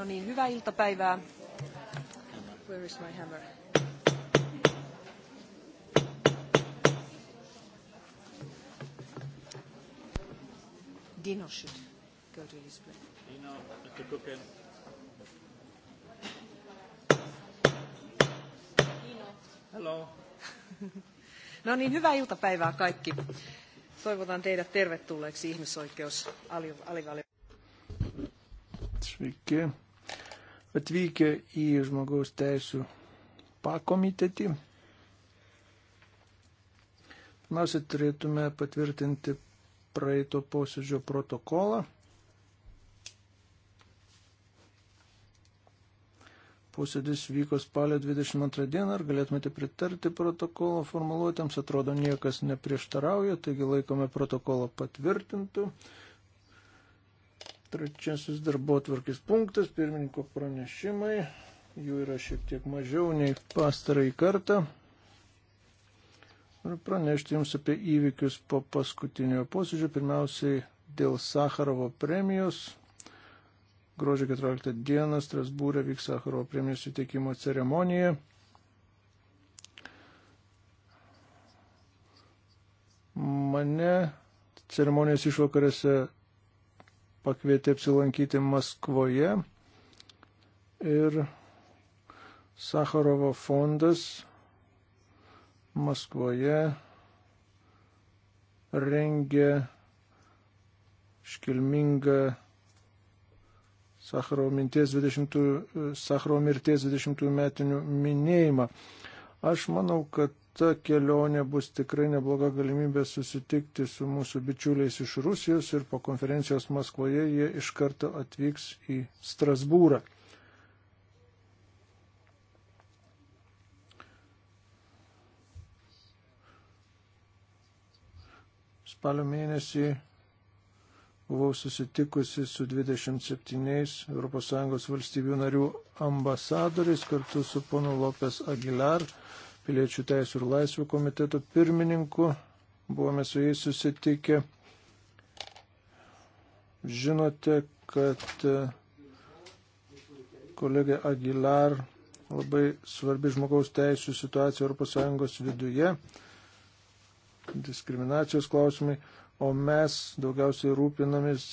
No niin, hyvää iltapäivää. Where is my hammer? Dino should go to his place. Dino, at the cooking. Dino. Hello. no niin, hyvää iltapäivää kaikki. Toivotan teidät tervetulleeksi ihmisoikeusalivaliokuntaan. Sveiki atvykę į žmogaus teisų pakomitetį. Pirmiausia, turėtume patvirtinti praeito posėdžio protokolą. Posėdis vyko spalio 22 dieną, ar galėtumėte pritarti protokolo formuluotėms, atrodo niekas neprieštarauja, taigi laikome protokolą patvirtintų. Trečiasis darbo tvarkis punktas, pirmininko pranešimai, jų yra šiek tiek mažiau nei pastarai kartą. Ir pranešti jums apie įvykius po paskutinio posėdžio, pirmiausiai dėl Sakarovo premijos. Gruodžio 14 dieną Strasbūrė vyks Sakarovo premijos įteikimo ceremonija. Mane ceremonijos išvakarėse pakvietė apsilankyti Maskvoje ir Sakarovo fondas Maskvoje rengia iškilmingą Sakarovo minties 20, Sakarovo mirties 20 metinių minėjimą. Aš manau, kad ta kelionė bus tikrai nebloga galimybė susitikti su mūsų bičiuliais iš Rusijos ir po konferencijos Maskvoje jie iš karto atvyks į Strasbūrą. Spalio mėnesį buvau susitikusi su 27 ES valstybių narių ambasadoriais kartu su ponu Lopes Aguilar piliečių teisų ir laisvių komiteto pirmininku. Buvome su jais susitikę. Žinote, kad e, kolegė Aguilar labai svarbi žmogaus teisų situacija ES viduje, diskriminacijos klausimai, o mes daugiausiai rūpinamės,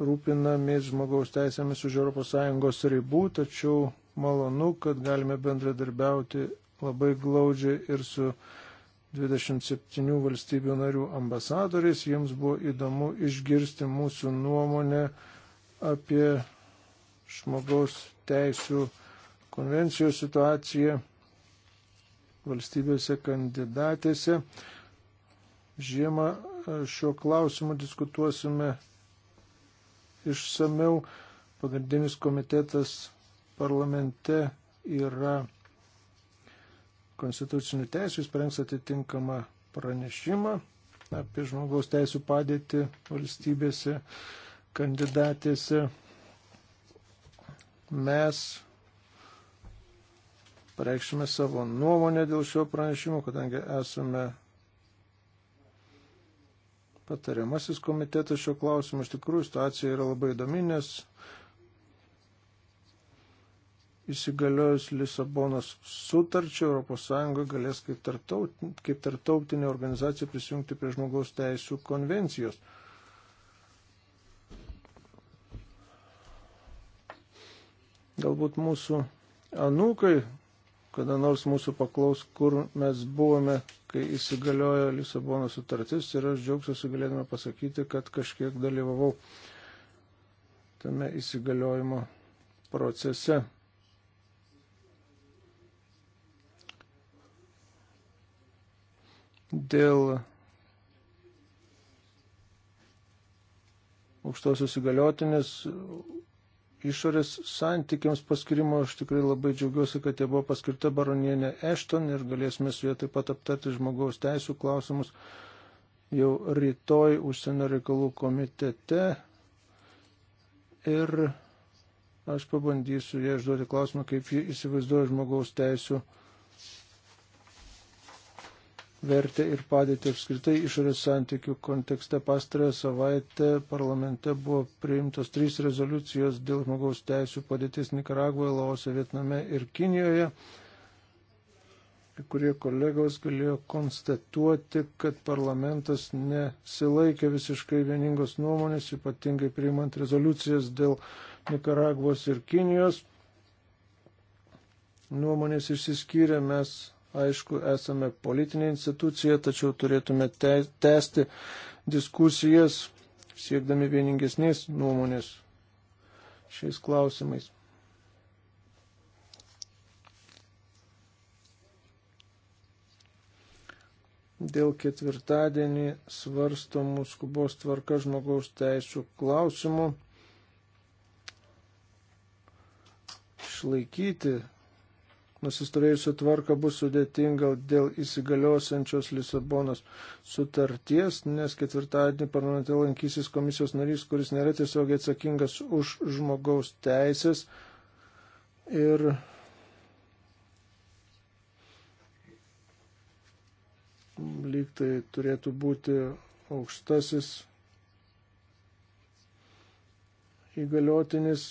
rūpinamės žmogaus teisėmis už ES ribų, tačiau malonu, kad galime bendradarbiauti labai glaudžiai ir su 27 valstybių narių ambasadoriais. Jiems buvo įdomu išgirsti mūsų nuomonę apie žmogaus teisų konvencijos situaciją valstybėse kandidatėse. Žiemą e, šiuo klausimu diskutuosime išsameu. Pagrindinis komitetas parlamente yra konstitucinių teisų, jis parengs atitinkamą pranešimą apie žmogaus teisų padėtį valstybėse, kandidatėse. Mes pareikšime savo nuomonę dėl šio pranešimo, kadangi esame patariamasis komitetas šio klausimu. Iš tikrųjų, situacija yra labai įdomi, nes įsigaliojus Lisabonos sutarčių ES galės kaip, tarptaut, kaip tarptautinė organizacija prisijungti prie žmogaus teisų konvencijos. Galbūt mūsų anūkai, kada nors mūsų paklaus, kur mes buvome, kai įsigaliojo Lisabono sutartis ir aš džiaugsiuosi galėdama pasakyti, kad kažkiek dalyvavau tame įsigaliojimo procese. dėl aukštosios įgaliotinės išorės santykiams paskirimo. Aš tikrai labai džiaugiuosi, kad jie buvo paskirta baronienė Ešton ir galėsime su jie taip pat aptarti žmogaus teisų klausimus jau rytoj užsienio reikalų komitete. Ir aš pabandysiu jie išduoti klausimą, kaip jie įsivaizduoja žmogaus teisų vertę ir padėtį apskritai išorės santykių kontekste. Pastarąją savaitę parlamente buvo priimtos trys rezoliucijos dėl žmogaus teisų padėtis Nikaragvoje, Laose, Vietname ir Kinijoje. Kai kurie kolegos galėjo konstatuoti, kad parlamentas nesilaikė visiškai vieningos nuomonės, ypatingai priimant rezoliucijas dėl Nikaragvos ir Kinijos. Nuomonės išsiskyrė, mes Aišku, esame politinė institucija, tačiau turėtume tęsti diskusijas siekdami vieningesnės nuomonės šiais klausimais. dėl ketvirtadienį svarstomų skubos tvarka žmogaus teisų klausimų išlaikyti nusistovėjusią tvarką bus sudėtinga dėl įsigaliosiančios Lisabonos sutarties, nes ketvirtadienį parlamente lankysis komisijos narys, kuris nėra tiesiogiai atsakingas už žmogaus teisės. Ir lyg tai turėtų būti aukštasis įgaliotinis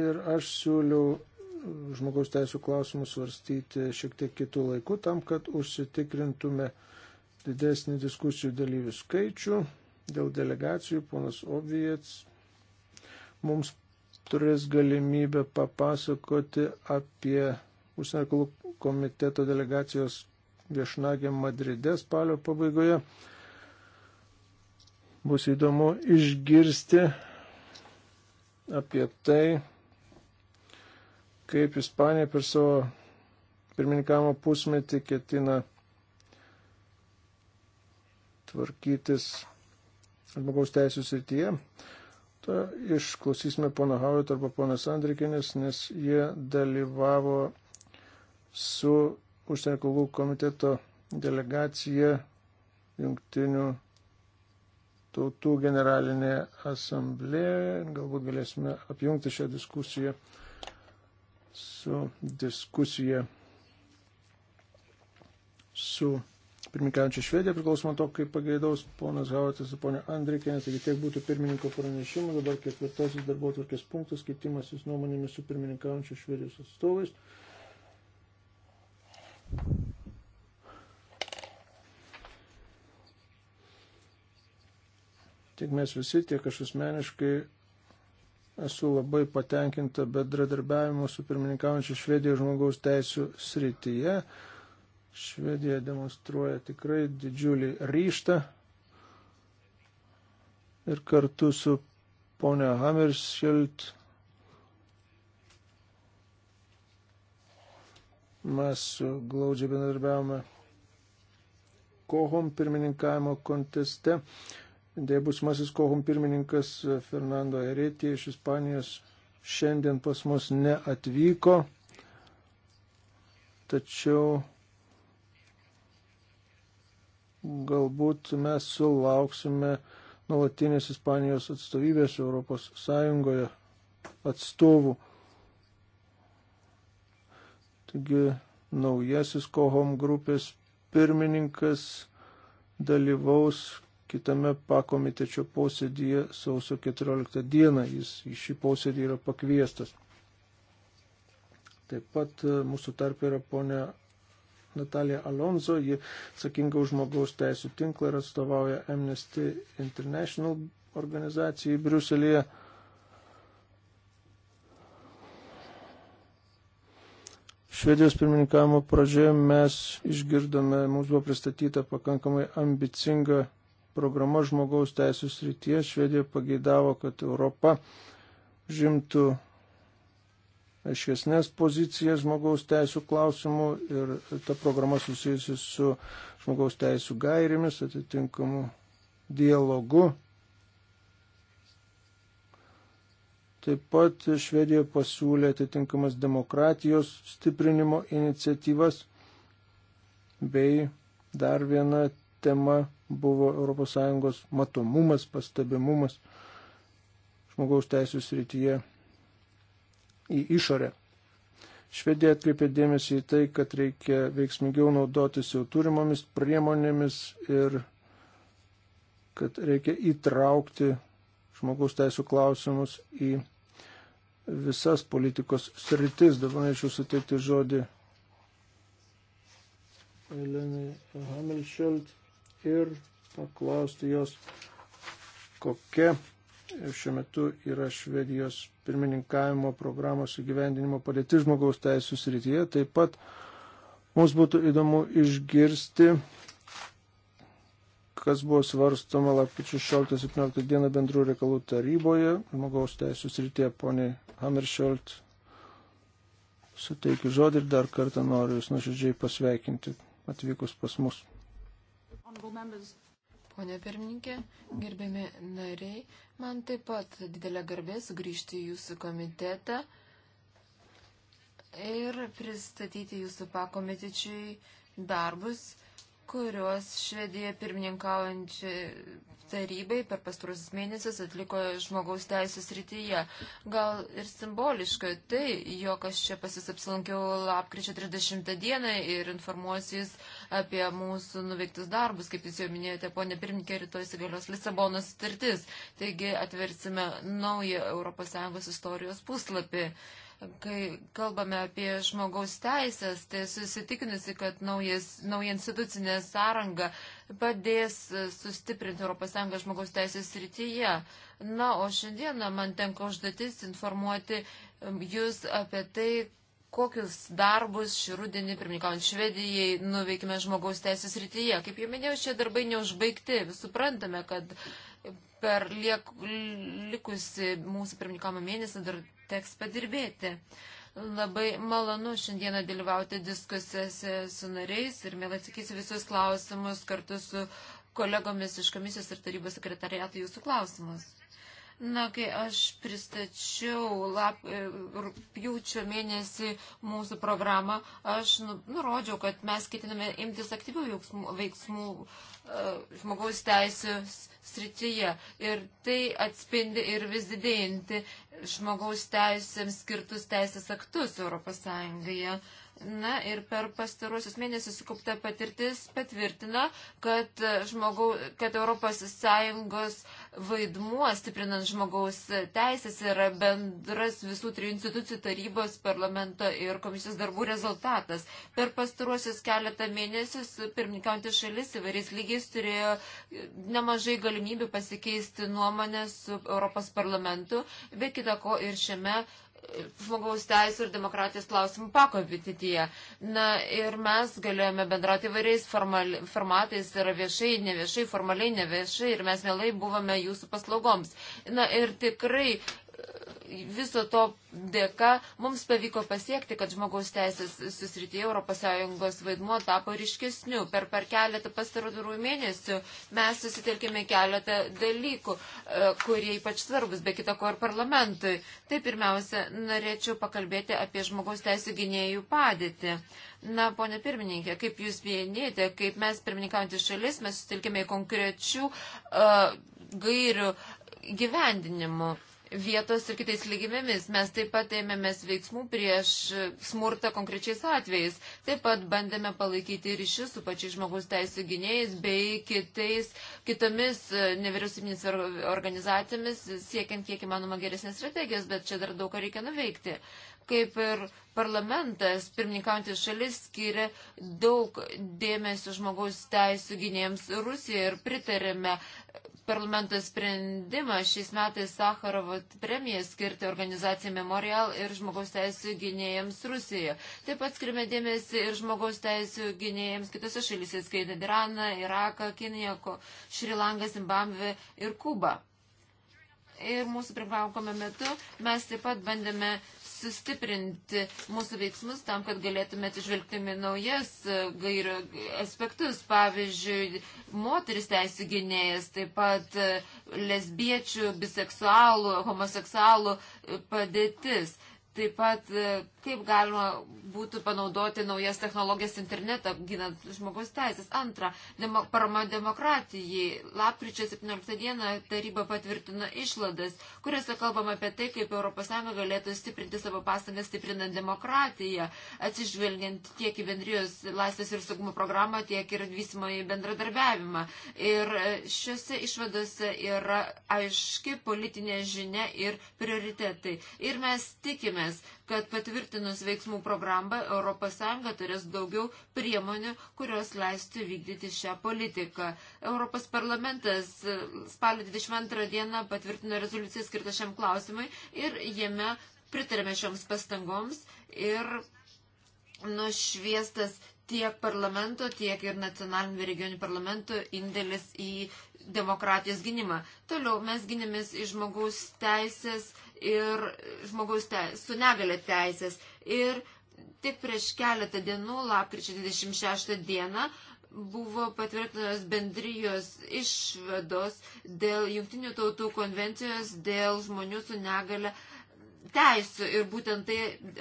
ir aš siūliau žmogaus teisų klausimus svarstyti šiek tiek kitų laikų, tam, kad užsitikrintume didesnį diskusijų dalyvių skaičių. Dėl delegacijų ponas Obvijets mums turės galimybę papasakoti apie užsienio reikalų komiteto delegacijos viešnagę Madride spalio pabaigoje. Bus įdomu išgirsti apie tai, kaip Ispanija per savo pirmininkavimo pusmetį ketina tvarkytis žmogaus teisų srityje. Ta, išklausysime pono Haujot arba pono Sandrikinis, nes jie dalyvavo su užsienio kalbų komiteto delegacija jungtinių tautų generalinėje asamblėje. Galbūt galėsime apjungti šią diskusiją su diskusija su pirmininkiaujančia Švedija, priklausomą to, kaip pageidaus ponas Havatas ir ponė Andrikė, taigi tiek būtų pirmininko pranešimų, dabar ketvirtasis darbo tvarkės punktas, keitimasis nuomonėmis su pirmininkiaujančia Švedijos atstovais. Tiek mes visi, tiek aš asmeniškai esu labai patenkinta bedradarbiavimu su pirmininkaujančiu Švedijos žmogaus teisų srityje. Švedija demonstruoja tikrai didžiulį ryštą ir kartu su ponia Hammerschild mes glaudžiai bendradarbiavome kohom pirmininkavimo konteste. Dėja, būsimasis kohum pirmininkas Fernando Eretė iš Ispanijos šiandien pas mus neatvyko, tačiau galbūt mes sulauksime nuolatinės Ispanijos atstovybės Europos Sąjungoje atstovų. Taigi naujasis kohom grupės pirmininkas dalyvaus kitame pakomitečio posėdėje sausio 14 dieną. Jis į šį posėdį yra pakviestas. Taip pat e, mūsų tarp yra ponia Natalija Alonso, ji sakinga už žmogaus teisų tinklą ir atstovauja Amnesty International organizacijai Briuselėje. Švedijos pirmininkavimo pradžioje mes išgirdome, mums buvo pristatyta pakankamai ambicinga programa žmogaus teisų srityje, Švedija pageidavo, kad Europa žimtų aiškesnės pozicijas žmogaus teisų klausimų ir ta programa susijusi su žmogaus teisų gairėmis, atitinkamu dialogu. Taip pat Švedija pasiūlė atitinkamas demokratijos stiprinimo iniciatyvas bei dar viena tema buvo ES matomumas, pastabimumas žmogaus teisų srityje į išorę. Švedija atkreipė dėmesį į tai, kad reikia veiksmingiau naudotis jau turimomis priemonėmis ir kad reikia įtraukti žmogaus teisų klausimus į visas politikos sritis. Dabar norėčiau suteikti žodį Elenai Hamelšelt ir paklausti jos, kokia šiuo metu yra Švedijos pirmininkavimo programos įgyvendinimo padėti žmogaus teisų srityje. Taip pat mums būtų įdomu išgirsti, kas buvo svarstoma lapkričio 16-17 dieną bendrų reikalų taryboje žmogaus teisų srityje, poniai Hammersholt. Suteikiu žodį ir dar kartą noriu Jūs nuoširdžiai pasveikinti atvykus pas mus. Pone pirmininkė, gerbiami nariai, man taip pat didelė garbė sugrįžti į jūsų komitetą ir pristatyti jūsų pakomitečiui darbus kuriuos Švedija pirmininkaujančiai tarybai per pastarusius mėnesius atliko žmogaus teisės rytyje. Gal ir simboliška tai, jog aš čia pasis apsilankiau lapkričio 30 dieną ir informuosiu jūs apie mūsų nuveiktus darbus, kaip jūs jau minėjote, ponė pirmininkė, rytoj įsigalios Lisabonos sutartis. Taigi atversime naują ES istorijos puslapį. Kai kalbame apie žmogaus teisės, tai susitikinusi, kad naujas, nauja institucinė sąranga padės e, sustiprinti ES žmogaus teisės rytyje. Na, o šiandieną man tenka užduotis informuoti jūs apie tai, kokius darbus šį rudenį, pirmininkaujant Švedijai, nuveikime žmogaus teisės rytyje. Kaip jau minėjau, šie darbai neužbaigti. Suprantame, kad per liek, likusi mūsų pirmininkavimo mėnesį dar teks padirbėti. Labai malonu šiandieną dalyvauti diskusijose su nariais ir mėl atsakysiu visus klausimus kartu su kolegomis iš komisijos ir tarybos sekretariato jūsų klausimus. Na, kai aš pristačiau lap, e, rūpjūčio mėnesį mūsų programą, aš nu, nurodžiau, kad mes ketiname imtis aktyvių veiksmų, veiksmų e, žmogaus teisės srityje. Ir tai atspindi ir vis didėjantį žmogaus teisėms skirtus teisės aktus Europos Sąjungoje. Na ir per pastaruosius mėnesius sukaupta patirtis patvirtina, kad, žmogau, kad Europos Sąjungos uh, vaidmuo stiprinant žmogaus teisės yra bendras visų trijų institucijų tarybos, parlamento ir komisijos darbų rezultatas. Per pastaruosius keletą mėnesius pirmininkaujantį šalis įvairiais lygiais turėjo nemažai galimybių pasikeisti nuomonę su Europos parlamentu, be kitako ir šiame žmogaus teisų ir demokratijos klausimų pakopityje. Na ir mes galėjome bendrauti įvairiais formal, formatais, yra viešai, neviešai, formaliai, neviešai ir mes mielai buvome jūsų paslaugoms. Na ir tikrai viso to dėka mums pavyko pasiekti, kad žmogaus teisės susrityje ES vaidmuo tapo ryškesniu. Per, per keletą pastarųjų mėnesių mes susitelkime keletą dalykų, e, kurie ypač svarbus, be kita ko ir parlamentui. Tai pirmiausia, norėčiau pakalbėti apie žmogaus teisų gynėjų padėtį. Na, ponė pirmininkė, kaip jūs vienėte, kaip mes pirmininkaujantys šalis, mes sutelkime į konkrečių uh, gairių gyvendinimu. Uh, vietos ir kitais lygimėmis. Mes taip pat ėmėmės veiksmų prieš smurtą konkrečiais atvejais. Taip pat bandėme palaikyti ryšius su pačiais žmogus teisų gynėjais bei kitais, kitomis e, nevyriausybinės organizacijomis, siekiant kiek įmanoma geresnės strategijas, bet čia dar daug ką reikia nuveikti kaip ir parlamentas, pirmininkaujantis šalis skiria daug dėmesio žmogaus teisų gynėjams Rusijoje ir pritarėme parlamento sprendimą šiais metais Sakarovo premiją skirti organizacijai Memorial ir žmogaus teisų gynėjams Rusijoje. Taip pat skirime dėmesį ir žmogaus teisų gynėjams kitose šalyse, skaitant Iraną, Iraką, Kiniją, Šrilanką, Zimbabvę ir Kubą. Ir mūsų pirmavimo metu mes taip pat bandėme sustiprinti mūsų veiksmus tam, kad galėtume atsižvelgtimi naujas e, gairių aspektus. Pavyzdžiui, moteris teisų gynėjas, taip pat e, lesbiečių, biseksualų, homoseksualų e, padėtis. Taip pat, e, kaip galima būtų panaudoti naujas technologijas internetą, ginant žmogaus teisės. Antra, demo, parama demokratijai. Lapkričio 17 dieną taryba patvirtino išladas, kuriuose kalbama apie tai, kaip ES galėtų stiprinti savo pastangas stiprinant demokratiją, atsižvelgiant tiek į bendrijos laisvės ir saugumo programą, tiek ir vysimo į bendradarbiavimą. Ir e, šiuose išvadose yra aiški politinė žinia ir prioritetai. Ir mes tikime, tikimės, kad patvirtinus veiksmų programą ES turės daugiau priemonių, kurios leistų vykdyti šią politiką. Europos parlamentas e, spalio 22 dieną patvirtino rezoliuciją skirtą šiam klausimui ir jame pritarėme šioms pastangoms ir nušviestas tiek parlamento, tiek ir nacionalinių ir regionių parlamentų indėlis į demokratijos gynimą. Toliau mes gynėmės į žmogaus teisės ir žmogaus teis, su negalė teisės. Ir tik prieš keletą dienų, lapkričio 26 dieną, buvo patvirtintos bendrijos išvados dėl Junktinių tautų konvencijos dėl žmonių su negale teisų ir būtent tai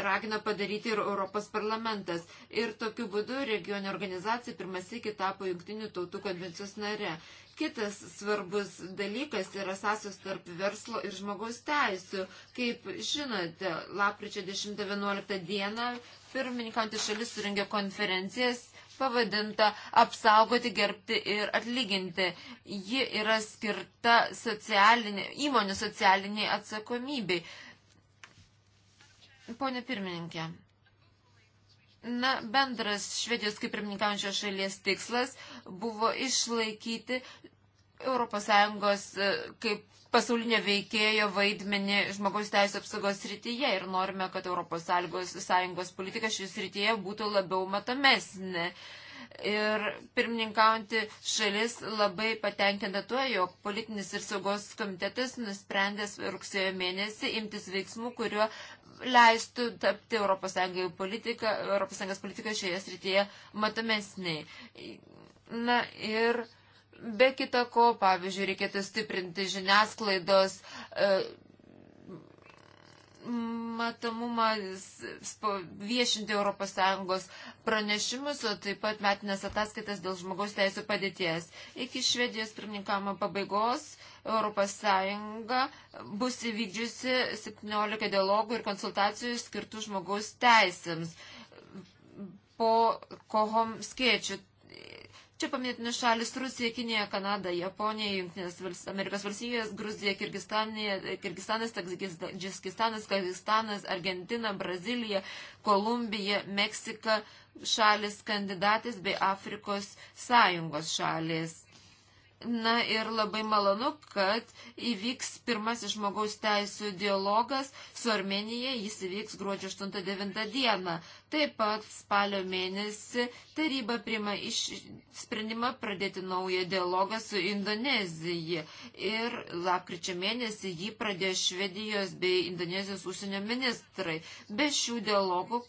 ragina padaryti ir Europos parlamentas. Ir tokiu būdu regioninė organizacija pirmąjį tapo Junktinių tautų konvencijos nare. Kitas svarbus dalykas yra sąsios tarp verslo ir žmogaus teisų. Kaip žinote, lapkričio 10-11 dieną pirmininkantį šalis suringė konferencijas pavadinta apsaugoti, gerbti ir atlyginti. Ji yra skirta socialinė, įmonių socialiniai atsakomybei. Pone pirmininkė. Na, bendras Švedijos kaip pirmininkaujančios šalies tikslas buvo išlaikyti ES e, kaip pasaulinio veikėjo vaidmenį žmogaus teisų apsaugos srityje ir norime, kad ES sąjungos politika šioje srityje būtų labiau matomesnė. Ne ir pirmininkaujanti šalis labai patenkinta tuo, jog politinis ir saugos komitetas nusprendęs rugsėjo mėnesį imtis veiksmų, kuriuo leistų tapti ES politiką, ES politiką šioje srityje matomesniai. Na ir be kita ko, pavyzdžiui, reikėtų stiprinti žiniasklaidos. E, matomumą viešinti ES pranešimus, o taip pat metinės ataskaitas dėl žmogaus teisų padėties. Iki Švedijos pirmininkamo pabaigos ES bus įvykdžiusi 17 dialogų ir konsultacijų skirtų žmogaus teisėms po kohom skėčių. Čia paminėtina šalis Rusija, Kinija, Kanada, Japonija, Junktinės vals, Amerikos valstybės, Gruzija, Kirgistanas, Džiskistanas, Kazakstanas, Argentina, Brazilija, Kolumbija, Meksika, šalis kandidatės bei Afrikos sąjungos šalis. Na ir labai malonu, kad įvyks pirmasis žmogaus teisų dialogas su Armenija, jis įvyks gruodžio 8-9 dieną. Taip pat spalio mėnesį taryba priima iš sprendimą pradėti naują dialogą su Indonezija ir lapkričio mėnesį jį pradėjo Švedijos bei Indonezijos užsienio ministrai. Be šių dialogų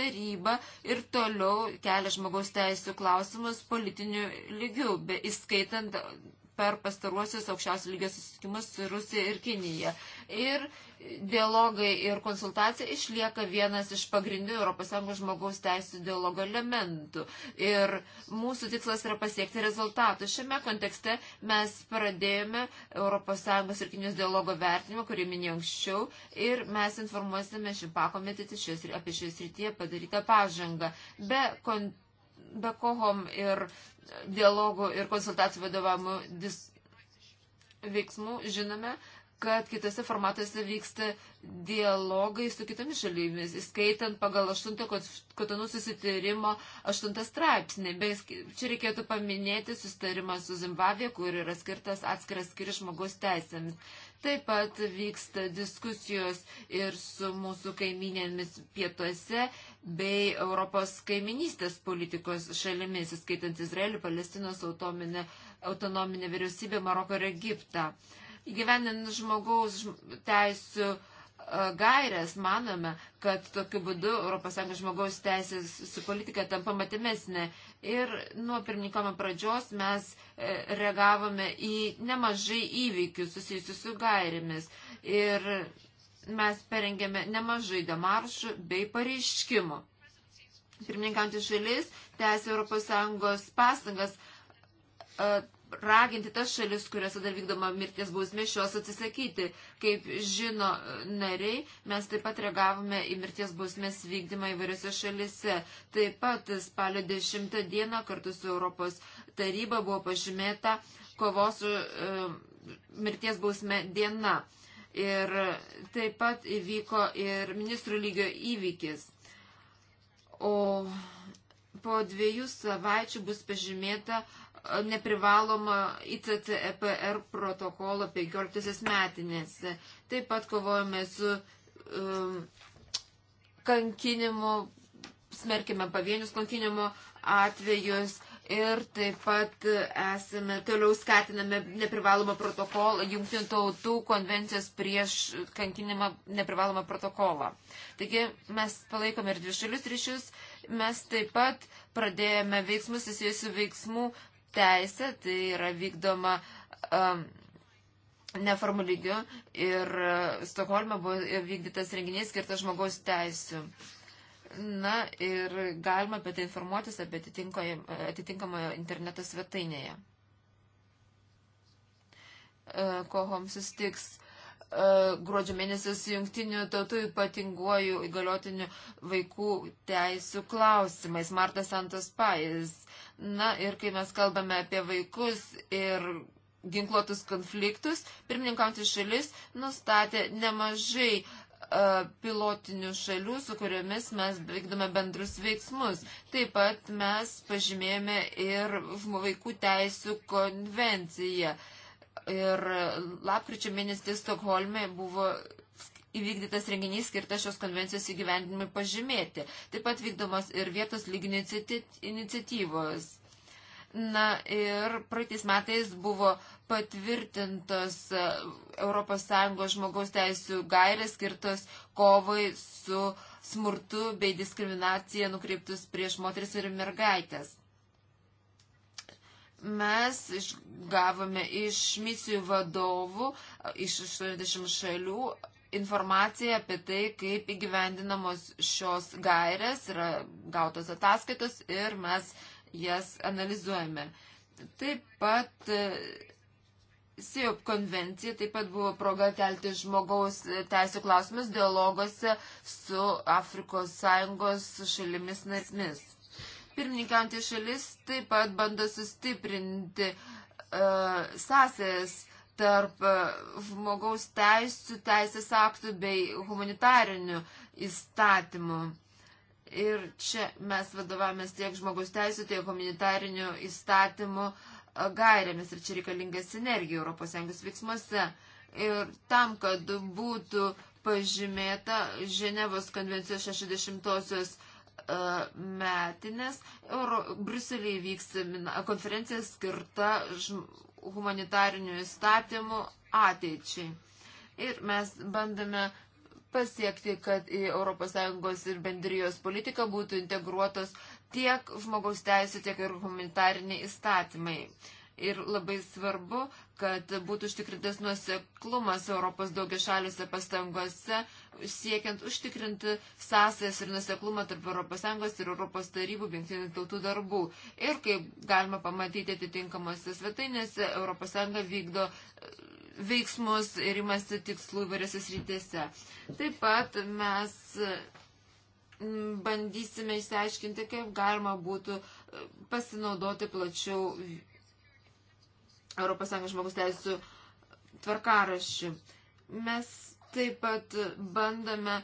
taryba ir toliau kelia žmogaus teisų klausimus politiniu lygiu, be, įskaitant per pastaruosius aukščiausių lygio susitikimus Rusija ir Kinija. Ir dialogai ir konsultacija išlieka vienas iš pagrindinių ES žmogaus teisų dialogo elementų. Ir mūsų tikslas yra pasiekti rezultatų. Šiame kontekste mes pradėjome ES ir Kinijos dialogo vertinimą, kurį minėjau anksčiau, ir mes informuosime šį pakomitetį apie šioje srityje padarytą pažangą. Be kontekste Bekohom ir dialogų ir konsultacijų vadovamų dis... veiksmų žinome, kad kitose formatuose vyksta dialogai su kitomis šalimis, įskaitant pagal 8 kotonų susitarimo 8 straipsnį. Bet čia reikėtų paminėti susitarimą su Zimbabvė, kur yra skirtas atskiras skiriš žmogaus teisėms. Taip pat vyksta diskusijos ir su mūsų kaiminėmis pietuose bei Europos kaiminystės politikos šalimis, įskaitant Izraelį, Palestinos autominę, autonominę vyriausybę, Maroko ir Egiptą. Įgyvenant žmogaus teisų E, gairias, manome, kad tokiu būdu ES žmogaus teisės su politika tampa matimesnė. Ir nuo pirmininkamo pradžios mes e, reagavome į nemažai įvykių susijusių su gairėmis. Ir mes perengėme nemažai demaršų bei pareiškimų. Pirmininkantis šalis tęsė ES pastangas e, raginti tas šalis, kuriuose dar vykdoma mirties bausmė, šios atsisakyti. Kaip žino nariai, mes taip pat reagavome į mirties bausmės vykdymą įvairiose šalise. Taip pat spalio 10 dieną kartu su Europos taryba buvo pažymėta kovos su e, mirties bausmė diena. Ir taip pat įvyko ir ministrų lygio įvykis. O po dviejų savaičių bus pažymėta neprivaloma ICCEPR protokolo 15 metinėse. Taip pat kovojame su um, kankinimu, smerkime pavienius kankinimo atvejus ir taip pat esame toliau skatiname neprivalomą protokolą, jungtinių tautų konvencijos prieš kankinimą neprivalomą protokolą. Taigi mes palaikome ir dvišalius ryšius, mes taip pat pradėjome veiksmus susijusių veiksmų teisė, tai yra vykdoma um, neformų lygių ir uh, Stokholme buvo vykdytas renginys skirtas žmogaus teisų. Na ir galima apie tai informuotis apie atitinkamojo interneto svetainėje. Uh, Kohom sustiks E, gruodžio mėnesį su jungtiniu tautų ypatinguoju įgaliotiniu vaikų teisų klausimais, Marta Santos Pais. Na ir kai mes kalbame apie vaikus ir ginkluotus konfliktus, pirmininkaujantis šalis nustatė nemažai e, pilotinių šalių, su kuriomis mes vykdome bendrus veiksmus. Taip pat mes pažymėjome ir vaikų teisų konvenciją. Uh, Ir lapkričio mėnesį Stokholme buvo įvykdytas renginys skirtas šios konvencijos įgyvendinimui pažymėti. Taip pat vykdomas ir vietos lyginio iniciatyvos. Na ir praeitais metais buvo patvirtintos ES žmogaus teisų gairės skirtos kovai su smurtu bei diskriminacija nukreiptus prieš moteris ir mergaitės mes gavome iš misijų vadovų iš 80 šalių informaciją apie tai, kaip įgyvendinamos šios gairės, yra gautos ataskaitos ir mes jas analizuojame. Taip pat e, SIOP konvencija taip pat buvo proga kelti žmogaus teisų klausimus dialoguose su Afrikos Sąjungos šalimis narsmis pirmininkiaujantį šalis taip pat bando sustiprinti uh, sąsajas tarp e, žmogaus teisų, teisės aktų bei humanitarinių įstatymų. Ir čia mes vadovavomės tiek žmogaus teisų, tiek humanitarinių įstatymų e, gairėmis ir čia reikalinga sinergija ES veiksmuose. Ir tam, kad būtų pažymėta Ženevos konvencijos 60-osios E, metinės. Bruselėje vyks konferencija skirta humanitarinių įstatymų ateičiai. Ir mes bandome pasiekti, kad į ES ir bendrijos politiką būtų integruotos tiek žmogaus teisų, tiek ir humanitariniai įstatymai. Ir labai svarbu, kad būtų užtikrintas nuoseklumas Europos daugiašaliuose pastangose siekiant užtikrinti sąsajas ir nuseklumą tarp ES ir ES tarybų bengtinių tautų darbų. Ir kaip galima pamatyti atitinkamose svetainėse, ES vykdo e, veiksmus ir imasi tikslų įvairiose srityse. Taip pat mes bandysime išsiaiškinti, kaip galima būtų e, pasinaudoti plačiau ES žmogus teisų tvarkaraščių. Mes Taip pat bandome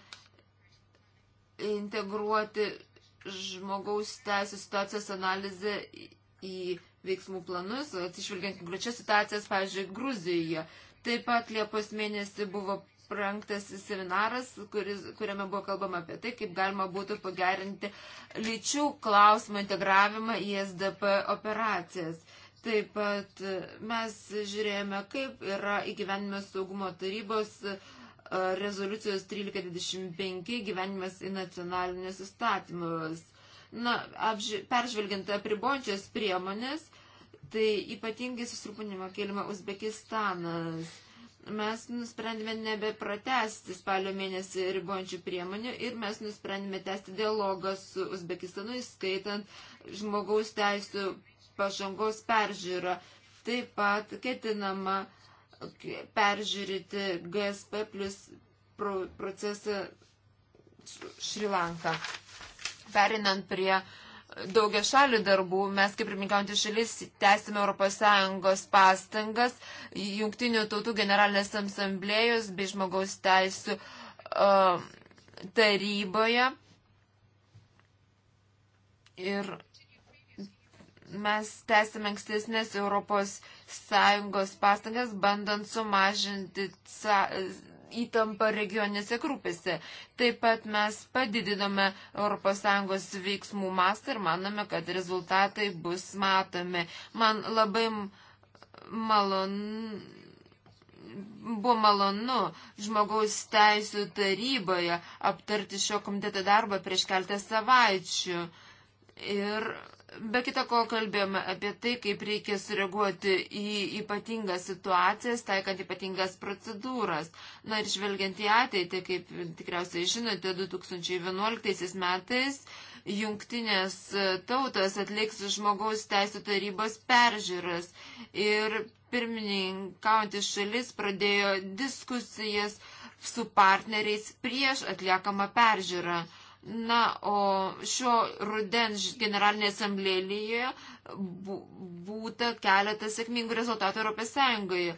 integruoti žmogaus teisų situacijos analizę į veiksmų planus, atsižvelgiant konkrečias situacijas, pavyzdžiui, Gruzijoje. Taip pat Liepos mėnesį buvo prangtas seminaras, kuris, kuriame buvo kalbama apie tai, kaip galima būtų pagerinti lyčių klausimą integravimą į SDP operacijas. Taip pat mes žiūrėjome, kaip yra įgyvenime saugumo tarybos uh, rezoliucijos 1325 gyvenimas į nacionalinius įstatymus. Na, apži, peržvelgiant apribojančias priemonės, tai ypatingai susirūpinimą kėlima Uzbekistanas. Mes nusprendėme nebepratesti spalio mėnesį ribojančių priemonių ir mes nusprendėme tęsti dialogą su Uzbekistanu, įskaitant žmogaus teisų pažangos peržiūrą. Taip pat ketinama uh, peržiūrėti GSP plus procesą Šrilanką. Perinant prie daugia šalių darbų, mes kaip pirmininkaujantys šalis tęsime ES pastangas, jungtinių tautų generalinės asamblėjos bei žmogaus teisų uh, taryboje. Ir mes tęsime ankstesnės Europos Sąjungos pastangas, bandant sumažinti įtampą regionėse grupėse. Taip pat mes padidinome ES veiksmų mastą ir manome, kad rezultatai bus matomi. Man labai malonu. Buvo malonu žmogaus teisų taryboje aptarti šio komiteto darbą prieš keltą savaičių. Ir Be kita ko kalbėjome apie tai, kaip reikia sureaguoti į ypatingas situacijas, taikant ypatingas procedūras. Na ir žvelgiant į ateitį, kaip tikriausiai žinote, 2011 metais jungtinės tautos atliks žmogaus teisų tarybos peržiūras ir pirmininkaujantis šalis pradėjo diskusijas su partneriais prieš atliekamą peržiūrą. Na, o šio rudens generalinėje asamblėlyje būta keletas sėkmingų rezultatų Europos Sąjungoje.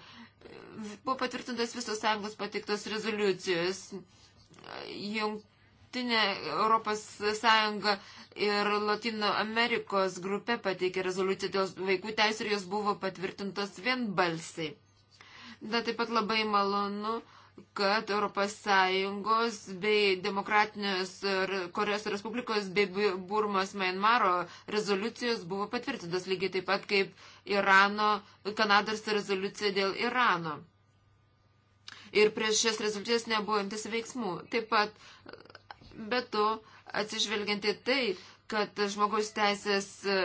Buvo patvirtintas visos Sąjungos patiktos rezoliucijos. Jungtinė Europos Sąjunga ir Latino Amerikos grupė pateikė rezoliuciją dėl vaikų teisų ir jos buvo patvirtintos vienbalsiai. Na, taip pat labai malonu kad ES bei Demokratinės Korejos Respublikos bei Burmos Mainmaro rezoliucijos buvo patvirtintos lygiai taip pat kaip Irano, Kanados rezoliucija dėl Irano. Ir prieš šias rezoliucijas nebuvo imtis veiksmų. Taip pat, be to, atsižvelgianti tai, kad žmogaus teisės e,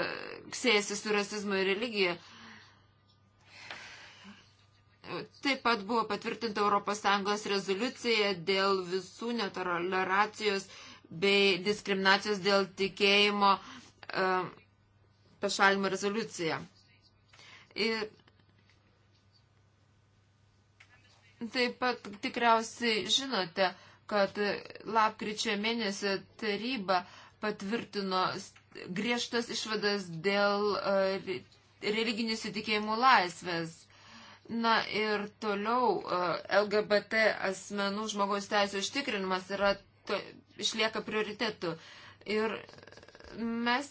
siejasi su rasizmu ir religija, Taip pat buvo patvirtinta ES rezoliucija dėl visų netoleracijos bei diskriminacijos dėl tikėjimo e, pašalimo rezoliucija. Ir taip pat tikriausiai žinote, kad lapkričio mėnesio taryba patvirtino griežtas išvadas dėl e, religinių sitikėjimų laisvės. Na ir toliau e, LGBT asmenų žmogaus teisų užtikrinimas yra to, išlieka prioritetu. Ir mes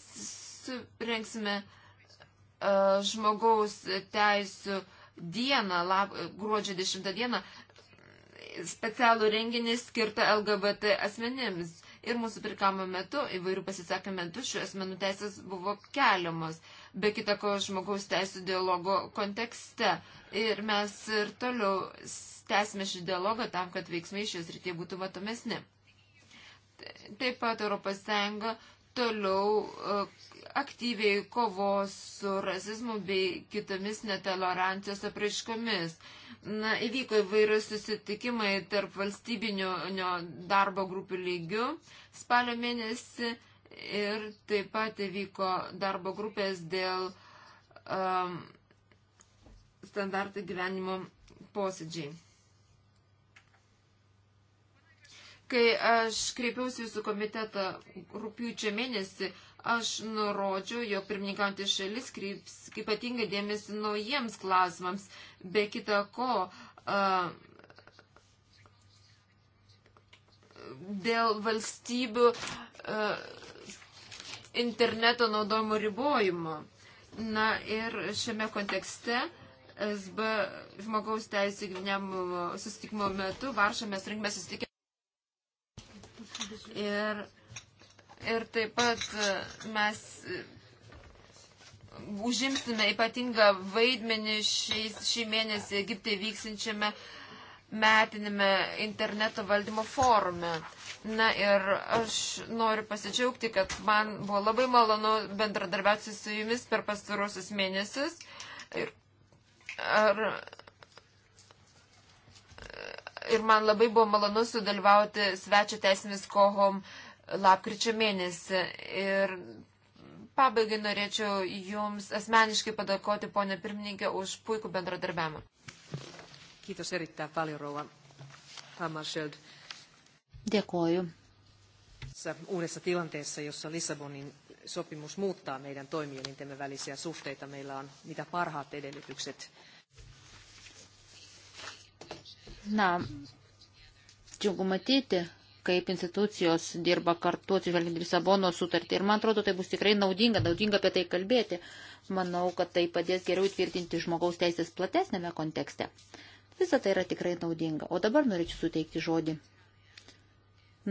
surinksime e, žmogaus teisų dieną, lab, gruodžio 10 dieną, specialų renginį skirtą LGBT asmenims ir mūsų pirkamo metu įvairių pasisakymų metu šių asmenų teisės buvo keliamos, be kita ko žmogaus teisų dialogo kontekste. Ir mes ir toliau tęsime šį dialogą tam, kad veiksmai šios rytie būtų matomesni. Taip pat ES toliau aktyviai kovos su rasizmu bei kitomis netolerancijos apraiškomis. Na, įvyko įvairius susitikimai tarp valstybinio darbo grupių lygių spalio mėnesį ir taip pat įvyko darbo grupės dėl um, standartų gyvenimo posėdžiai. Kai aš kreipiausi jūsų komitetą rūpjūčio mėnesį, Aš nurodžiau, jog pirmininkantys šalis kryps ypatingai dėmesį naujiems klausimams, be kita ko, a, dėl valstybių a, interneto naudojimo ribojimo. Na ir šiame kontekste SB žmogaus teisų gyvenimo susitikimo metu Varšą mes rinkime susitikimą. Ir ir taip pat e, mes e, užimsime ypatingą vaidmenį šiais, šį mėnesį Egipte vyksinčiame metinime interneto valdymo forume. Na ir aš noriu pasidžiaugti, kad man buvo labai malonu bendradarbiauti su jumis per pastarosius mėnesius. Ir, ar, ir man labai buvo malonu sudalyvauti svečio teisėmis kohom uh, lapkričio mėnesį. Ir pabaigai norėčiau Jums asmeniškai padakoti, ponė pirmininkė, už puikų bendradarbiavimą. Kiitos erittäin paljon, Rouva Hammarskjöld. Dėkoju. Uudessa tilanteessa, jossa Lissabonin sopimus muuttaa meidän toimielintemme välisiä suhteita, meillä on mitä parhaat edellytykset. Na, džiugu matyti, kaip institucijos dirba kartu atsižvelgiant Lisabono sutartį. Ir man atrodo, tai bus tikrai naudinga, naudinga apie tai kalbėti. Manau, kad tai padės geriau įtvirtinti žmogaus teisės platesnėme kontekste. Visą tai yra tikrai naudinga. O dabar norėčiau suteikti žodį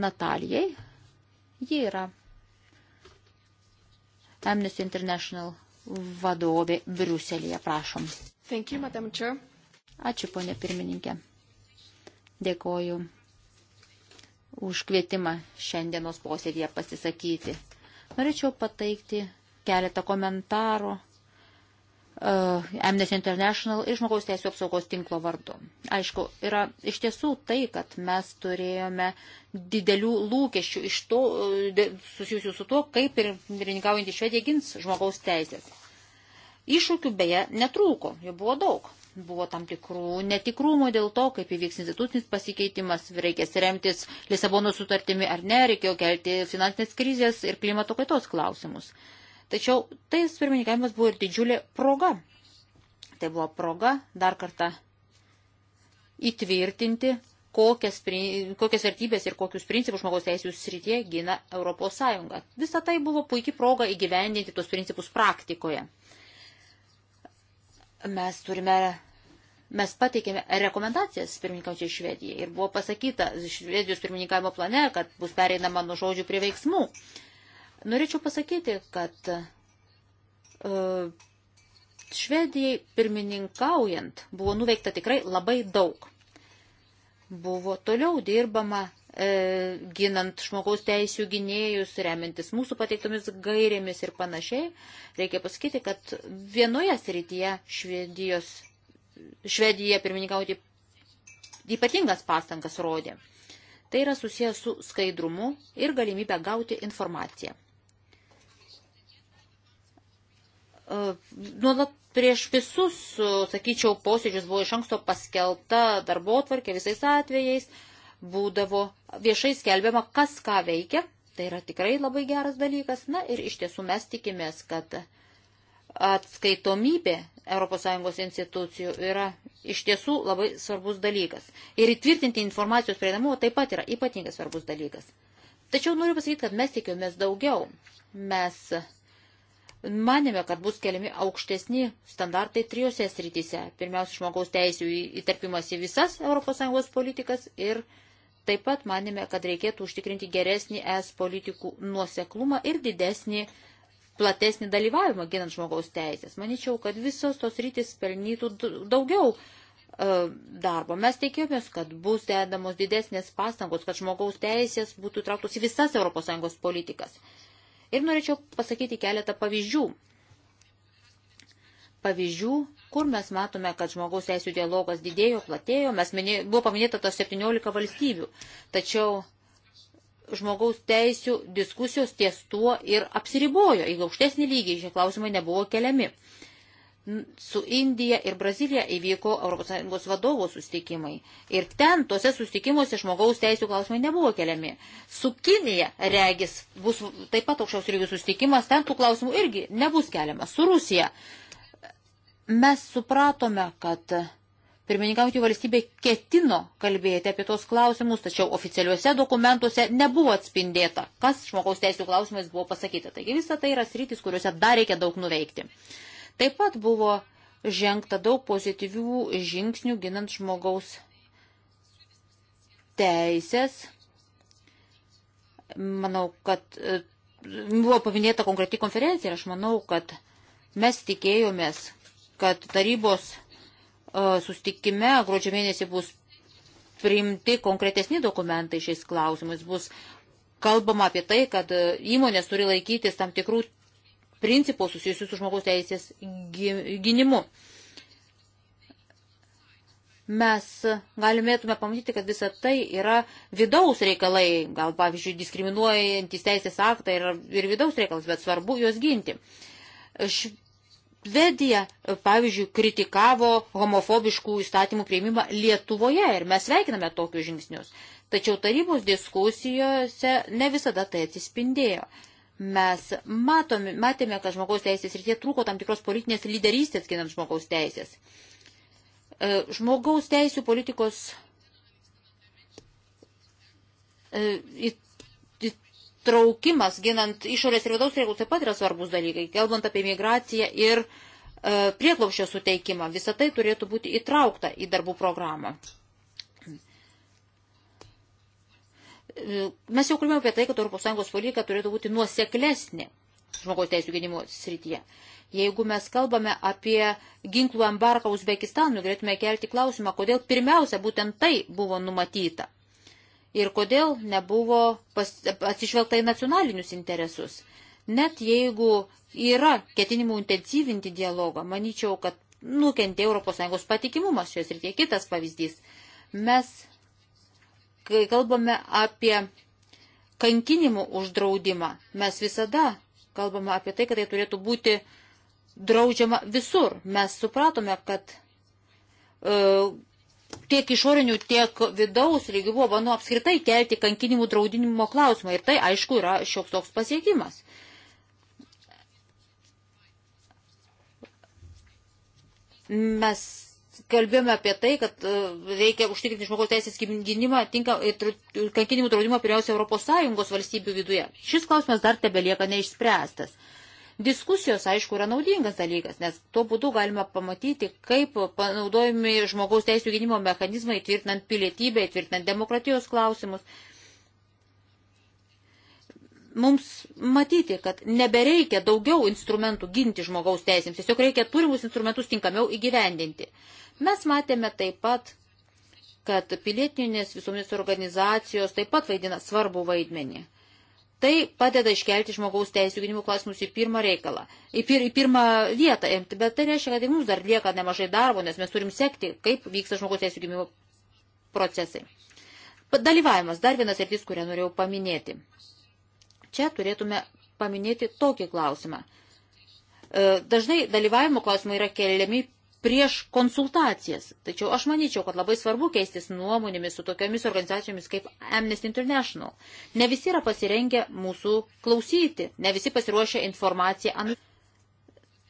Natalijai. Ji yra Amnesty International vadovė Briuselėje. Prašom. Thank you, Madam Chair. Ačiū, ponė pirmininkė. Dėkoju už kvietimą šiandienos posėdėje pasisakyti. Norėčiau pateikti keletą komentarų uh, Amnesty International ir žmogaus teisų apsaugos tinklo vardu. Aišku, yra iš tiesų tai, kad mes turėjome didelių lūkesčių iš to, e, susijusių su tuo, kaip ir rininkaujantį švedė gins žmogaus teisės. Iššūkių beje netrūko, jų buvo daug buvo tam tikrų netikrumų dėl to, kaip įvyks institucinis pasikeitimas, reikės remtis Lisabono sutartimi ar ne, reikėjo kelti finansinės krizės ir klimato kaitos klausimus. Tačiau tai pirmininkavimas buvo ir didžiulė proga. Tai buvo proga dar kartą įtvirtinti, kokias, kokias vertybės ir kokius principus žmogaus teisų srityje gina Europos Sąjunga. Visą tai buvo puikiai proga įgyvendinti tuos principus praktikoje mes turime mes pateikėme rekomendacijas pirmininkaučiai Švedijai ir buvo pasakyta Švedijos pirmininkavimo plane, kad bus pereinama nuo žodžių prie veiksmų. Norėčiau pasakyti, kad uh, Švedijai pirmininkaujant buvo nuveikta tikrai labai daug. Buvo toliau dirbama e, ginant žmogaus teisų gynėjus, remintis mūsų pateiktomis gairėmis ir panašiai. Reikia pasakyti, kad vienoje srityje Švedijos Švedija pirmininkauti ypatingas pastangas rodė. Tai yra susijęs su skaidrumu ir galimybę gauti informaciją. E, nuolat prieš visus, e, sakyčiau, posėdžius buvo iš anksto paskelbta darbo tvarkė visais atvejais, būdavo viešai skelbiama, kas ką veikia. Tai yra tikrai labai geras dalykas. Na ir iš tiesų mes tikimės, kad uh, atskaitomybė ES institucijų yra iš tiesų labai svarbus dalykas. Ir įtvirtinti informacijos prieinamumą taip pat yra ypatingai svarbus dalykas. Tačiau noriu pasakyti, kad mes tikėjomės daugiau. Mes manėme, kad bus keliami aukštesni standartai trijose srityse. Pirmiausia, žmogaus teisų įterpimas į visas ES politikas ir taip pat manėme, kad reikėtų užtikrinti geresnį ES politikų nuoseklumą ir didesnį uh, platesnį dalyvavimą ginant žmogaus teisės. Maničiau, kad visos tos rytis pelnytų daugiau e, darbo. Mes tikėjomės, kad bus dedamos didesnės pastangos, kad žmogaus teisės būtų trauktos į visas ES politikas. Ir norėčiau pasakyti keletą pavyzdžių. Pavyzdžių, kur mes matome, kad žmogaus teisų dialogas didėjo, platėjo, mes minė, buvo paminėta tos 17 valstybių. Tačiau žmogaus teisių diskusijos ties tuo ir apsiribojo, į aukštesnį lygį šie klausimai nebuvo keliami. Su Indija ir Brazilija įvyko ES vadovo sustikimai. Ir ten, tuose sustikimuose, žmogaus teisų klausimai nebuvo keliami. Su Kinija, regis, bus taip pat aukščiausių lygių sustikimas, ten tų klausimų irgi nebus keliama. Su Rusija mes supratome, kad Pirmininkauti valstybė ketino kalbėti apie tos klausimus, tačiau oficialiuose dokumentuose nebuvo atspindėta, kas žmogaus teisų klausimais buvo pasakyta. Taigi visa tai yra sritis, kuriuose dar reikia daug nuveikti. Taip pat buvo žengta daug pozityvių žingsnių ginant žmogaus teisės. Manau, kad e, buvo paminėta konkreti konferencija ir aš manau, kad mes tikėjomės, kad tarybos E, sustikime gruodžio mėnesį bus priimti konkretesni dokumentai šiais klausimais. Bus kalbama apie tai, kad įmonės turi laikytis tam tikrų principų susijusių su žmogaus teisės gynimu. Mes galimėtume pamatyti, kad visa tai yra vidaus reikalai, gal pavyzdžiui, diskriminuojantis teisės aktą ir, ir vidaus reikalas, bet svarbu juos ginti. Š Švedija, e, pavyzdžiui, kritikavo homofobiškų įstatymų prieimimą Lietuvoje ir mes veikiname tokius žingsnius. Tačiau tarybos diskusijose ne visada tai atsispindėjo. Mes matome, matėme, kad žmogaus teisės ir tie trūko tam tikros politinės lyderystės ginant žmogaus teisės. E, žmogaus teisų politikos e, traukimas, ginant išorės ir vidaus reikalus, taip pat yra svarbus dalykai, kalbant apie migraciją ir e, prieklaušio suteikimą. Visą tai turėtų būti įtraukta į darbų programą. E, mes jau kalbėjome apie tai, kad ES politika turėtų būti nuoseklesnė žmogaus teisų gynimo srityje. Jeigu mes kalbame apie ginklų embarką Uzbekistanui, galėtume kelti klausimą, kodėl pirmiausia būtent tai buvo numatyta ir kodėl nebuvo atsižvelgta į nacionalinius interesus. Net jeigu yra ketinimų intensyvinti dialogą, manyčiau, kad nukentėjo ES patikimumas šios rytie. Kitas pavyzdys. Mes, kai kalbame apie kankinimų uždraudimą, mes visada kalbame apie tai, kad tai turėtų būti draudžiama visur. Mes supratome, kad e, tiek išorinių, tiek vidaus lygių buvo bandoma apskritai kelti kankinimų draudinimo klausimą. Ir tai, aišku, yra šioks toks pasiekimas. Mes kalbėjome apie tai, kad e, reikia užtikrinti žmogaus teisės gynimą, tinka, kankinimų draudimą pirmiausia Europos Sąjungos valstybių viduje. Šis klausimas dar tebelieka neišspręstas. Diskusijos, aišku, yra naudingas dalykas, nes tuo būdu galima pamatyti, kaip panaudojami žmogaus teisų gynimo mechanizmai, tvirtinant pilietybę, tvirtinant demokratijos klausimus. Mums matyti, kad nebereikia daugiau instrumentų ginti žmogaus teisėms, tiesiog reikia turimus instrumentus tinkamiau įgyvendinti. Mes matėme taip pat, kad pilietinės visuomenės organizacijos taip pat vaidina svarbų vaidmenį. Tai padeda iškelti žmogaus teisų gynimo klausimus į pirmą reikalą, į, pir, į pirmą vietą imti, bet tai reiškia, kad tai mums dar lieka nemažai darbo, nes mes turim sekti, kaip vyksta žmogaus teisų gynimo procesai. Dalyvavimas, dar vienas sritis, kurią norėjau paminėti. Čia turėtume paminėti tokį klausimą. E, dažnai dalyvavimo klausimai yra keliami prieš konsultacijas. Tačiau aš manyčiau, kad labai svarbu keistis nuomonėmis su tokiamis organizacijomis kaip Amnesty International. Ne visi yra pasirengę mūsų klausyti, ne visi pasiruošę informaciją.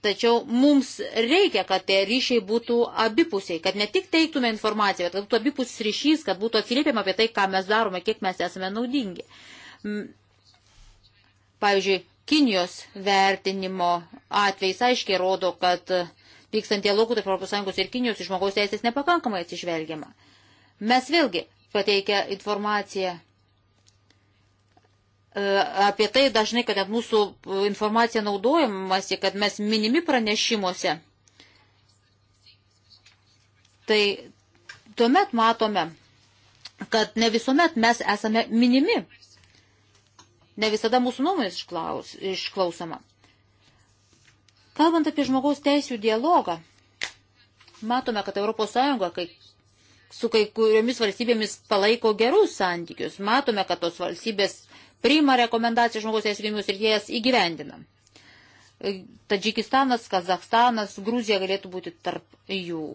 Tačiau mums reikia, kad tie ryšiai būtų abipusiai, kad ne tik teiktume informaciją, bet kad būtų abipusis ryšys, kad būtų atsiliepiama apie tai, ką mes darome, kiek mes esame naudingi. Pavyzdžiui, Kinijos vertinimo atvejs aiškiai rodo, kad vykstant dialogų tarp ES ir Kinijos į žmogaus teisės nepakankamai atsižvelgiama. Mes vėlgi pateikę informaciją e, apie tai dažnai, kad net mūsų informacija naudojamasi, kad mes minimi pranešimuose. Tai tuomet matome, kad ne visuomet mes esame minimi. Ne visada mūsų nuomonės išklaus, išklausoma. Kalbant apie žmogaus teisų dialogą, matome, kad ES kai, su kai kuriomis valstybėmis palaiko gerus santykius. Matome, kad tos valstybės priima rekomendacijas žmogaus teisų gynimus ir jie jas įgyvendina. E, Tadžikistanas, Kazakstanas, Gruzija galėtų būti tarp jų.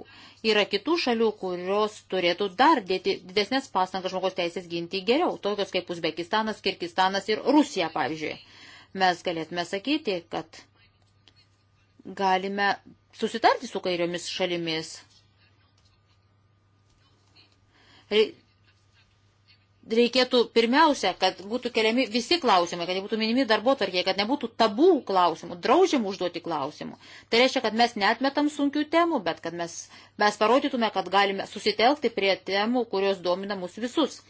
Yra kitų šalių, kurios turėtų dar dėti didesnės pastangas žmogaus teisės ginti geriau, tokios kaip Uzbekistanas, Kirgistanas ir Rusija, pavyzdžiui. Mes galėtume sakyti, kad galime susitarti su kairiomis šalimis. Reikėtų pirmiausia, kad būtų keliami visi klausimai, kad jie būtų minimi darbo tarkiai, kad nebūtų tabų klausimų, draužimų užduoti klausimų. Tai reiškia, kad mes netmetam sunkių temų, bet kad mes, mes parodytume, kad galime susitelkti prie temų, kurios domina mus visus.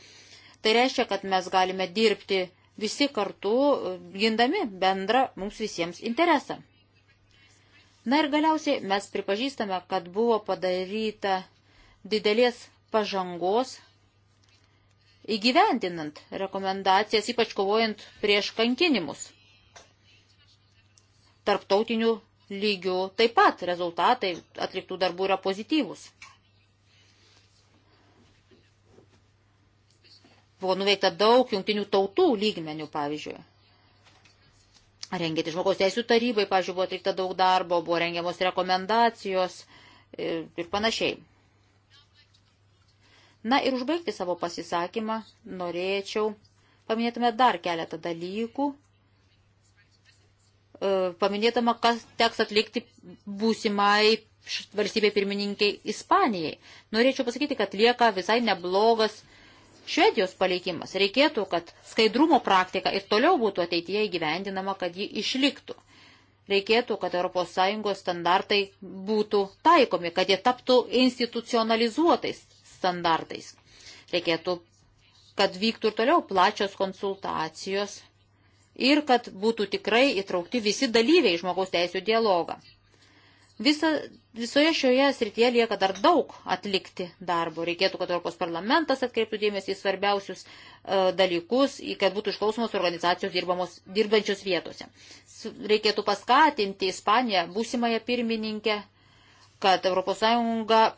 Tai reiškia, kad mes galime dirbti visi kartu, gindami bendrą mums visiems interesą. Na ir galiausiai mes pripažįstame, kad buvo padaryta didelės pažangos įgyvendinant rekomendacijas, ypač kovojant prieš kankinimus. Tarptautinių lygių taip pat rezultatai atliktų darbų yra pozityvus. Buvo nuveikta daug jungtinių tautų lygmenių, pavyzdžiui. Rengėti žmogaus teisų tarybai, pažiūrėjau, buvo atlikta daug darbo, buvo rengiamos rekomendacijos ir, e, ir panašiai. Na ir užbaigti savo pasisakymą norėčiau, paminėtume dar keletą dalykų, e, paminėtama, kas teks atlikti būsimai valstybė pirmininkiai Ispanijai. Norėčiau pasakyti, kad lieka visai neblogas Švedijos palikimas. Reikėtų, kad skaidrumo praktika ir toliau būtų ateityje įgyvendinama, kad ji išliktų. Reikėtų, kad ES standartai būtų taikomi, kad jie taptų institucionalizuotais standartais. Reikėtų, kad vyktų ir toliau plačios konsultacijos ir kad būtų tikrai įtraukti visi dalyviai žmogaus teisų dialogą. Visa, visoje šioje srityje lieka dar daug atlikti darbo. Reikėtų, kad Europos parlamentas atkreiptų dėmesį į svarbiausius e, dalykus, į, kad būtų išklausomos organizacijos dirbančios vietose. Reikėtų paskatinti Ispaniją, būsimąją pirmininkę, kad ES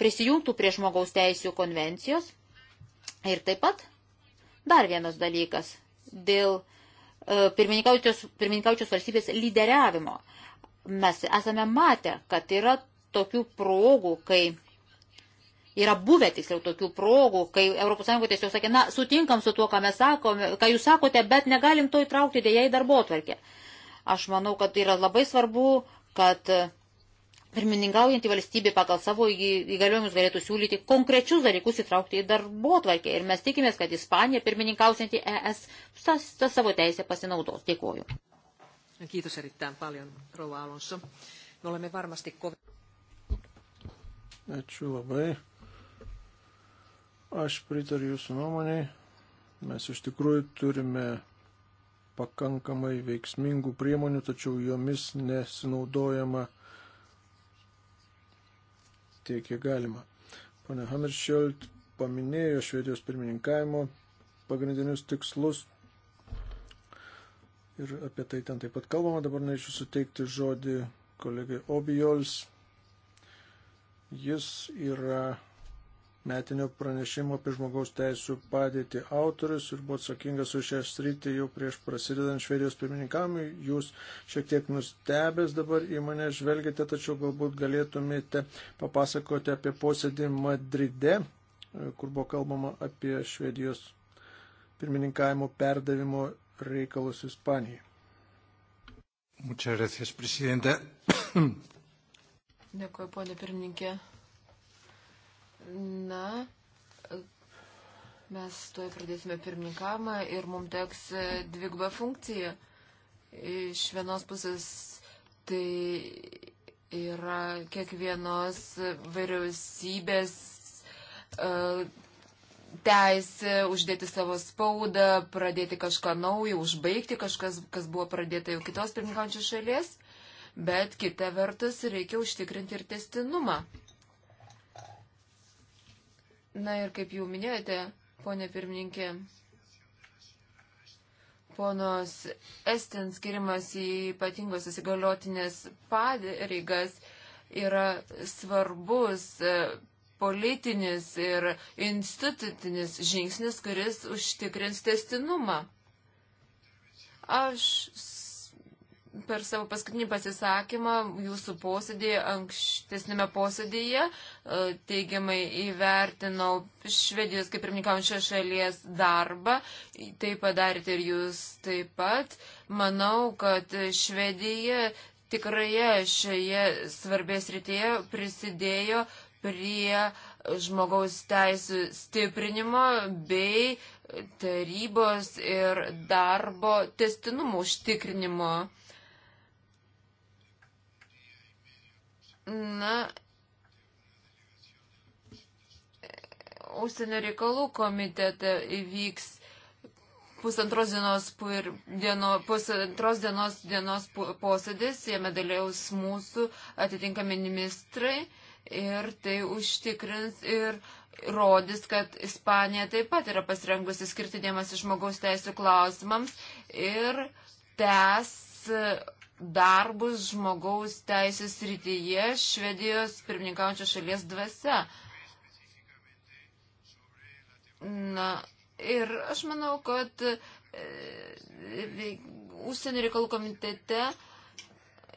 prisijungtų prie žmogaus teisų konvencijos. Ir taip pat dar vienas dalykas dėl e, pirmininkaučios valstybės lyderiavimo mes esame matę, kad yra tokių progų, kai yra buvę tiksliau tokių progų, kai ES tiesiog sakė, na, sutinkam su tuo, ką mes sakome, ką jūs sakote, bet negalim to įtraukti dėja į darbo atvarkę. Aš manau, kad yra labai svarbu, kad pirmininkaujantį valstybę pagal savo įgaliojimus galėtų siūlyti konkrečius dalykus įtraukti į darbo atvarkę. Ir mes tikimės, kad Ispanija pirmininkausianti ES tą savo teisę pasinaudos. Dėkuoju. Kiitos erittäin paljon, Rova Alonso. Me olemme varmasti kovin... Ačiū labai. Aš pritariu jūsų nuomonėj. Mes iš tikrųjų turime pakankamai veiksmingų priemonių, tačiau jomis nesinaudojama tiek, kiek galima. Pane Hammerschild paminėjo Švedijos pirmininkavimo pagrindinius tikslus ir apie tai ten taip pat kalbama. Dabar norėčiau suteikti žodį kolegai Obijols. Jis yra metinio pranešimo apie žmogaus teisų padėtį autorius ir buvo atsakingas už šią sritį jau prieš prasidedant Švedijos pirmininkamui. Jūs šiek tiek nustebęs dabar į mane žvelgite, tačiau galbūt galėtumėte papasakoti apie posėdį Madride, kur buvo kalbama apie Švedijos pirmininkavimo perdavimo reikalus Ispanijai. Muchas gracias, prezidente. Dėkuoju, ponė pirmininkė. Na, mes tuoj pradėsime pirmininkamą ir mums teks e, dvigubą funkciją. Iš vienos pusės tai yra kiekvienos vyriausybės e, teisę uždėti savo spaudą, pradėti kažką naujo, užbaigti kažkas, kas buvo pradėta jau kitos pirmininkaujančios šalies, bet kita vertus reikia užtikrinti ir testinumą. Na ir kaip jau minėjote, ponė pirmininkė, ponos Estin skirimas į ypatingos įsigaliotinės pareigas yra svarbus politinis ir institucinis žingsnis, kuris užtikrins testinumą. Aš per savo paskutinį pasisakymą jūsų posėdėje, ankstesnėme posėdėje, e, teigiamai įvertinau Švedijos kaip pirmininkaujančios šalies darbą. Tai padarėte ir jūs taip pat. Manau, kad Švedija tikrai šioje svarbės rytėje prisidėjo prie žmogaus teisų stiprinimo bei tarybos ir darbo testinumo užtikrinimo. Na, užsienio reikalų komitete įvyks pusantros dienos, dieno, pusantros dienos, dienos posėdis, jame dalyvaus mūsų atitinkami ministrai ir tai užtikrins ir rodys, kad Ispanija taip pat yra pasirengusi skirti dėmesį žmogaus teisų klausimams ir tęs darbus žmogaus teisės rytyje Švedijos pirmininkaujančios šalies dvasia. Na, ir aš manau, kad e, e, užsienio reikalų komitete e,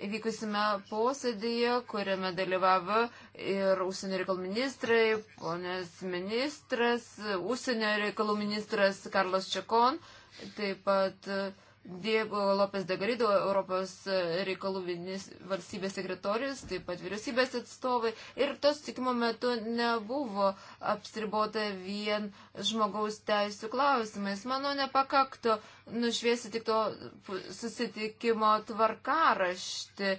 vykusime posėdėje, kuriame dalyvavo ir užsienio reikalų ministrai, ponės ministras, užsienio reikalų ministras Karlos Čekon, taip pat uh, Diego Lopes de Garido, Europos reikalų valstybės sekretorius, taip pat vyriausybės atstovai. Ir tos tikimo metu nebuvo apsiribota vien žmogaus teisų klausimais. Manau, nepakaktų nušviesti tik to susitikimo tvarkaraštį.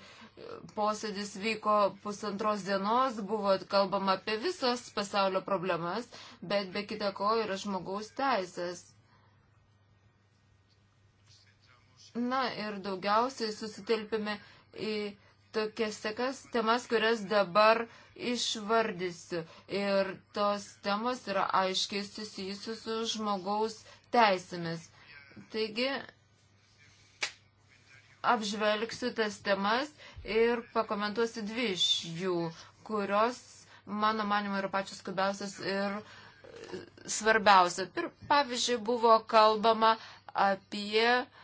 Posėdis vyko pusantros dienos, buvo kalbama apie visas pasaulio problemas, bet be kita ko yra žmogaus teisės. Na ir daugiausiai susitelpėme į tokias sekas temas, kurias dabar išvardysiu. Ir tos temos yra aiškiai susijusius su žmogaus teisėmis. Taigi, apžvelgsiu tas temas ir pakomentuosiu dvi iš jų, kurios, mano manimo, yra pačios skubiausias ir e, svarbiausia. Pir, pavyzdžiui, buvo kalbama apie uh,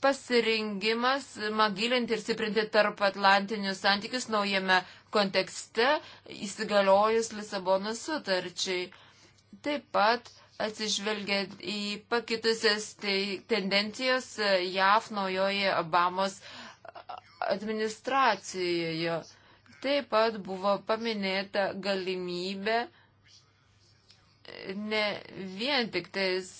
pasirengimas magilinti ir stiprinti tarp Atlantinius santykius naujame kontekste įsigaliojus Lisabonos sutarčiai. Taip pat atsižvelgiant į pakitusias tendencijos e, JAF naujoje Obamos administracijoje. Taip pat buvo paminėta galimybė e, ne vien tik tais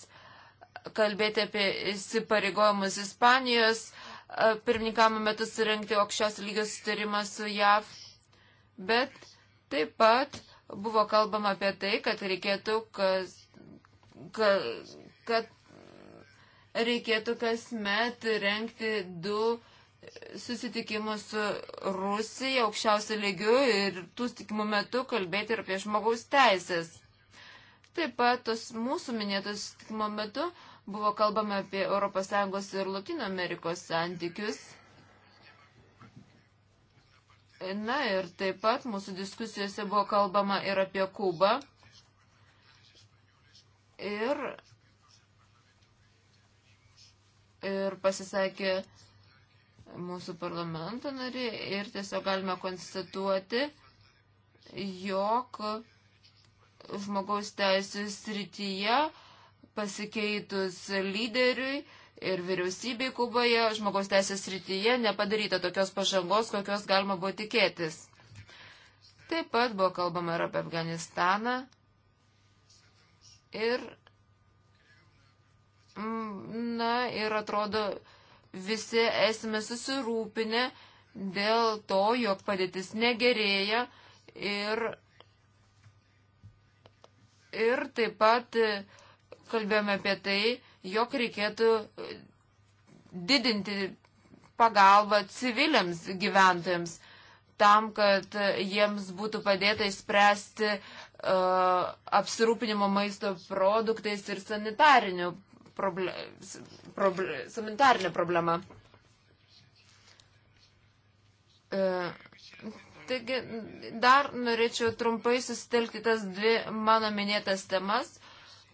kalbėti apie įsipareigojimus Ispanijos e, pirmininkamo metu surinkti aukščios lygios sutarimą su JAV, bet taip pat buvo kalbama apie tai, kad reikėtų, kas, kad, kad reikėtų kasmet renkti du susitikimus su Rusija aukščiausiu lygiu ir tų susitikimų metu kalbėti ir apie žmogaus teisės. Taip pat tos mūsų minėtos susitikimo metu buvo kalbama apie ES ir Latino Amerikos santykius. Na ir taip pat mūsų diskusijose buvo kalbama ir apie Kubą. Ir, ir pasisakė mūsų parlamento nariai ir tiesiog galime konstatuoti, jog žmogaus teisės srityje pasikeitus lyderiui ir vyriausybei Kuboje žmogaus teisės rytyje nepadaryta tokios pažangos, kokios galima buvo tikėtis. Taip pat buvo kalbama ir apie Afganistaną ir, mm, na, ir atrodo, visi esame susirūpinę dėl to, jog padėtis negerėja ir, ir taip pat kalbėjome apie tai, jog reikėtų e, didinti pagalbą civiliams gyventojams, tam, kad e, jiems būtų padėta išspręsti uh, apsirūpinimo maisto produktais ir sanitarinių proble proble sanitarinė problema. Uh, taigi, dar norėčiau trumpai susitelkti tas dvi mano minėtas temas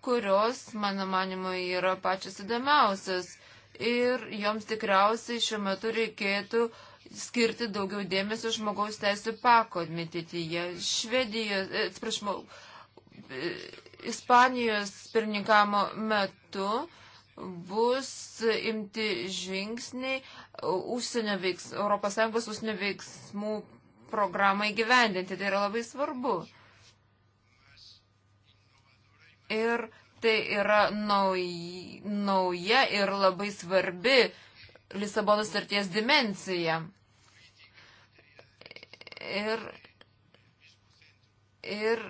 kurios, mano manimo, yra pačios įdomiausios. Ir joms tikriausiai šiuo metu reikėtų skirti daugiau dėmesio žmogaus teisų pakomitetyje. Švedijos, e, atsiprašau, e, Ispanijos pirmininkamo metu bus imti žingsniai užsienio veiks, ES užsienio veiksmų programai gyvendinti. Tai yra labai svarbu. Ir tai yra nauja ir labai svarbi Lisabonos sarties dimencija. Ir, ir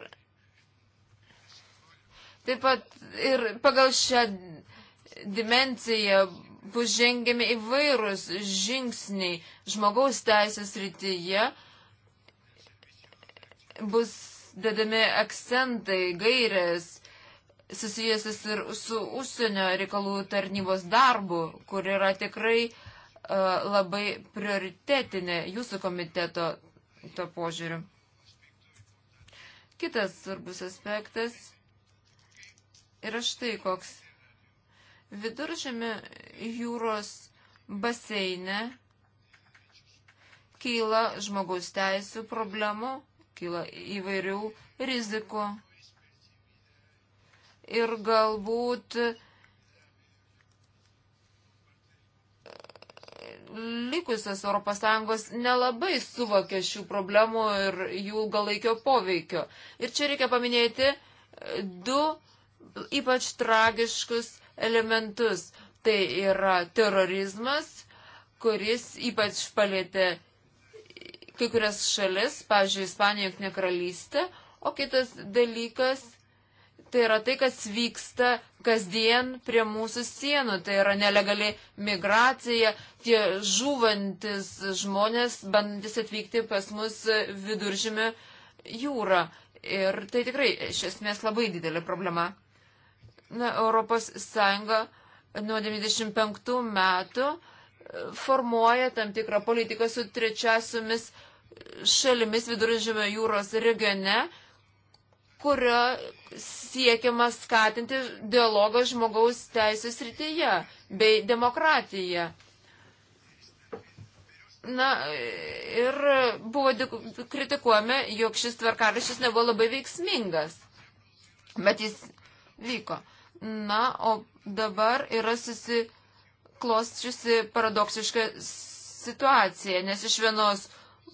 taip pat ir pagal šią dimenciją bus žengiami įvairūs žingsniai žmogaus teisės rytyje, bus dedami akcentai, gairės, susijusius ir su užsienio reikalų tarnybos darbu, kur yra tikrai uh, labai prioritetinė jūsų komiteto to požiūriu. Kitas svarbus aspektas yra štai koks. Viduržėme jūros baseine kyla žmogaus teisų problemų, kyla įvairių rizikų ir galbūt likusios ES nelabai suvokia šių problemų ir jų galaikio poveikio. Ir čia reikia paminėti e, du ypač tragiškus elementus. Tai yra terorizmas, kuris ypač palėtė kai kurias šalis, pavyzdžiui, Ispanija, Junktinė karalystė, o kitas dalykas – tai yra tai, kas vyksta kasdien prie mūsų sienų. Tai yra nelegali migracija, tie žuvantis žmonės, bandantis atvykti pas mus viduržymio jūrą. Ir tai tikrai iš esmės labai didelė problema. Na, Europos Sąjunga nuo 95 metų formuoja tam tikrą politiką su trečiasiomis šalimis viduržymio jūros regione kurio siekiama skatinti dialogą žmogaus teisės rytyje bei demokratiją. Na ir buvo kritikuojama, jog šis tvarkarašys nebuvo labai veiksmingas, bet jis vyko. Na, o dabar yra susiklostžiusi paradoksiška situacija, nes iš vienos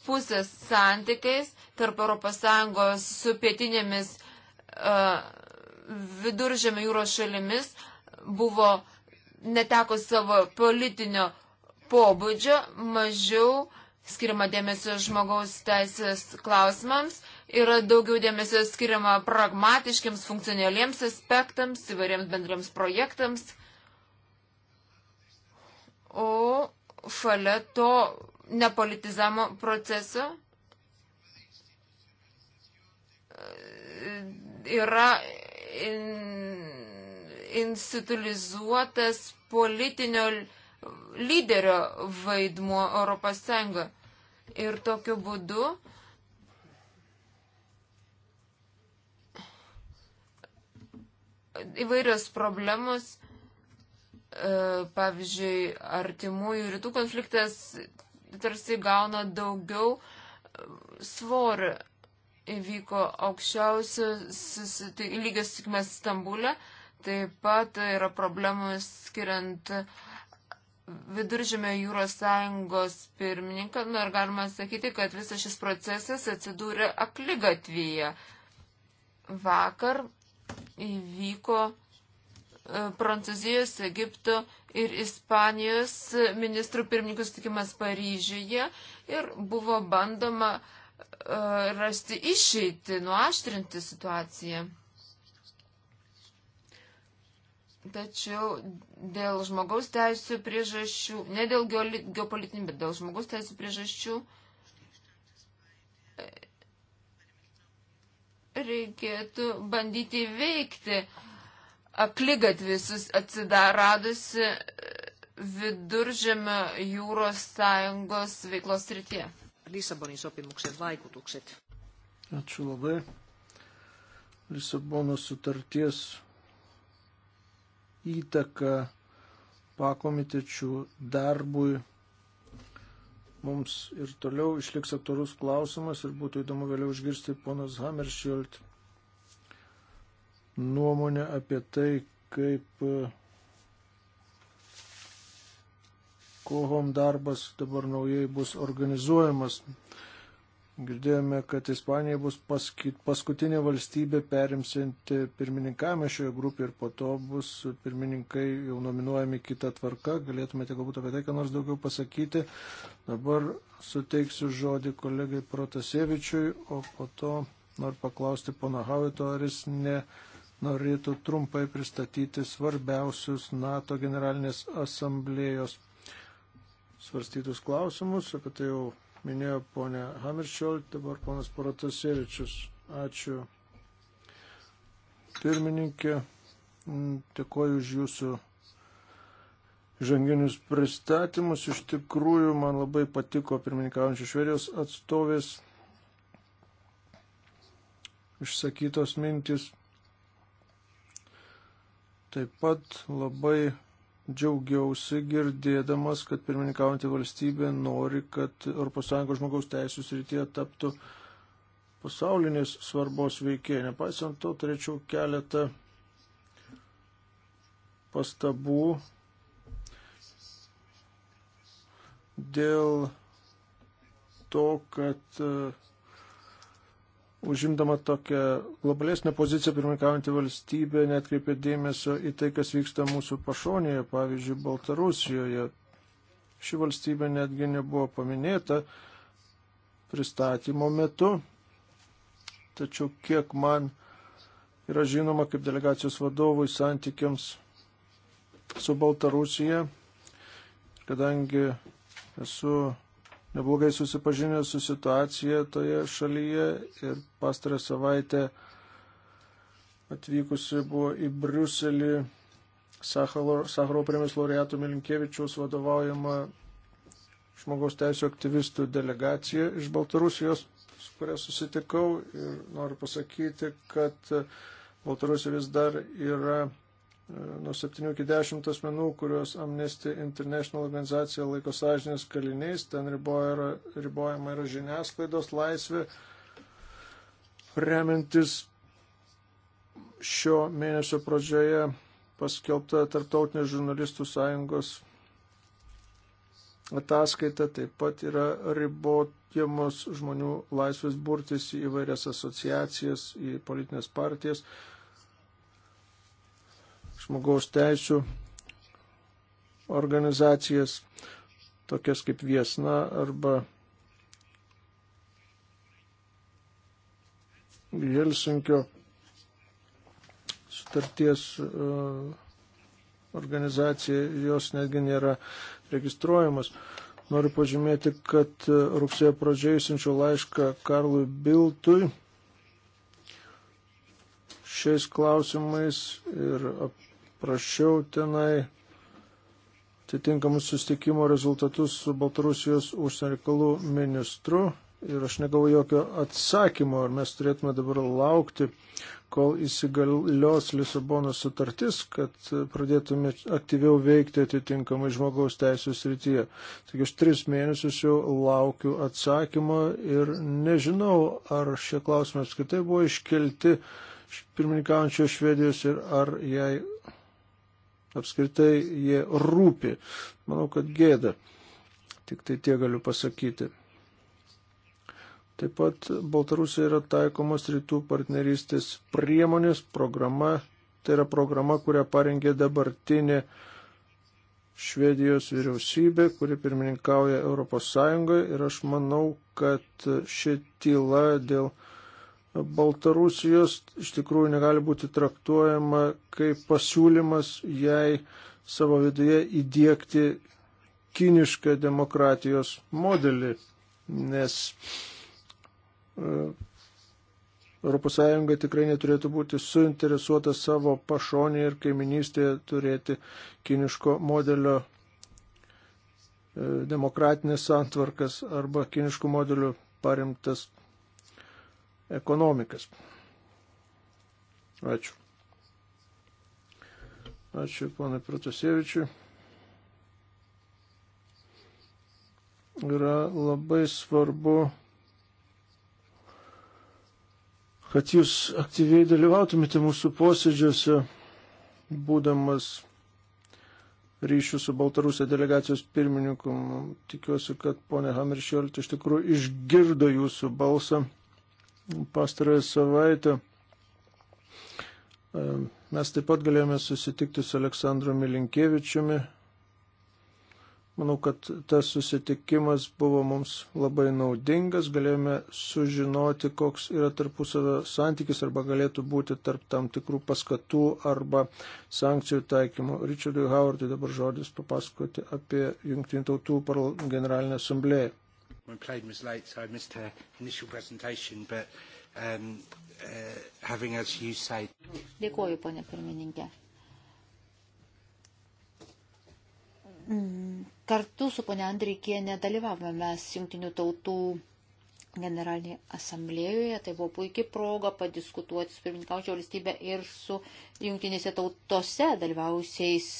pusės santykiais tarp ES su pietinėmis uh, viduržėmio jūros šalimis buvo neteko savo politinio pobūdžio, mažiau skiriama dėmesio žmogaus teisės klausimams, yra daugiau dėmesio skiriama pragmatiškiams, funkcionaliems aspektams, įvairiems bendriems projektams. O šalia to nepolitizavimo proceso yra in, institulizuotas politinio lyderio vaidmuo Europos Sąjungoje. Ir tokiu būdu įvairios problemos, e, pavyzdžiui, artimųjų rytų konfliktas tarsi gauna daugiau e, svorio. Įvyko aukščiausias lygis sutikimas Stambulė, taip pat yra problemų skiriant Viduržėmio jūros sąjungos pirmininką, nu ir galima sakyti, kad visas šis procesas atsidūrė aklygatvyje. Vakar įvyko e, Prancūzijos, Egipto, ir Ispanijos ministrų pirmininkų sutikimas Paryžiuje ir buvo bandoma e, rasti išeitį, nuaštrinti situaciją. Tačiau dėl žmogaus teisų priežasčių, ne dėl geopolitinių, bet dėl žmogaus teisų priežasčių e, reikėtų bandyti veikti uh, aklygatvis atsidaradusi e, viduržėmio jūros sąjungos veiklos srityje. Lisabonin sopimuksen vaikutukset. Ačiū labai. Lisabonos sutarties įtaka pakomitečių darbui mums ir toliau išliks aktorus klausimas ir būtų įdomu vėliau išgirsti ponas Hammerschild nuomonę apie tai, kaip e, kohom darbas dabar naujai bus organizuojamas. Girdėjome, kad Ispanija bus paskit, paskutinė valstybė perimsinti pirmininkavimą šioje grupėje ir po to bus pirmininkai jau nominuojami kitą tvarką. Galėtumėte galbūt apie tai, ką nors daugiau pasakyti. Dabar suteiksiu žodį kolegai Protasevičiui, o po to noriu paklausti pono Havito, ar jis ne norėtų trumpai pristatyti svarbiausius NATO generalinės asamblėjos svarstytus klausimus. Apie tai jau minėjo ponė Hamerschold, dabar ponas Paratasievičius. Ačiū. Pirmininkė, dėkoju už jūsų žanginius pristatymus. Iš tikrųjų, man labai patiko pirmininkaujančių švedijos atstovės išsakytos mintis Taip pat labai džiaugiausi girdėdamas, kad pirmininkaujantį valstybę nori, kad ES žmogaus teisų srityje taptų pasaulinės svarbos veikėja. Nepaisant to, turėčiau keletą pastabų dėl to, kad uh, užimdama tokią globalesnę poziciją pirmininkaujantį valstybę netkreipia dėmesio į tai, kas vyksta mūsų pašonėje, pavyzdžiui, Baltarusijoje. Ši valstybė netgi nebuvo paminėta pristatymo metu, tačiau kiek man yra žinoma kaip delegacijos vadovui santykiams su Baltarusija, kadangi esu neblogai susipažinę su situacija toje šalyje ir pastarą savaitę atvykusi buvo į Briuselį Sakharovo premijos laureatų Milinkievičiaus vadovaujama žmogaus teisų aktyvistų delegacija iš Baltarusijos, su kuria susitikau ir noriu pasakyti, kad Baltarusija vis dar yra nuo 7 iki 10 asmenų, kuriuos Amnesty International organizacija laiko sąžinės kaliniais, ten riboja, yra, ribojama yra žiniasklaidos laisvė, remintis šio mėnesio pradžioje paskelbta Tartautinės žurnalistų sąjungos ataskaita, taip pat yra ribojamos žmonių laisvės burtis į vairias asociacijas, į politinės partijas žmogaus teisų organizacijas, tokias kaip Viesna arba Helsinkio sutarties uh, organizacija, jos netgi nėra registruojamas. Noriu pažymėti, kad uh, rugsėjo pradžioje siunčiau laišką Karlui Biltui šiais klausimais ir ap prašiau tenai atitinkamus sustikimo rezultatus su Baltarusijos užsienio reikalų ministru ir aš negavau jokio atsakymo, ar mes turėtume dabar laukti, kol įsigalios Lisabono sutartis, kad pradėtume aktyviau veikti atitinkamai žmogaus teisų srityje. Taigi aš tris mėnesius jau laukiu atsakymo ir nežinau, ar šie klausimai apskritai buvo iškelti pirmininkaujančio Švedijos ir ar jai apskritai jie rūpi. Manau, kad gėda. Tik tai tie galiu pasakyti. Taip pat Baltarusija yra taikomos rytų partnerystės priemonės programa. Tai yra programa, kurią parengė dabartinė Švedijos vyriausybė, kuri pirmininkauja Europos Sąjungoje ir aš manau, kad ši tyla dėl Baltarusijos iš tikrųjų negali būti traktuojama kaip pasiūlymas jai savo viduje įdėkti kinišką demokratijos modelį, nes ES tikrai neturėtų būti suinteresuota savo pašonėje ir kaiminystėje turėti kiniško modelio e, demokratinės santvarkas arba kiniškų modelių paremtas ekonomikas. Ačiū. Ačiū ponai Protasievičiui. Yra labai svarbu kad jūs aktyviai dalyvautumėte mūsų posėdžiuose, būdamas ryšių su Baltarusio delegacijos pirmininku. Tikiuosi, kad ponė Hamiršioltė iš tikrųjų išgirdo jūsų balsą pastarąją savaitę. E, mes taip pat galėjome susitikti su Aleksandru Milinkievičiumi. Manau, kad tas susitikimas buvo mums labai naudingas, galėjome sužinoti, koks yra tarpusavio santykis arba galėtų būti tarp tam tikrų paskatų arba sankcijų taikymų. Richardui Howardui dabar žodis papasakoti apie Junktinių tautų generalinę asamblėją. My plane was late, so I missed her initial presentation, but um, uh, having, as you say... Dėkuoju, ponė pirmininkė. Mm, kartu su ponė Andrikienė dalyvavome mes Junktinių tautų generalinėje asamblėjoje. Tai buvo puikiai proga padiskutuoti su pirmininkaučio valstybė ir su jungtinėse tautose dalyvausiais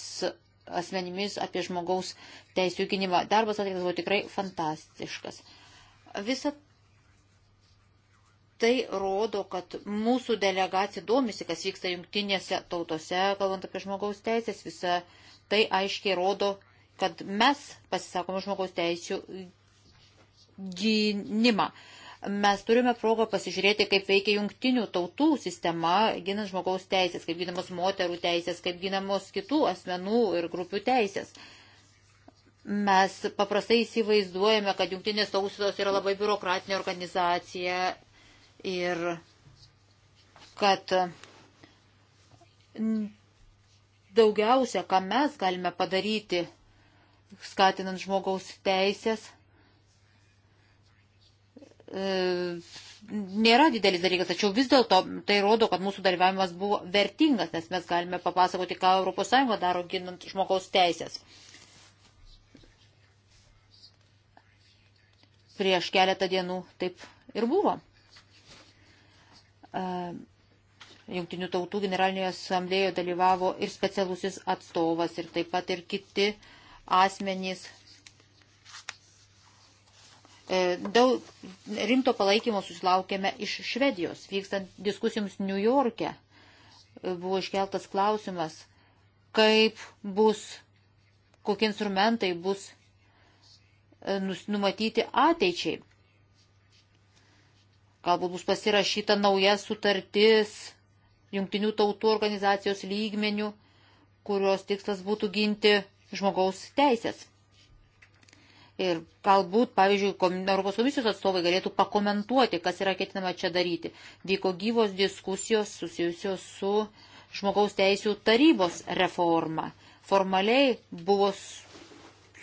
asmenimis apie žmogaus teisų gynimą. Darbas atliktas buvo tikrai fantastiškas. Visa tai rodo, kad mūsų delegacija domisi, kas vyksta jungtinėse tautose, kalbant apie žmogaus teisės, visa tai aiškiai rodo, kad mes pasisakome žmogaus teisų gynimą. Mes turime progą pasižiūrėti, kaip veikia jungtinių tautų sistema, ginant žmogaus teisės, kaip ginamos moterų teisės, kaip ginamos kitų asmenų ir grupių teisės. Mes paprastai įsivaizduojame, kad jungtinės tautos yra labai biurokratinė organizacija ir kad daugiausia, ką mes galime padaryti, skatinant žmogaus teisės, E, nėra didelis dalykas, tačiau vis dėlto tai rodo, kad mūsų dalyvavimas buvo vertingas, nes mes galime papasakoti, ką ES daro ginant žmogaus teisės. Prieš keletą dienų taip ir buvo. E, Junktinių tautų generalinėje asamblėjoje dalyvavo ir specialusis atstovas, ir taip pat ir kiti asmenys E, daug rimto palaikymo susilaukėme iš Švedijos. Vykstant diskusijoms New York'e e, buvo iškeltas klausimas, kaip bus, kokie instrumentai bus e, numatyti ateičiai. Galbūt bus pasirašyta nauja sutartis jungtinių tautų organizacijos lygmenių, kurios tikslas būtų ginti žmogaus teisės. Ir galbūt, pavyzdžiui, Europos komisijos atstovai galėtų pakomentuoti, kas yra ketinama čia daryti. Vyko gyvos diskusijos susijusios su žmogaus teisų tarybos reforma. Formaliai buvo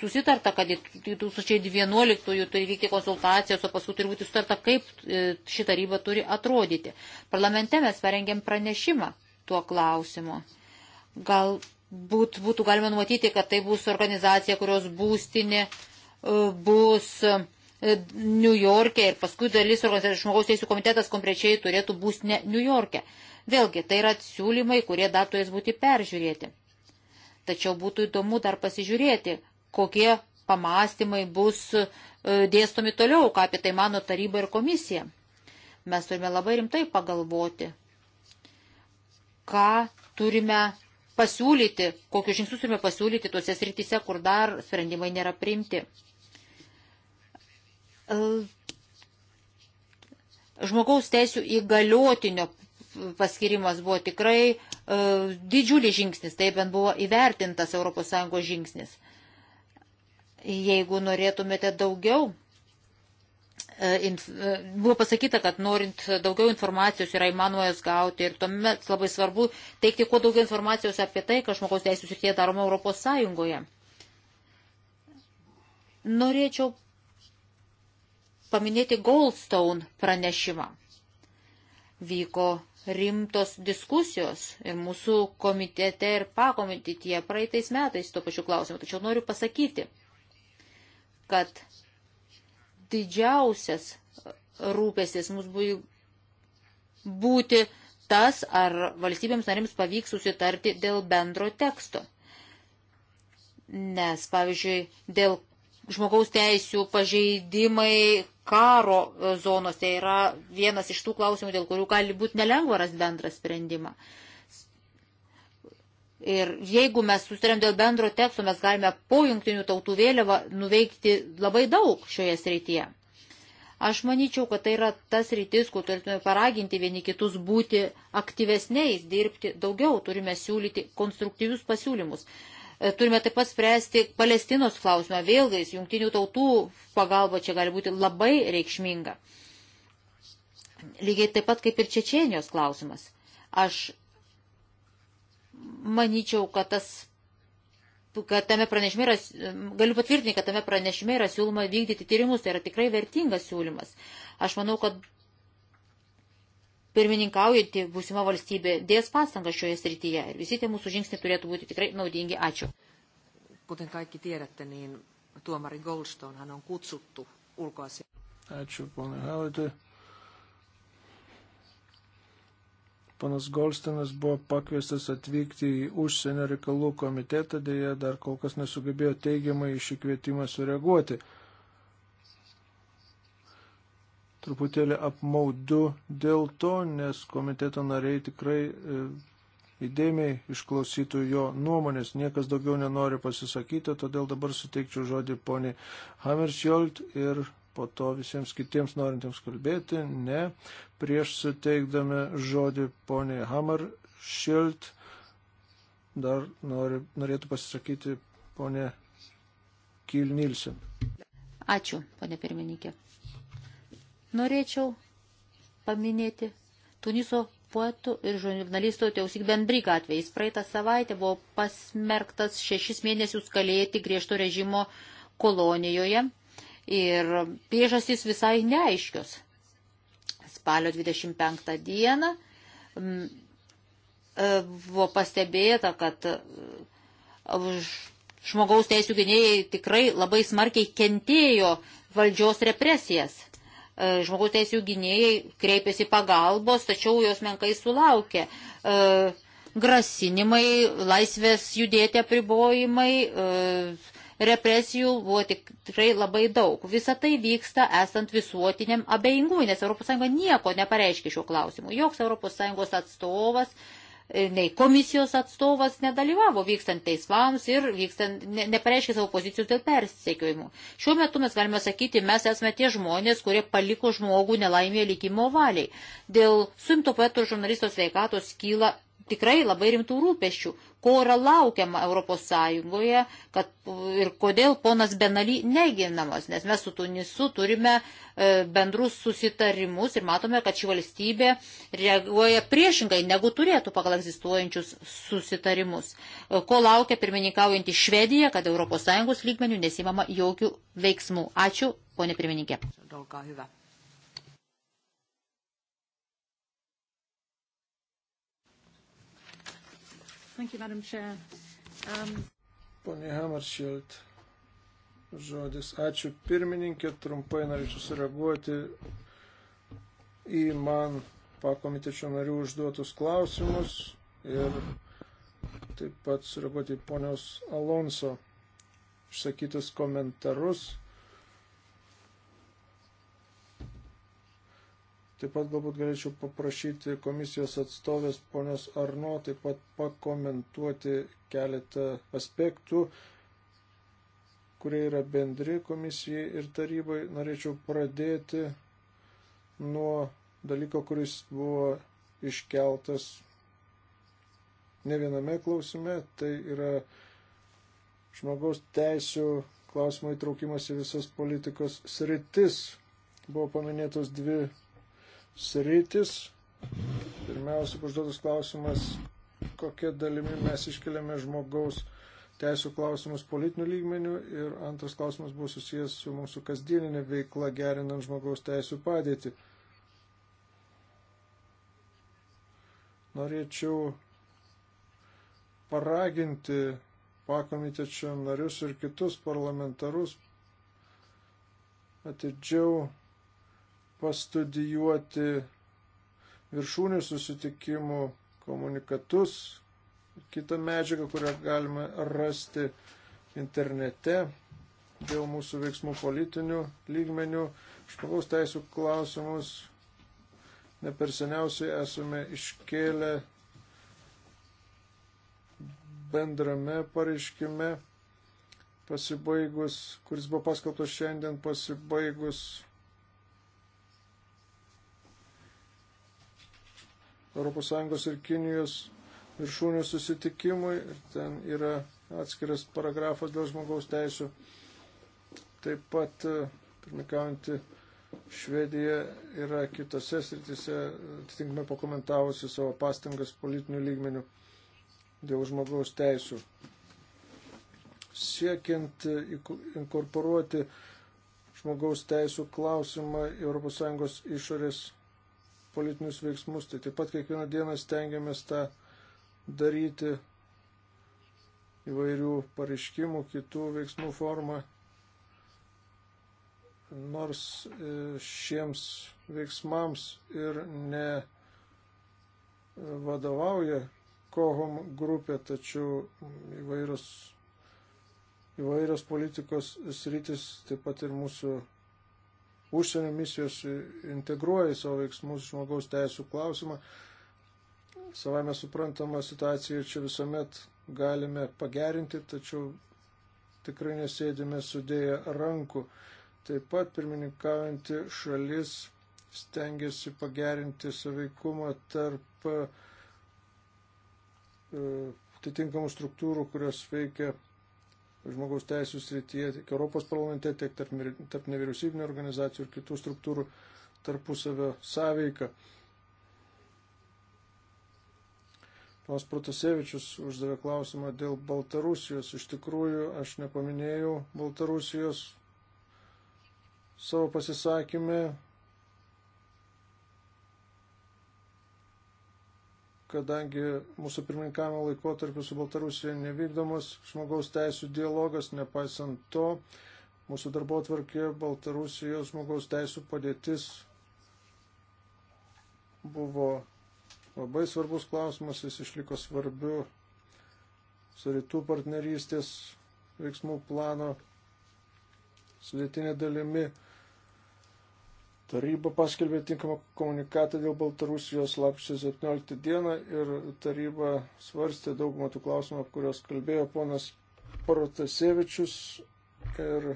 susitarta, kad 2011 turi vykti konsultacijos, o paskui turi būti sutarta, kaip e, ši taryba turi atrodyti. Parlamente mes parengėm pranešimą tuo klausimu. Galbūt būtų galima numatyti, kad tai bus organizacija, kurios būstinė bus e, New York'e ir paskui dalis organizacijos žmogaus teisų komitetas konkrečiai turėtų būti ne New York'e. Vėlgi, tai yra siūlymai, kurie dar turės būti peržiūrėti. Tačiau būtų įdomu dar pasižiūrėti, kokie pamastymai bus e, dėstomi toliau, ką apie tai mano taryba ir komisija. Mes turime labai rimtai pagalvoti, ką turime pasiūlyti, kokius žingsnius turime pasiūlyti tuose srityse, kur dar sprendimai nėra priimti. Žmogaus teisų įgaliotinio paskirimas buvo tikrai e, didžiulis žingsnis, taip bent buvo įvertintas ES žingsnis. Jeigu norėtumėte daugiau e, e, buvo pasakyta, kad norint daugiau informacijos yra įmanoma jos gauti ir tuomet labai svarbu teikti kuo daugiau informacijos apie tai, kad žmogaus teisų srityje daroma Europos Sąjungoje. Norėčiau paminėti Goldstone pranešimą. Vyko rimtos diskusijos ir mūsų komitete ir pakomitetie praeitais metais tuo pačiu klausimu. Tačiau noriu pasakyti, kad didžiausias rūpestis mums buvo būti tas, ar valstybėms narims pavyks susitarti dėl bendro teksto. Nes, pavyzdžiui, dėl žmogaus teisų pažeidimai karo e, zonose yra vienas iš tų klausimų, dėl kurių gali būti nelengva rasti bendrą sprendimą. Ir jeigu mes susitarėm dėl bendro teksto, mes galime po jungtinių tautų vėliavą nuveikti labai daug šioje srityje. Aš manyčiau, kad tai yra tas rytis, kur turėtume paraginti vieni kitus būti aktyvesniais, dirbti daugiau, turime siūlyti konstruktyvius pasiūlymus. E, turime taip pat spręsti Palestinos klausimą. Vėlgi, jungtinių tautų pagalba čia gali būti labai reikšminga. Lygiai taip pat kaip ir Čečenijos klausimas. Aš manyčiau, kad tas kad tame pranešime yra, galiu patvirtinti, kad tame pranešime yra siūloma vykdyti tyrimus, tai yra tikrai vertingas siūlymas. Aš manau, kad pirmininkaujanti būsima valstybė dės pastangas šioje srityje ir visi tie mūsų žingsniai turėtų būti tikrai naudingi. Ačiū. Kuten kaikki tiedätte, niin tuomari Goldstonehan on kutsuttu ulkoasia. Ačiū, ponai Havitui. Panas Golstinas buvo pakviestas atvykti į užsienio reikalų komitetą, dėja dar kol kas nesugebėjo teigiamai iš įkvietimą sureaguoti truputėlį apmaudu dėl to, nes komiteto nariai tikrai e, įdėmiai išklausytų jo nuomonės. Niekas daugiau nenori pasisakyti, todėl dabar suteikčiau žodį poniai Hammersjold ir po to visiems kitiems norintiems kalbėti. Ne, prieš suteikdami žodį poniai Hammersjold dar nori, norėtų pasisakyti ponė Kil Nilsen. Ačiū, ponė pirmininkė. Norėčiau paminėti Tuniso poetų ir žurnalisto Teusik Bendryk atvejais. Praeitą savaitę buvo pasmerktas šešis mėnesius kalėti griežto režimo kolonijoje ir priežastys visai neaiškios. Spalio 25 dieną mm, e, buvo pastebėta, kad e, žmogaus teisų gynėjai tikrai labai smarkiai kentėjo valdžios represijas. E, žmogaus teisų gynėjai kreipėsi pagalbos, tačiau jos menkai sulaukė. E, grasinimai, laisvės judėti apribojimai, e, represijų buvo tik, tikrai labai daug. Visa tai vyksta esant visuotiniam abejingumui, nes ES nieko nepareiškia šiuo klausimu. Joks ES atstovas E, nei komisijos atstovas nedalyvavo vykstant teismams ir vykstant, ne, nepareiškė savo pozicijų dėl persekiojimų. Šiuo metu mes galime sakyti, mes esame tie žmonės, kurie paliko žmogų nelaimėje likimo valiai. Dėl suimto poeto žurnalisto sveikatos kyla tikrai labai rimtų rūpešių, ko yra laukiama Europos Sąjungoje kad, ir kodėl ponas Benaly neginamas, nes mes su Tunisu turime e, bendrus susitarimus ir matome, kad ši valstybė reaguoja priešingai, negu turėtų pagal egzistuojančius susitarimus. E, ko laukia pirmininkaujantį Švediją, kad Europos Sąjungos lygmenių nesimama jokių veiksmų. Ačiū, ponė pirmininkė. Dolka, hyvä. Thank you, Madam Chair. Um... Pone Hammarskjöld, žodis. Ačiū pirmininkė, trumpai norėčiau sureaguoti į man pakomitečio narių užduotus klausimus ir taip pat sureaguoti į ponios Alonso išsakytus komentarus. Taip pat galbūt galėčiau paprašyti komisijos atstovės ponios Arno taip pat pakomentuoti keletą aspektų, kurie yra bendri komisijai ir tarybai. Norėčiau pradėti nuo dalyko, kuris buvo iškeltas ne viename klausime, tai yra žmogaus teisų klausimo įtraukimas į visas politikos sritis. Buvo paminėtos dvi sritis. Pirmiausia, užduotas klausimas, kokia dalimi mes iškeliame žmogaus teisų klausimus politinių lygmenių ir antras klausimas buvo susijęs su mūsų kasdieninė veikla gerinant žmogaus teisų padėtį. Norėčiau paraginti pakomitečio narius ir kitus parlamentarus atidžiau pastudijuoti viršūnių susitikimų komunikatus, kitą medžiagą, kurią galima rasti internete dėl mūsų veiksmų politinių lygmenių, žmogaus teisų klausimus. Neperseniausiai esame iškėlę bendrame pareiškime, pasibaigus, kuris buvo paskaltas šiandien, pasibaigus ES ir Kinijos viršūnių susitikimui ir ten yra atskiras paragrafas dėl žmogaus teisų. Taip pat e, pirmikaujantį Švedija yra kitose sritise, atitinkamai pakomentavusi savo pastangas politinių lygmenių dėl žmogaus teisų. Siekiant e, inkorporuoti žmogaus teisų klausimą ES išorės politinius veiksmus, tai taip pat kiekvieną dieną stengiamės tą daryti įvairių pareiškimų, kitų veiksmų formą. Nors e, šiems veiksmams ir ne e, vadovauja kohom grupė, tačiau įvairios, įvairios politikos sritis, taip pat ir mūsų užsienio misijos integruoja į savo veiksmus žmogaus teisų klausimą. Savame suprantama situacija čia visuomet galime pagerinti, tačiau tikrai nesėdime sudėję rankų. Taip pat pirmininkaujanti šalis stengiasi pagerinti saveikumą tarp e, atitinkamų struktūrų, kurios veikia žmogaus teisų srityje, tiek Europos parlamente, tiek tarp, tarp nevyriausybinio organizacijų ir kitų struktūrų tarpusavio sąveiką. Ponas Protasevičius uždavė klausimą dėl Baltarusijos. Iš tikrųjų, aš nepaminėjau Baltarusijos savo pasisakymę, kadangi mūsų pirmininkavimo laikotarpiu su Baltarusija nevykdomas žmogaus teisų dialogas, nepaisant to, mūsų darbo tvarkė Baltarusijos žmogaus teisų padėtis buvo labai svarbus klausimas, jis išliko svarbiu su rytų partnerystės veiksmų plano sudėtinė dalimi. Taryba paskelbė tinkamą komunikatą dėl Baltarusijos lapčio 17 dieną ir taryba svarstė daugumą tų klausimų, apie kuriuos kalbėjo ponas Protasevičius. Ir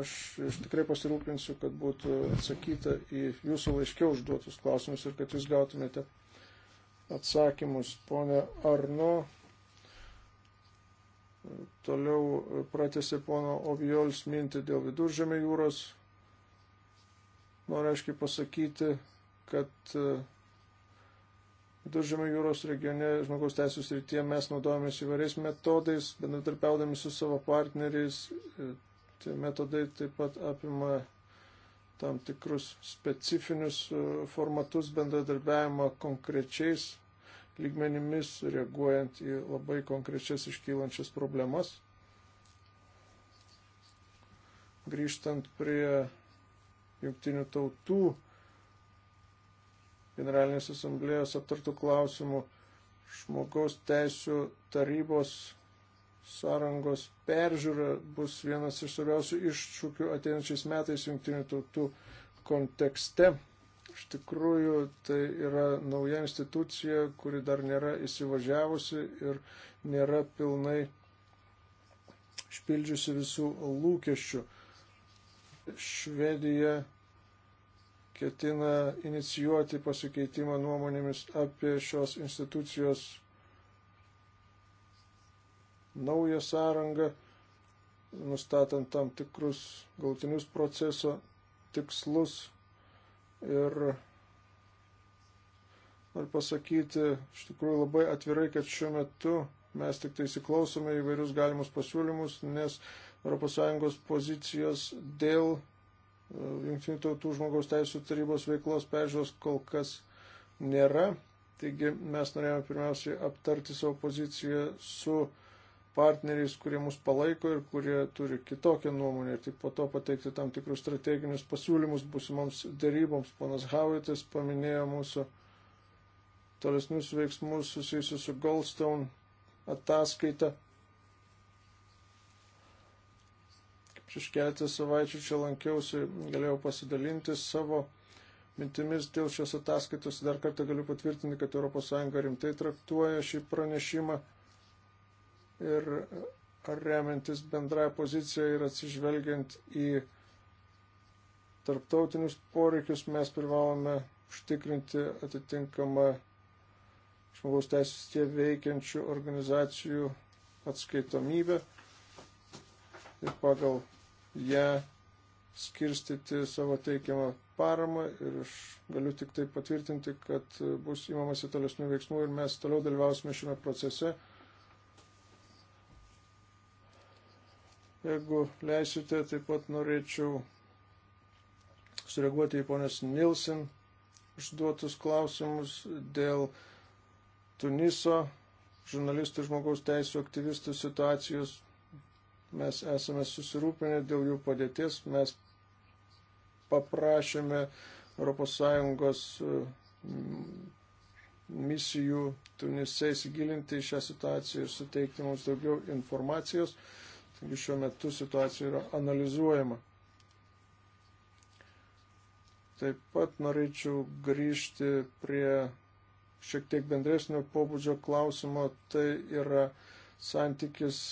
aš, aš tikrai pasirūpinsiu, kad būtų atsakyta į jūsų laiškiau užduotus klausimus ir kad jūs gautumėte atsakymus. Pone Arno, toliau pratėsi pono Oviols mintį dėl viduržėmė jūros Noriu aiškiai pasakyti, kad e, Viduržėmio jūros regione žmogaus teisų srityje mes naudojamės įvairiais metodais, bendradarbiaudami su savo partneriais. E, tie metodai taip pat apima tam tikrus specifinius e, formatus bendradarbiavimo konkrečiais lygmenimis, reaguojant į labai konkrečias iškylančias problemas. Grįžtant prie jungtinių tautų generalinės asamblėjos aptartų klausimų žmogaus teisų tarybos sąrangos peržiūra bus vienas iš svarbiausių iššūkių ateinančiais metais jungtinių tautų kontekste. Iš tikrųjų, tai yra nauja institucija, kuri dar nėra įsivažiavusi ir nėra pilnai išpildžiusi visų lūkesčių. Švedija ketina inicijuoti pasikeitimą nuomonėmis apie šios institucijos naują sąrangą, nustatant tam tikrus galtinius proceso tikslus ir noriu pasakyti, iš tikrųjų labai atvirai, kad šiuo metu mes tik tai įsiklausome įvairius galimus pasiūlymus, nes ES pozicijos dėl Junktinių tautų žmogaus teisų tarybos veiklos peržiūros kol kas nėra. Taigi mes norėjome pirmiausiai aptarti savo poziciją su partneriais, kurie mus palaiko ir kurie turi kitokią nuomonę ir tik po to pateikti tam tikrus strateginius pasiūlymus busimoms dėryboms. Ponas Havitis paminėjo mūsų tolesnius veiksmus susijusius su Goldstone ataskaita. Prieš keletą savaičių čia lankiausi, galėjau pasidalinti savo mintimis dėl šios ataskaitos. Dar kartą galiu patvirtinti, kad ES rimtai traktuoja šį pranešimą ir remiantis bendrąją poziciją ir atsižvelgiant į tarptautinius poreikius, mes privalome užtikrinti atitinkamą žmogaus teisės tie veikiančių organizacijų atskaitomybę ir pagal ją skirstyti savo teikiamą paramą ir aš galiu tik tai patvirtinti, kad bus įmamasi tolesnių veiksmų ir mes toliau dalyvausime šiame procese. Jeigu leisite, taip pat norėčiau sureaguoti į ponės Nilsen užduotus klausimus dėl Tuniso žurnalistų žmogaus teisų aktyvistų situacijos mes esame susirūpinę dėl jų padėties, mes paprašėme ES mm, misijų Tunise įsigilinti į šią situaciją ir suteikti mums daugiau informacijos. Taigi šiuo metu situacija yra analizuojama. Taip pat norėčiau grįžti prie šiek tiek bendresnio pobūdžio klausimo, tai yra santykis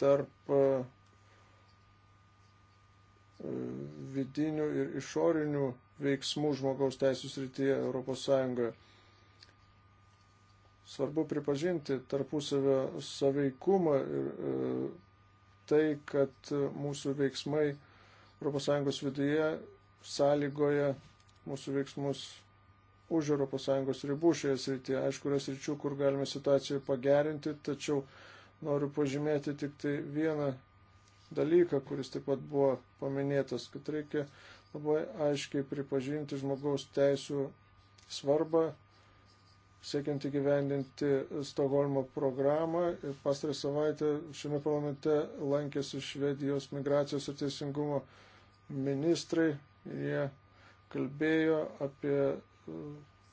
tarp e, vidinių ir išorinių veiksmų žmogaus teisų srityje Europos Sąjungoje. Svarbu pripažinti tarpusavio saveikumą ir e, tai, kad mūsų veiksmai Europos Sąjungos viduje sąlygoja mūsų veiksmus už Europos Sąjungos ribų šioje srityje. Aišku, yra sričių, kur galime situaciją pagerinti, tačiau e, Noriu pažymėti tik tai vieną dalyką, kuris taip pat buvo paminėtas, kad reikia labai aiškiai pripažinti žmogaus teisų svarbą, siekiant įgyvendinti Stokholmo programą. Pastarą savaitę šiame parlamente lankėsi Švedijos migracijos ir teisingumo ministrai. Jie kalbėjo apie uh,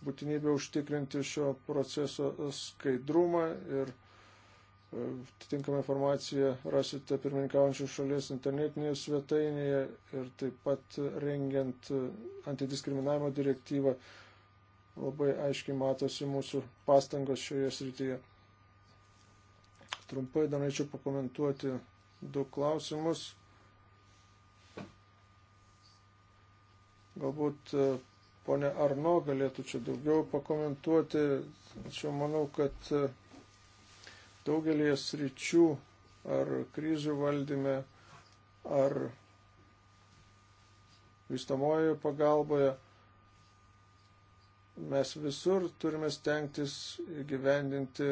būtinybę užtikrinti šio proceso skaidrumą ir Atitinkamą informaciją rasite pirmininkaujančių šalies internetinėje svetainėje ir taip pat rengiant antidiskriminavimo direktyvą labai aiškiai matosi mūsų pastangos šioje srityje. Trumpai dar norėčiau pakomentuoti du klausimus. Galbūt e, ponė Arno galėtų čia daugiau pakomentuoti, tačiau manau, kad e, daugelį sričių ar krizių valdyme, ar vystamojoje pagalboje. Mes visur turime stengtis gyvendinti,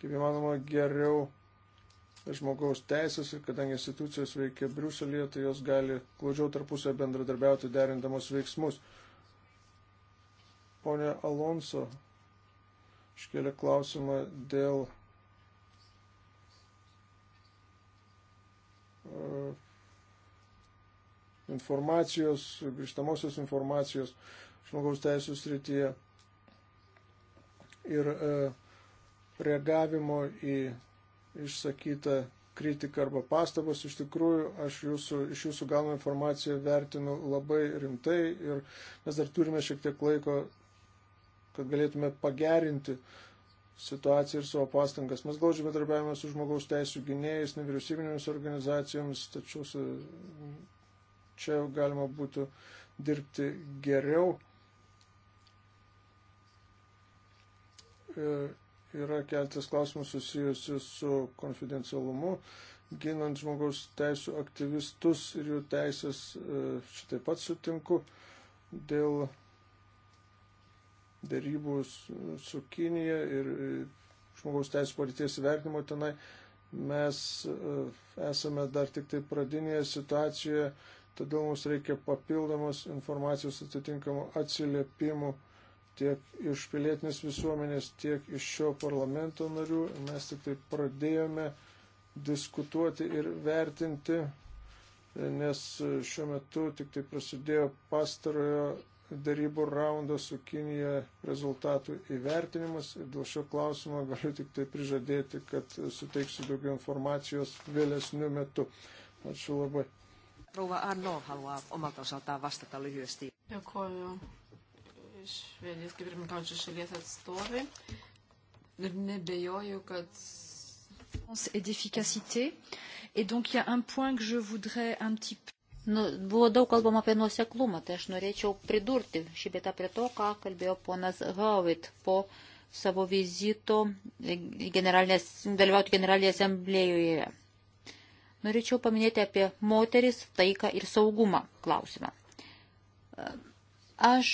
kaip įmanoma, geriau žmogaus teisės ir kadangi institucijos veikia Briuselėje, tai jos gali glaudžiau tarpusę bendradarbiauti derindamos veiksmus. Pone Alonso iškėlė klausimą dėl E, informacijos, grįžtamosios informacijos žmogaus teisų srityje ir e, reagavimo į išsakytą kritiką arba pastabas. Iš tikrųjų, aš jūsų, iš jūsų gaunamą informaciją vertinu labai rimtai ir mes dar turime šiek tiek laiko, kad galėtume pagerinti uh, situaciją ir savo pastangas. Mes glaudžiai bendradarbiavame su žmogaus teisų gynėjais, nevyriausybinėmis organizacijomis, tačiau čia galima būtų dirbti geriau. Yra keltas klausimas susijusi su konfidencialumu, ginant žmogaus teisų aktyvistus ir jų teisės, e, čia taip pat sutinku, dėl darybų su Kinija ir e, žmogaus teisų polities įvertinimo tenai. Mes e, esame dar tik tai pradinėje situacijoje, todėl mums reikia papildomos informacijos atitinkamų atsiliepimų tiek iš pilietinės visuomenės, tiek iš šio parlamento narių. Mes tik tai pradėjome diskutuoti ir vertinti, nes šiuo metu tik tai prasidėjo pastarojo darybų raundo su Kinija rezultatų įvertinimas. Ir dėl šio klausimo galiu tik tai prižadėti, kad suteiksiu daugiau informacijos vėlesniu metu. Ačiū labai. Rouva Arno haluaa omalta osaltaan vastata lyhyesti. Dėkoju Švedijos kaip ir minkaujančios šalies atstovai. Ir nebejoju, kad et d'efficacité. Et donc il y a un point que je voudrais un petit peu. Nu, buvo daug kalbama apie nuoseklumą, tai aš norėčiau pridurti šį bėtą prie to, ką kalbėjo ponas Gavit po savo vizito dalyvauti generalinėje asamblėjoje. Norėčiau paminėti apie moteris, taiką ir saugumą klausimą. Aš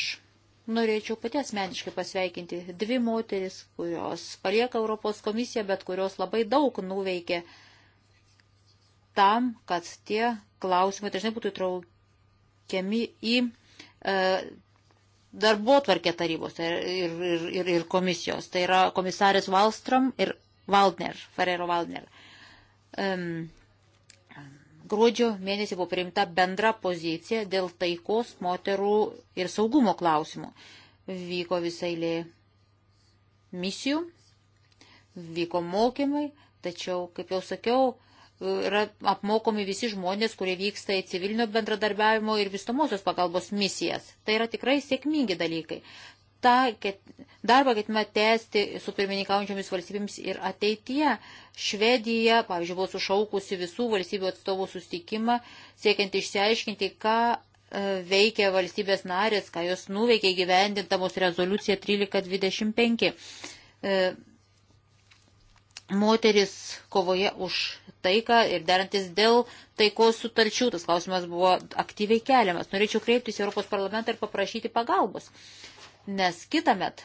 norėčiau pati asmeniškai pasveikinti dvi moteris, kurios palieka Europos komisiją, bet kurios labai daug nuveikė uh, tam, kad tie klausimai dažnai būtų įtraukiami į e, darbo tvarkę tarybos tai ir, ir, ir, ir komisijos. Tai yra komisarės Wallström ir Waldner, Ferrero Waldner. Um, gruodžio mėnesį buvo priimta bendra pozicija dėl taikos moterų ir saugumo klausimų. Vyko visai lė misijų, vyko mokymai, tačiau, kaip jau sakiau, yra apmokomi visi žmonės, kurie vyksta į civilinio bendradarbiavimo ir vystomosios pagalbos misijas. Tai yra tikrai sėkmingi dalykai. Ta ket, darbą ketina tęsti su pirmininkaujančiomis valstybėmis ir ateityje. Švedija, pavyzdžiui, buvo sušaukusi visų valstybių atstovų sustikimą, siekiant išsiaiškinti, ką e, veikia valstybės narės, ką jos nuveikia gyvendintamos rezoliuciją 1325. E, moteris kovoje už taiką ir derantis dėl taikos sutarčių. Tas klausimas buvo aktyviai keliamas. Norėčiau kreiptis į Europos parlamentą ir paprašyti pagalbos, nes kitą met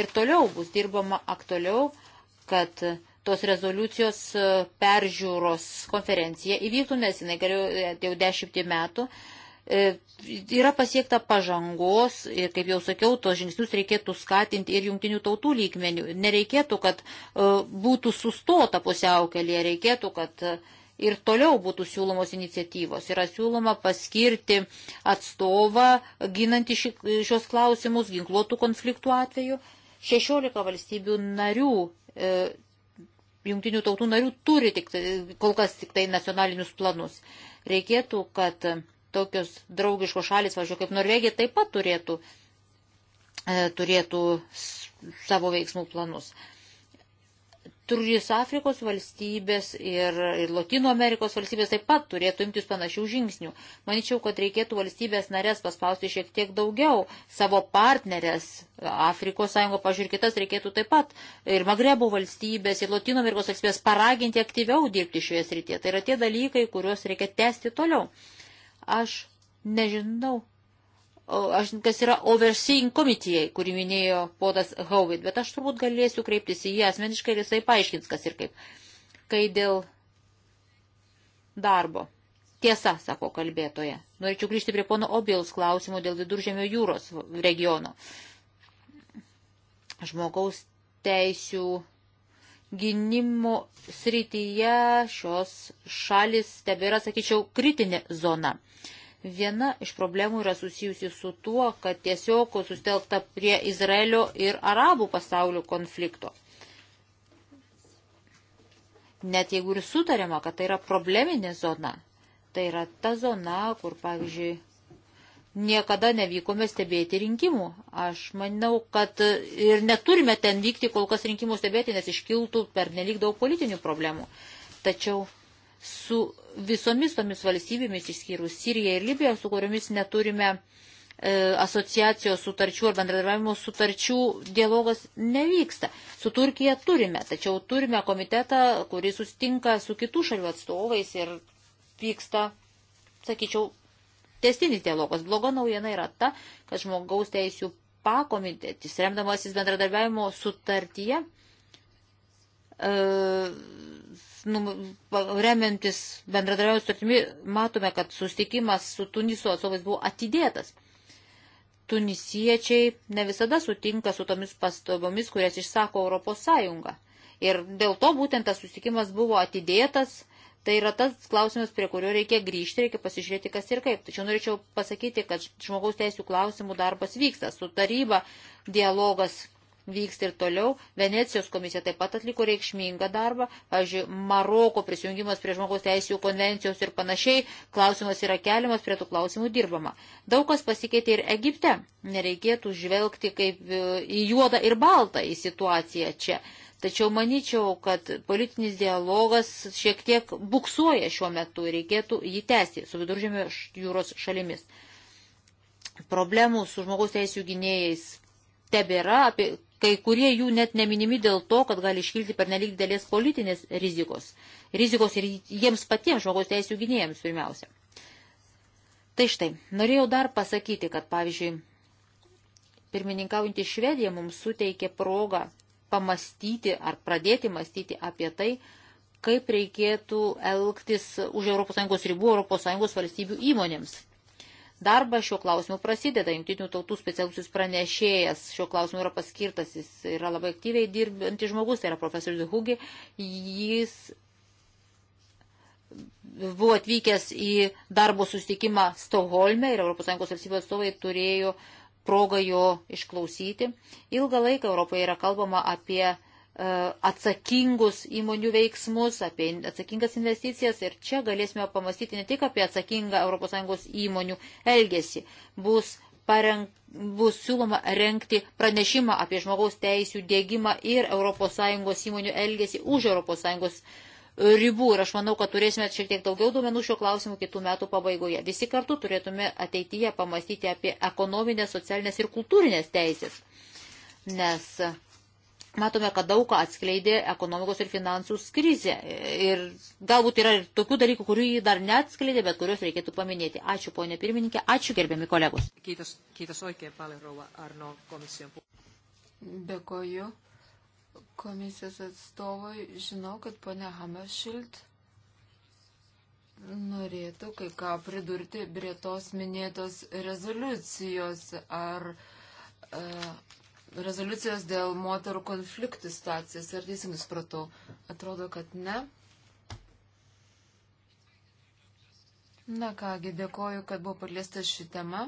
ir toliau bus dirbama aktualiau, kad tos rezoliucijos e, peržiūros konferencija įvyktų, nes jinai galėjo e, jau dešimtį metų E, yra pasiekta pažangos ir, kaip jau sakiau, tos žingsnius reikėtų skatinti ir jungtinių tautų lygmenių. Nereikėtų, kad e, būtų sustota pusiaukelėje, reikėtų, kad e, ir toliau būtų siūlomos iniciatyvos. Yra siūloma paskirti atstovą ginantį šios klausimus ginkluotų konfliktų atveju. 16 valstybių narių, e, jungtinių tautų narių turi tik, kol kas tik tai nacionalinius planus. Reikėtų, kad tokios draugiškos šalis, važiuoju, kaip Norvegija, taip pat turėtų, e, turėtų savo veiksmų planus. Turys Afrikos valstybės ir, ir Latino Amerikos valstybės taip pat turėtų imtis panašių žingsnių. Maničiau, kad reikėtų valstybės narės paspausti šiek tiek daugiau. Savo partnerės Afrikos sąjungo, pažiūrėk, kitas reikėtų taip pat ir Magrebo valstybės, ir Latino Amerikos valstybės paraginti aktyviau dirbti šioje srityje. Tai yra tie dalykai, kuriuos reikia tęsti toliau. Aš nežinau, aš, kas yra overseeing komitijai, kurį minėjo podas Howitt, bet aš turbūt galėsiu kreiptis į jį asmeniškai ir jisai paaiškins, kas ir kaip. Kai dėl darbo. Tiesa, sako kalbėtoja. Norėčiau grįžti prie pono Obils klausimų dėl viduržėmio jūros regiono. Žmogaus teisių gynimo srityje šios šalis tebėra, sakyčiau, kritinė zona. Viena iš problemų yra susijusi su tuo, kad tiesiog sustelkta prie Izraelio ir arabų pasaulio konflikto. Net jeigu ir sutarėma, kad tai yra probleminė zona, tai yra ta zona, kur, pavyzdžiui, niekada nevykome stebėti rinkimų. Aš manau, kad ir neturime ten vykti kol kas rinkimų stebėti, nes iškiltų per nelik daug politinių problemų. Tačiau su visomis tomis valstybėmis, išskyrus Siriją ir Libiją, su kuriomis neturime e, asociacijos sutarčių ar bendradarbiavimo sutarčių dialogas nevyksta. Su Turkija turime, tačiau turime komitetą, kuris sustinka su kitų šalių atstovais ir vyksta, sakyčiau, testinis dialogas. Bloga naujiena yra ta, kad žmogaus teisų pakomitėtis, remdamasis bendradarbiavimo sutartyje, e, nu, remiantis bendradarbiavimo sutartimi, matome, kad sustikimas su Tuniso atstovais buvo atidėtas. Tunisiečiai ne visada sutinka su tomis pastabomis, kurias išsako Europos Sąjunga. Ir dėl to būtent tas sustikimas buvo atidėtas Tai yra tas klausimas, prie kurio reikia grįžti, reikia pasižiūrėti, kas ir kaip. Tačiau norėčiau pasakyti, kad žmogaus teisų klausimų darbas vyksta. Su taryba dialogas vyksta ir toliau. Venecijos komisija taip pat atliko reikšmingą darbą. Pavyzdžiui, Maroko prisijungimas prie žmogaus teisų konvencijos ir panašiai. Klausimas yra keliamas, prie tų klausimų dirbama. Daug kas pasikeitė ir Egipte. Nereikėtų žvelgti kaip e, į juodą ir baltą į situaciją čia. Tačiau manyčiau, kad politinis dialogas šiek tiek buksuoja šiuo metu ir reikėtų jį tęsti su viduržėmio jūros šalimis. Problemų su žmogaus teisų gynėjais tebėra, apie Kai kurie jų net neminimi dėl to, kad gali iškilti per nelik dėlės politinės rizikos. Rizikos ir jiems patiems žmogaus teisų gynėjams pirmiausia. Tai štai, norėjau dar pasakyti, kad pavyzdžiui, pirmininkaujantį Švediją mums suteikė progą pamastyti ar pradėti mąstyti apie tai, kaip reikėtų elgtis už ES ribų ES valstybių įmonėms. Darbas šiuo klausimu prasideda. Jungtinių tautų specialusis pranešėjas šiuo klausimu yra paskirtas, jis yra labai aktyviai dirbantis žmogus, tai yra profesorius Hugi. Jis buvo atvykęs į darbo sustikimą Stokholme ir ES valstybių atstovai turėjo progą jo išklausyti. Ilgą laiką Europoje yra kalbama apie E, atsakingus įmonių veiksmus, apie atsakingas investicijas ir čia galėsime pamastyti ne tik apie atsakingą ES įmonių elgesį. Bus, pareng, bus siūloma renkti pranešimą apie žmogaus teisų dėgymą ir ES įmonių elgesį už ES ribų ir aš manau, kad turėsime šiek tiek daugiau duomenų šio klausimu kitų metų pabaigoje. Visi kartu turėtume ateityje pamastyti apie ekonominės, socialinės ir kultūrinės teisės, nes Matome, kad daug ką atskleidė ekonomikos ir finansų krizė. Ir galbūt yra ir tokių dalykų, kurių jį dar neatskleidė, bet kuriuos reikėtų paminėti. Ačiū, ponė pirmininkė, ačiū gerbiami kolegos. Kiitos, kiitos oikein paljon, Rova Arno, komission. Dėkoju komisijos atstovui. Žinau, kad ponė Hamerschild norėtų kai ką pridurti prie tos minėtos rezoliucijos ar. Uh, rezoliucijos dėl moterų konfliktų situacijos. Ar teisingai supratau? Atrodo, kad ne. Na kągi, dėkoju, kad buvo paliesta ši tema.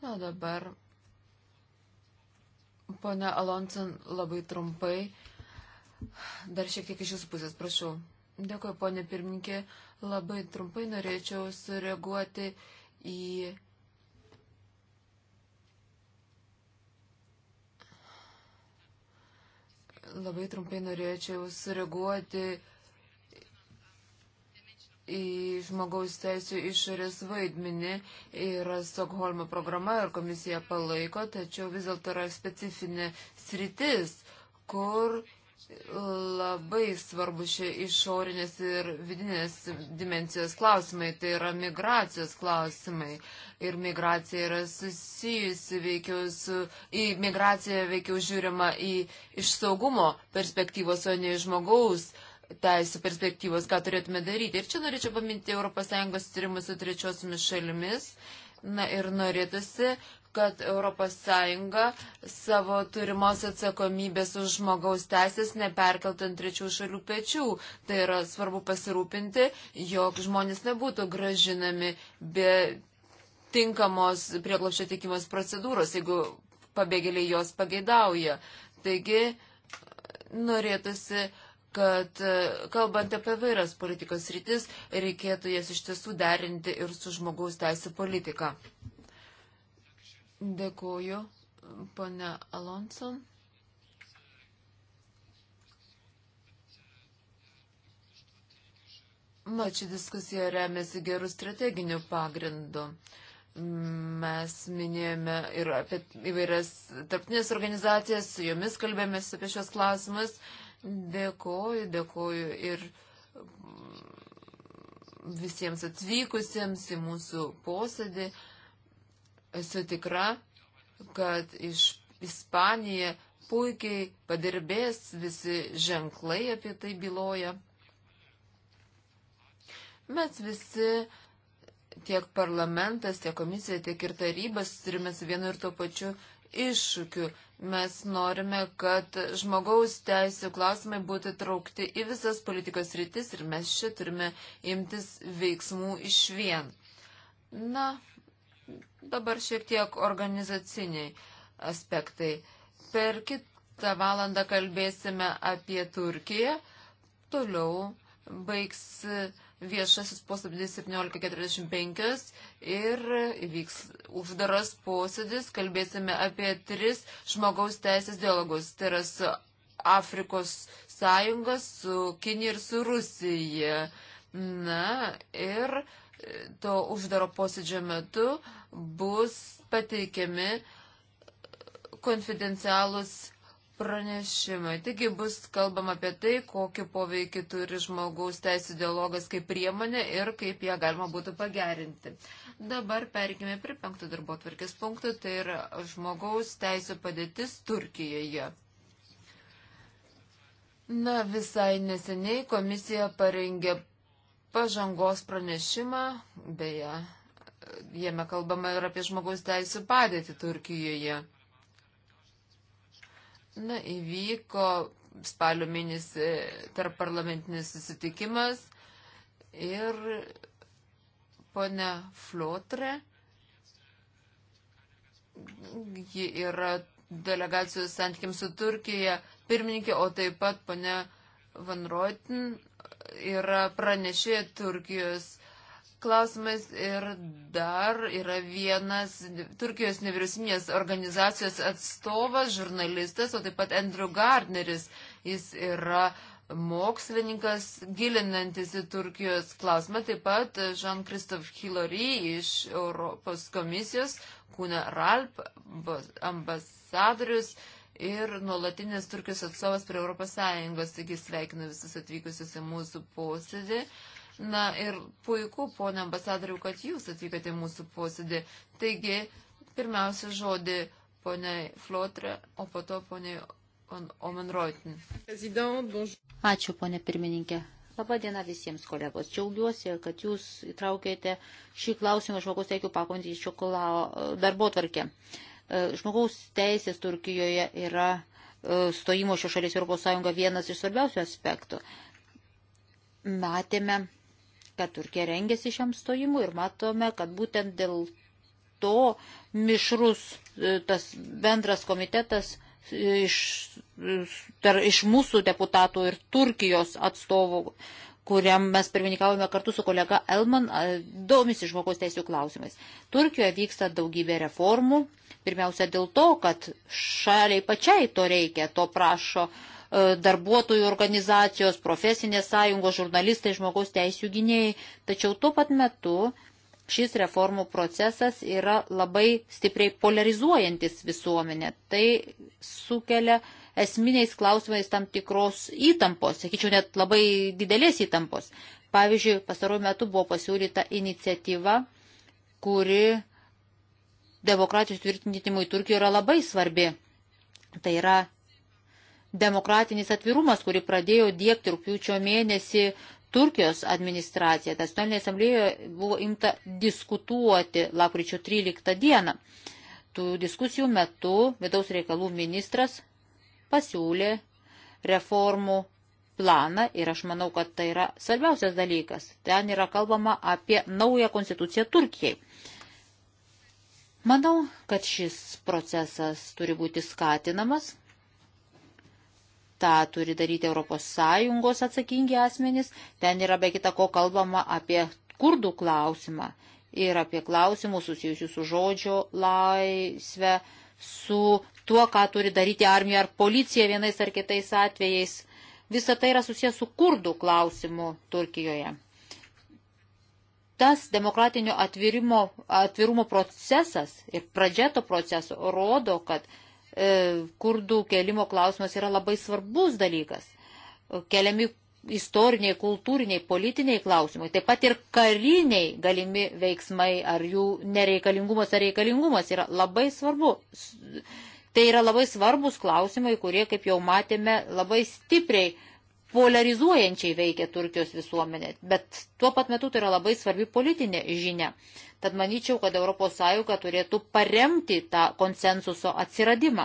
Na dabar, ponia Alonson, labai trumpai. Dar šiek tiek iš jūsų pusės, prašau. Dėkoju, ponia pirmininkė. Labai trumpai norėčiau sureaguoti į Labai trumpai norėčiau sureaguoti į žmogaus teisų išorės vaidmenį yra Stokholmo programa ir komisija palaiko, tačiau vis dėlto yra specifinė sritis, kur uh, labai svarbus šie išorinės ir vidinės dimensijos klausimai, tai yra migracijos klausimai. Ir migracija yra susijusi veikiau su, į migraciją veikiau žiūrima į iš saugumo perspektyvos, o ne iš žmogaus teisų perspektyvos, ką turėtume daryti. Ir čia norėčiau paminti ES tyrimus su trečiosiomis šalimis. Na ir norėtųsi, kad ES savo turimos atsakomybės už žmogaus teisės neperkeltų ant trečių šalių pečių. Tai yra svarbu pasirūpinti, jog žmonės nebūtų gražinami be tinkamos prieglapščio teikimos procedūros, jeigu pabėgėliai jos pageidauja. Taigi, norėtųsi kad e, kalbant apie vairas politikos rytis, reikėtų jas iš tiesų derinti ir su žmogaus teisų politika. Dėkuoju, pane Alonson. Mačiu diskusija remiasi gerų strateginių pagrindų. Mes minėjome ir apie įvairias tarptinės organizacijas, su jomis kalbėmės apie šios klausimus. Dėkoju, dėkoju ir visiems atvykusiems į mūsų posėdį esu tikra, kad iš Ispanija puikiai padirbės visi ženklai apie tai byloja. Mes visi tiek parlamentas, tiek komisija, tiek ir tarybas turime su vienu ir tuo pačiu iššūkiu. Mes norime, kad žmogaus teisų klausimai būtų traukti į visas politikos rytis ir mes čia turime imtis veiksmų iš vien. Na, Dabar šiek tiek organizaciniai aspektai. Per kitą valandą kalbėsime apie Turkiją. Toliau baigs viešasis posėdis 17.45 ir vyks uždaras posėdis, kalbėsime apie tris žmogaus teisės dialogus. Tai yra su Afrikos sąjunga, su Kinija ir su Rusija. Na ir to uždaro posėdžio metu uh, bus pateikiami konfidencialūs pranešimai. Taigi bus kalbama apie tai, kokį poveikį turi žmogaus teisų dialogas kaip priemonė ir kaip ją galima būtų pagerinti. Dabar perikime prie penkto darbo tvarkės punktų, tai yra žmogaus teisų padėtis Turkijoje. Na, visai neseniai komisija parengė pažangos pranešimą, beje, jame kalbama ir apie žmogaus teisų padėtį Turkijoje. Na, įvyko spalio mėnesį tarp parlamentinis susitikimas ir ponia Flotre, ji yra delegacijos santykiams su Turkija pirmininkė, o taip pat ponia Van Roitin yra pranešė Turkijos klausimais ir dar yra vienas Turkijos nevyriausybinės organizacijos atstovas, žurnalistas, o taip pat Andrew Gardneris. Jis yra mokslininkas gilinantis į Turkijos klausimą, taip pat Jean-Christophe Hillary iš Europos komisijos, Kūna Ralp, ambasadorius ir nuolatinis Turkijos atstovas prie Europos Sąjungos, taigi sveikinu visus atvykusius į mūsų posėdį. Uh, Na ir puiku, ponė ambasadoriu, kad jūs atvykote mūsų posėdį. Taigi, pirmiausia žodį poniai Flotre, o po to poniai Omenroitin. Ačiū, ponė pirmininkė. Labadiena visiems kolegos. Džiaugiuosi, kad jūs įtraukėte šį klausimą žmogaus teikių pakontyčio darbo tvarkę. E, žmogaus teisės Turkijoje yra e, stojimo šios šalies Europos Sąjunga vienas iš svarbiausių aspektų. Matėme kad Turkija rengėsi šiam stojimui ir matome, kad būtent dėl to mišrus e, tas bendras komitetas iš, tar, iš mūsų deputatų ir Turkijos atstovų, kuriam mes pirmininkavome kartu su kolega Elman, domisi žmogaus teisų klausimais. Turkijoje vyksta daugybė reformų, pirmiausia dėl to, kad šaliai pačiai to reikia, to prašo uh, darbuotojų organizacijos, profesinės sąjungos, žurnalistai, žmogaus teisų gynėjai. Tačiau tuo pat metu šis reformų procesas yra labai stipriai polarizuojantis visuomenę. Tai sukelia esminiais klausimais tam tikros įtampos, sakyčiau, net labai didelės įtampos. Pavyzdžiui, pastaruoju metu buvo pasiūlyta iniciatyva, kuri demokratijos tvirtinimui Turkijoje yra labai svarbi. Tai yra demokratinis atvirumas, kurį pradėjo dėkti rūpiučio mėnesį Turkijos administracija. Tas nuolinė asamblėje buvo imta diskutuoti lapkričio 13 dieną. Tų diskusijų metu vidaus reikalų ministras pasiūlė reformų planą ir aš manau, kad tai yra svarbiausias dalykas. Ten yra kalbama apie naują konstituciją Turkijai. Manau, kad šis procesas turi būti skatinamas tą turi daryti ES atsakingi asmenys. Ten yra be kita ko kalbama apie kurdų klausimą ir apie klausimus susijusius su žodžio laisvę, su tuo, ką turi daryti armija ar policija vienais ar kitais atvejais. Visa tai yra susijęs su kurdų klausimu Turkijoje. Tas demokratinio atvirimo, atvirumo procesas ir pradžeto proceso rodo, kad E, kurdų kelimo klausimas yra labai svarbus dalykas. Keliami istoriniai, kultūriniai, politiniai klausimai, taip pat ir kariniai galimi veiksmai ar jų nereikalingumas ar reikalingumas yra labai svarbu. Tai yra labai svarbus klausimai, kurie, kaip jau matėme, labai stipriai polarizuojančiai veikia Turkijos visuomenė, bet tuo pat metu tai yra labai svarbi politinė žinia. Tad manyčiau, kad ES turėtų paremti tą konsensuso atsiradimą.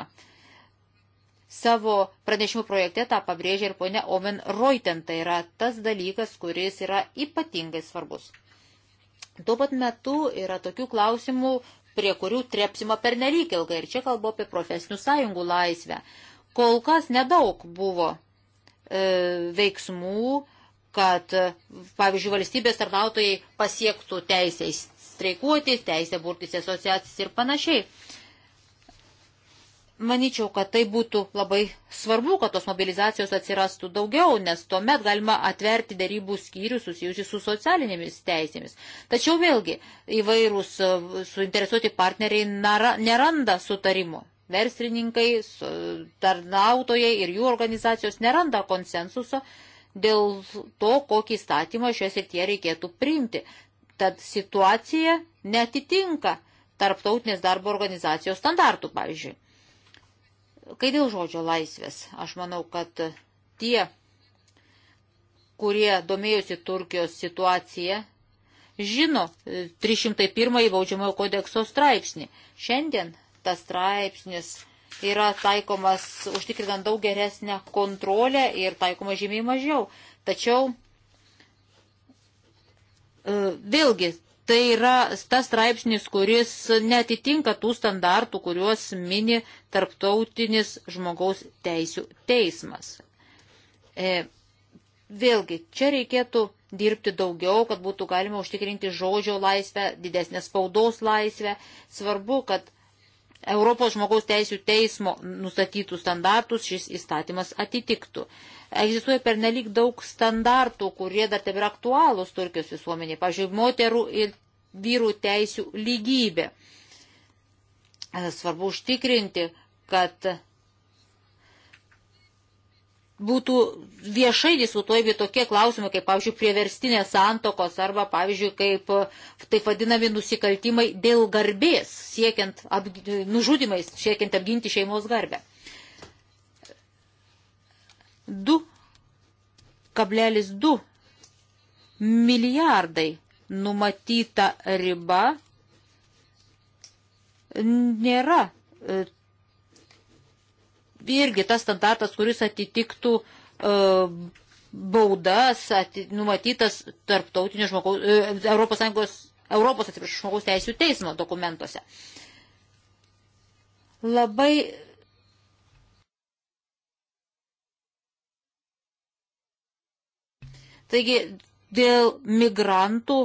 Savo pranešimų projekte tą pabrėžia ir ponia Omen Reuten, tai yra tas dalykas, kuris yra ypatingai svarbus. Tuo pat metu yra tokių klausimų, prie kurių trepsima pernelyg ilgai. Ir čia kalbu apie profesinių sąjungų laisvę. Kol kas nedaug buvo E, veiksmų, kad, pavyzdžiui, valstybės tarnautojai pasiektų teisę streikuoti, teisę burtis asociacijas ir panašiai. Maničiau, kad tai būtų labai svarbu, kad tos mobilizacijos atsirastų daugiau, nes tuomet galima atverti darybų skyrių susijusi su socialinėmis teisėmis. Tačiau vėlgi įvairūs e, suinteresuoti partneriai nara, neranda sutarimo verslininkai, tarnautojai ir jų organizacijos neranda konsensuso dėl to, kokį įstatymą šios ir tie reikėtų priimti. Tad situacija netitinka tarptautinės darbo organizacijos standartų, pavyzdžiui. Kai dėl žodžio laisvės, aš manau, kad tie, kurie domėjosi Turkijos situaciją, žino 301 e, baudžiamojo kodekso straipsnį. Šiandien 14 straipsnis yra taikomas užtikrinant daug geresnę kontrolę ir taikoma žymiai mažiau. Tačiau e, vėlgi tai yra tas straipsnis, kuris netitinka tų standartų, kuriuos mini tarptautinis žmogaus teisų teismas. E, vėlgi, čia reikėtų dirbti daugiau, kad būtų galima užtikrinti žodžio laisvę, didesnę spaudos laisvę. Svarbu, kad Europos žmogaus teisų teismo nustatytų standartus šis įstatymas atitiktų. Egzistuoja pernelyg daug standartų, kurie dar tebėra aktualūs Turkijos visuomenėje, pažiūrėjau, moterų ir vyrų teisių lygybė. Svarbu užtikrinti, kad būtų viešai diskutuojami tokie klausimai, kaip, pavyzdžiui, prieverstinės santokos arba, pavyzdžiui, kaip taip vadinami nusikaltimai dėl garbės, siekiant apg... nužudimais, siekiant apginti šeimos garbę. 2,2 milijardai numatyta riba nėra e, irgi tas standartas, kuris atitiktų e, baudas ati, numatytas tarptautinio žmogaus, e, Europos Sąjungos, Europos atsiprašau, žmogaus teisų teismo dokumentuose. Labai Taigi dėl migrantų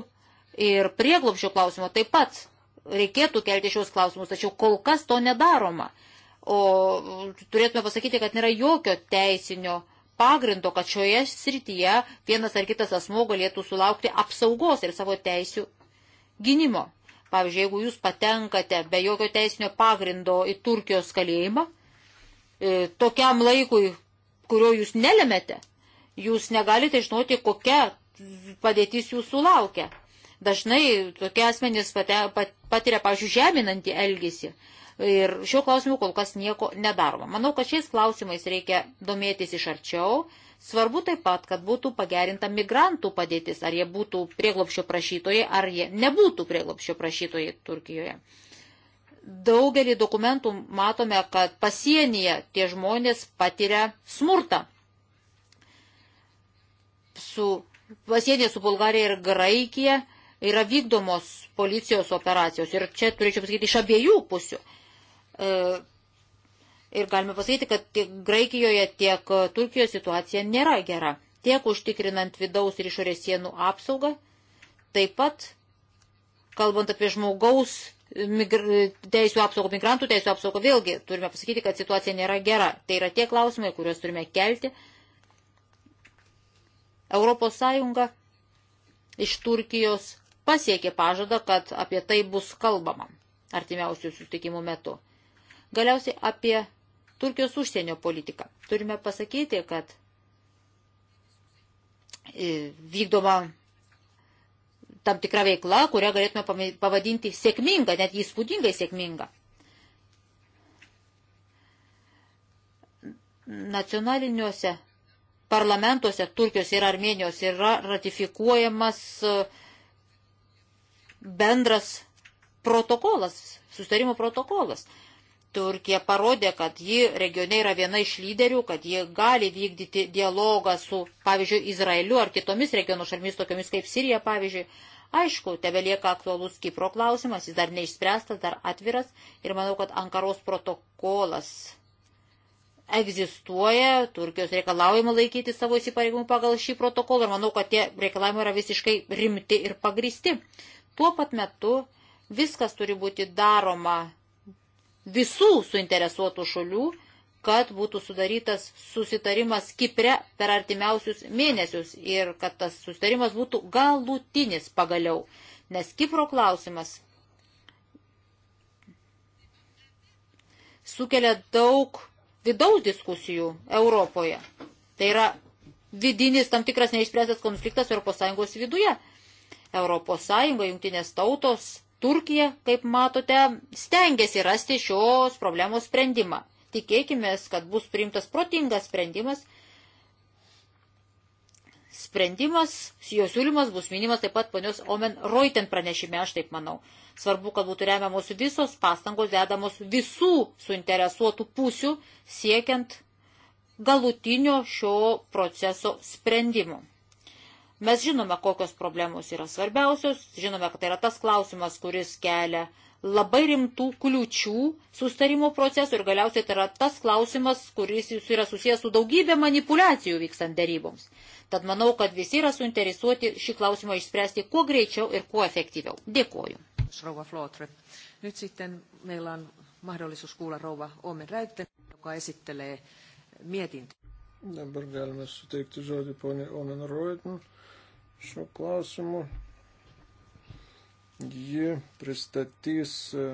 ir prieglopščio klausimo taip pat reikėtų kelti šios klausimus, tačiau kol kas to nedaroma. O turėtume pasakyti, kad nėra jokio teisinio pagrindo, kad šioje srityje vienas ar kitas asmo galėtų sulaukti apsaugos ir savo teisių gynimo. Pavyzdžiui, jeigu jūs patenkate be jokio teisinio pagrindo į Turkijos kalėjimą, e, tokiam laikui, kurio jūs nelemete, jūs negalite žinoti, kokia padėtis jūsų laukia. Dažnai tokie asmenys patiria, patiria pavyzdžiui, žeminantį elgesį ir šiuo klausimu kol kas nieko nedaroma. Manau, kad šiais klausimais reikia domėtis iš arčiau. Svarbu taip pat, kad būtų pagerinta migrantų padėtis, ar jie būtų prieglopščio prašytojai, ar jie nebūtų prieglopščio prašytojai Turkijoje. Daugelį dokumentų matome, kad pasienyje tie žmonės patiria smurtą. Su pasienyje su Bulgarija ir Graikija yra vykdomos policijos operacijos. Ir čia turėčiau pasakyti iš abiejų pusių. E, ir galime pasakyti, kad tiek Graikijoje, tiek e, Turkijoje situacija nėra gera. Tiek užtikrinant vidaus ir išorės sienų apsaugą, taip pat, kalbant apie žmogaus e, teisų apsaugą, migrantų teisų apsaugą, vėlgi turime pasakyti, kad situacija nėra gera. Tai yra tie klausimai, kuriuos turime kelti. Europos Sąjunga iš Turkijos pasiekė pažadą, kad apie tai bus kalbama artimiausių sutikimų metu. Galiausiai apie Turkijos užsienio politiką. Turime pasakyti, kad e, vykdoma tam tikra veikla, kurią galėtume pavadinti sėkminga, net įspūdingai sėkminga. Nacionaliniuose parlamentuose Turkijos ir Armenijos yra ratifikuojamas e, bendras protokolas, sustarimo protokolas. Turkija parodė, kad ji regione yra viena iš lyderių, kad ji gali vykdyti dialogą su, pavyzdžiui, Izraeliu ar kitomis regiono šalimis, tokiamis kaip Sirija, pavyzdžiui. Aišku, tebe lieka aktualus Kipro klausimas, jis dar neišspręstas, dar atviras ir manau, kad Ankaros protokolas egzistuoja, Turkijos reikalaujama laikyti savo įsipareigimų pagal šį protokolą ir manau, kad tie reikalavimai yra visiškai rimti ir pagristi. Tuo pat metu viskas turi būti daroma visų suinteresuotų šalių, kad būtų sudarytas susitarimas Kipre per artimiausius mėnesius ir kad tas susitarimas būtų galutinis pagaliau, nes Kipro klausimas sukelia daug vidaus diskusijų Europoje. Tai yra vidinis tam tikras neišspręstas konfliktas ES viduje. ES, jungtinės tautos Turkija, kaip matote, stengiasi rasti šios problemos sprendimą. Tikėkime, kad bus priimtas protingas sprendimas. Sprendimas, jo siūlymas bus minimas taip pat ponios Omen Reuten pranešime, aš taip manau. Svarbu, kad būtų remiamos visos pastangos dedamos visų suinteresuotų pusių siekiant galutinio šio proceso sprendimo. Mes žinome, kokios problemos yra svarbiausios, žinome, kad tai yra tas klausimas, kuris kelia labai rimtų kliučių sustarimo procesų ir galiausiai tai yra tas klausimas, kuris yra susijęs su daugybė manipulacijų vykstant daryboms. Tad manau, kad visi yra suinteresuoti šį klausimą išspręsti kuo greičiau ir kuo efektyviau. Dėkuoju. Rouva Flotre. Nyt sitten meillä on mahdollisuus kuulla rouva Omen Räytten, joka esittelee mietintöä. Dabar galime suteikti žodį ponė Omen Räytten šiuo klausimu. Ji pristatys e,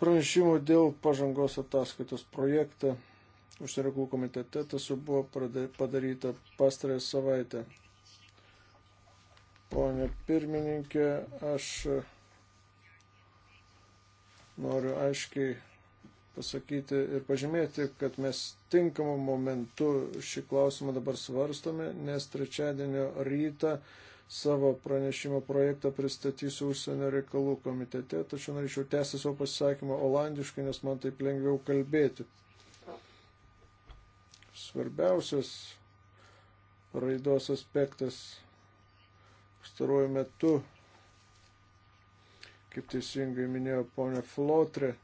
pranešimų dėl pažangos ataskaitos projektą. Užsienio reikalų komitete tas jau buvo padaryta pastarąją savaitę. Pone pirmininkė, aš e, noriu aiškiai pasakyti ir pažymėti, kad mes tinkamu momentu šį klausimą dabar svarstome, nes trečiadienio rytą savo pranešimo projektą pristatysiu užsienio reikalų komitete, tačiau norėčiau tęsti savo pasisakymą olandiškai, nes man taip lengviau kalbėti. Svarbiausias raidos aspektas pastaruoju metu, kaip teisingai minėjo ponia Flotre,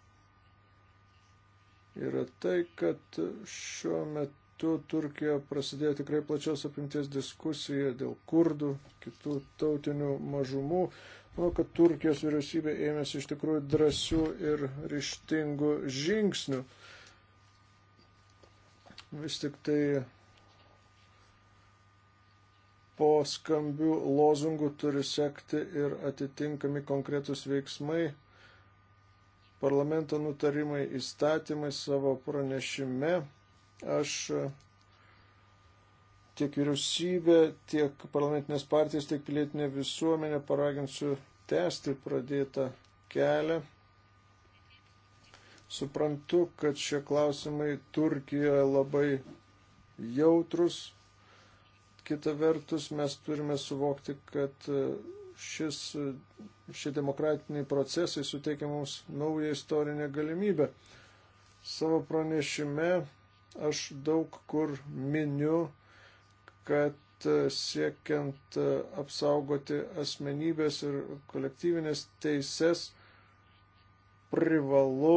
yra tai, kad šiuo metu Turkijoje prasidėjo tikrai plačios apimties diskusija dėl kurdų, kitų tautinių mažumų. Manau, kad Turkijos vyriausybė ėmėsi iš tikrųjų drąsių ir ryštingų žingsnių. Vis tik tai po skambių lozungų turi sekti ir atitinkami konkretus veiksmai, parlamento nutarimai įstatymai savo pranešime. Aš tiek vyriausybę, tiek parlamentinės partijas, tiek pilietinę visuomenę paraginsiu tęsti pradėtą kelią. Suprantu, kad šie klausimai Turkijoje labai jautrus. Kita vertus, mes turime suvokti, kad šis, šie demokratiniai procesai suteikia mums naują istorinę galimybę. Savo pranešime aš daug kur miniu, kad siekiant apsaugoti asmenybės ir kolektyvinės teises, privalu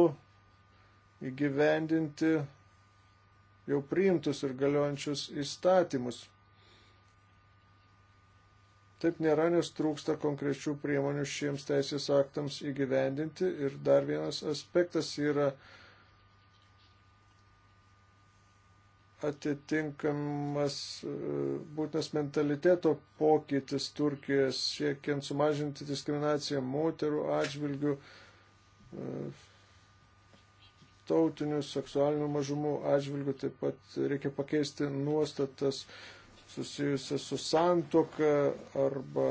įgyvendinti jau priimtus ir galiojančius įstatymus. Taip nėra, nes trūksta konkrečių priemonių šiems teisės aktams įgyvendinti. Ir dar vienas aspektas yra atitinkamas e, būtinas mentaliteto pokytis Turkijoje, siekiant sumažinti diskriminaciją moterų atžvilgių, e, tautinių, seksualinių mažumų atžvilgių. Taip pat reikia pakeisti nuostatas susijusią su santoka arba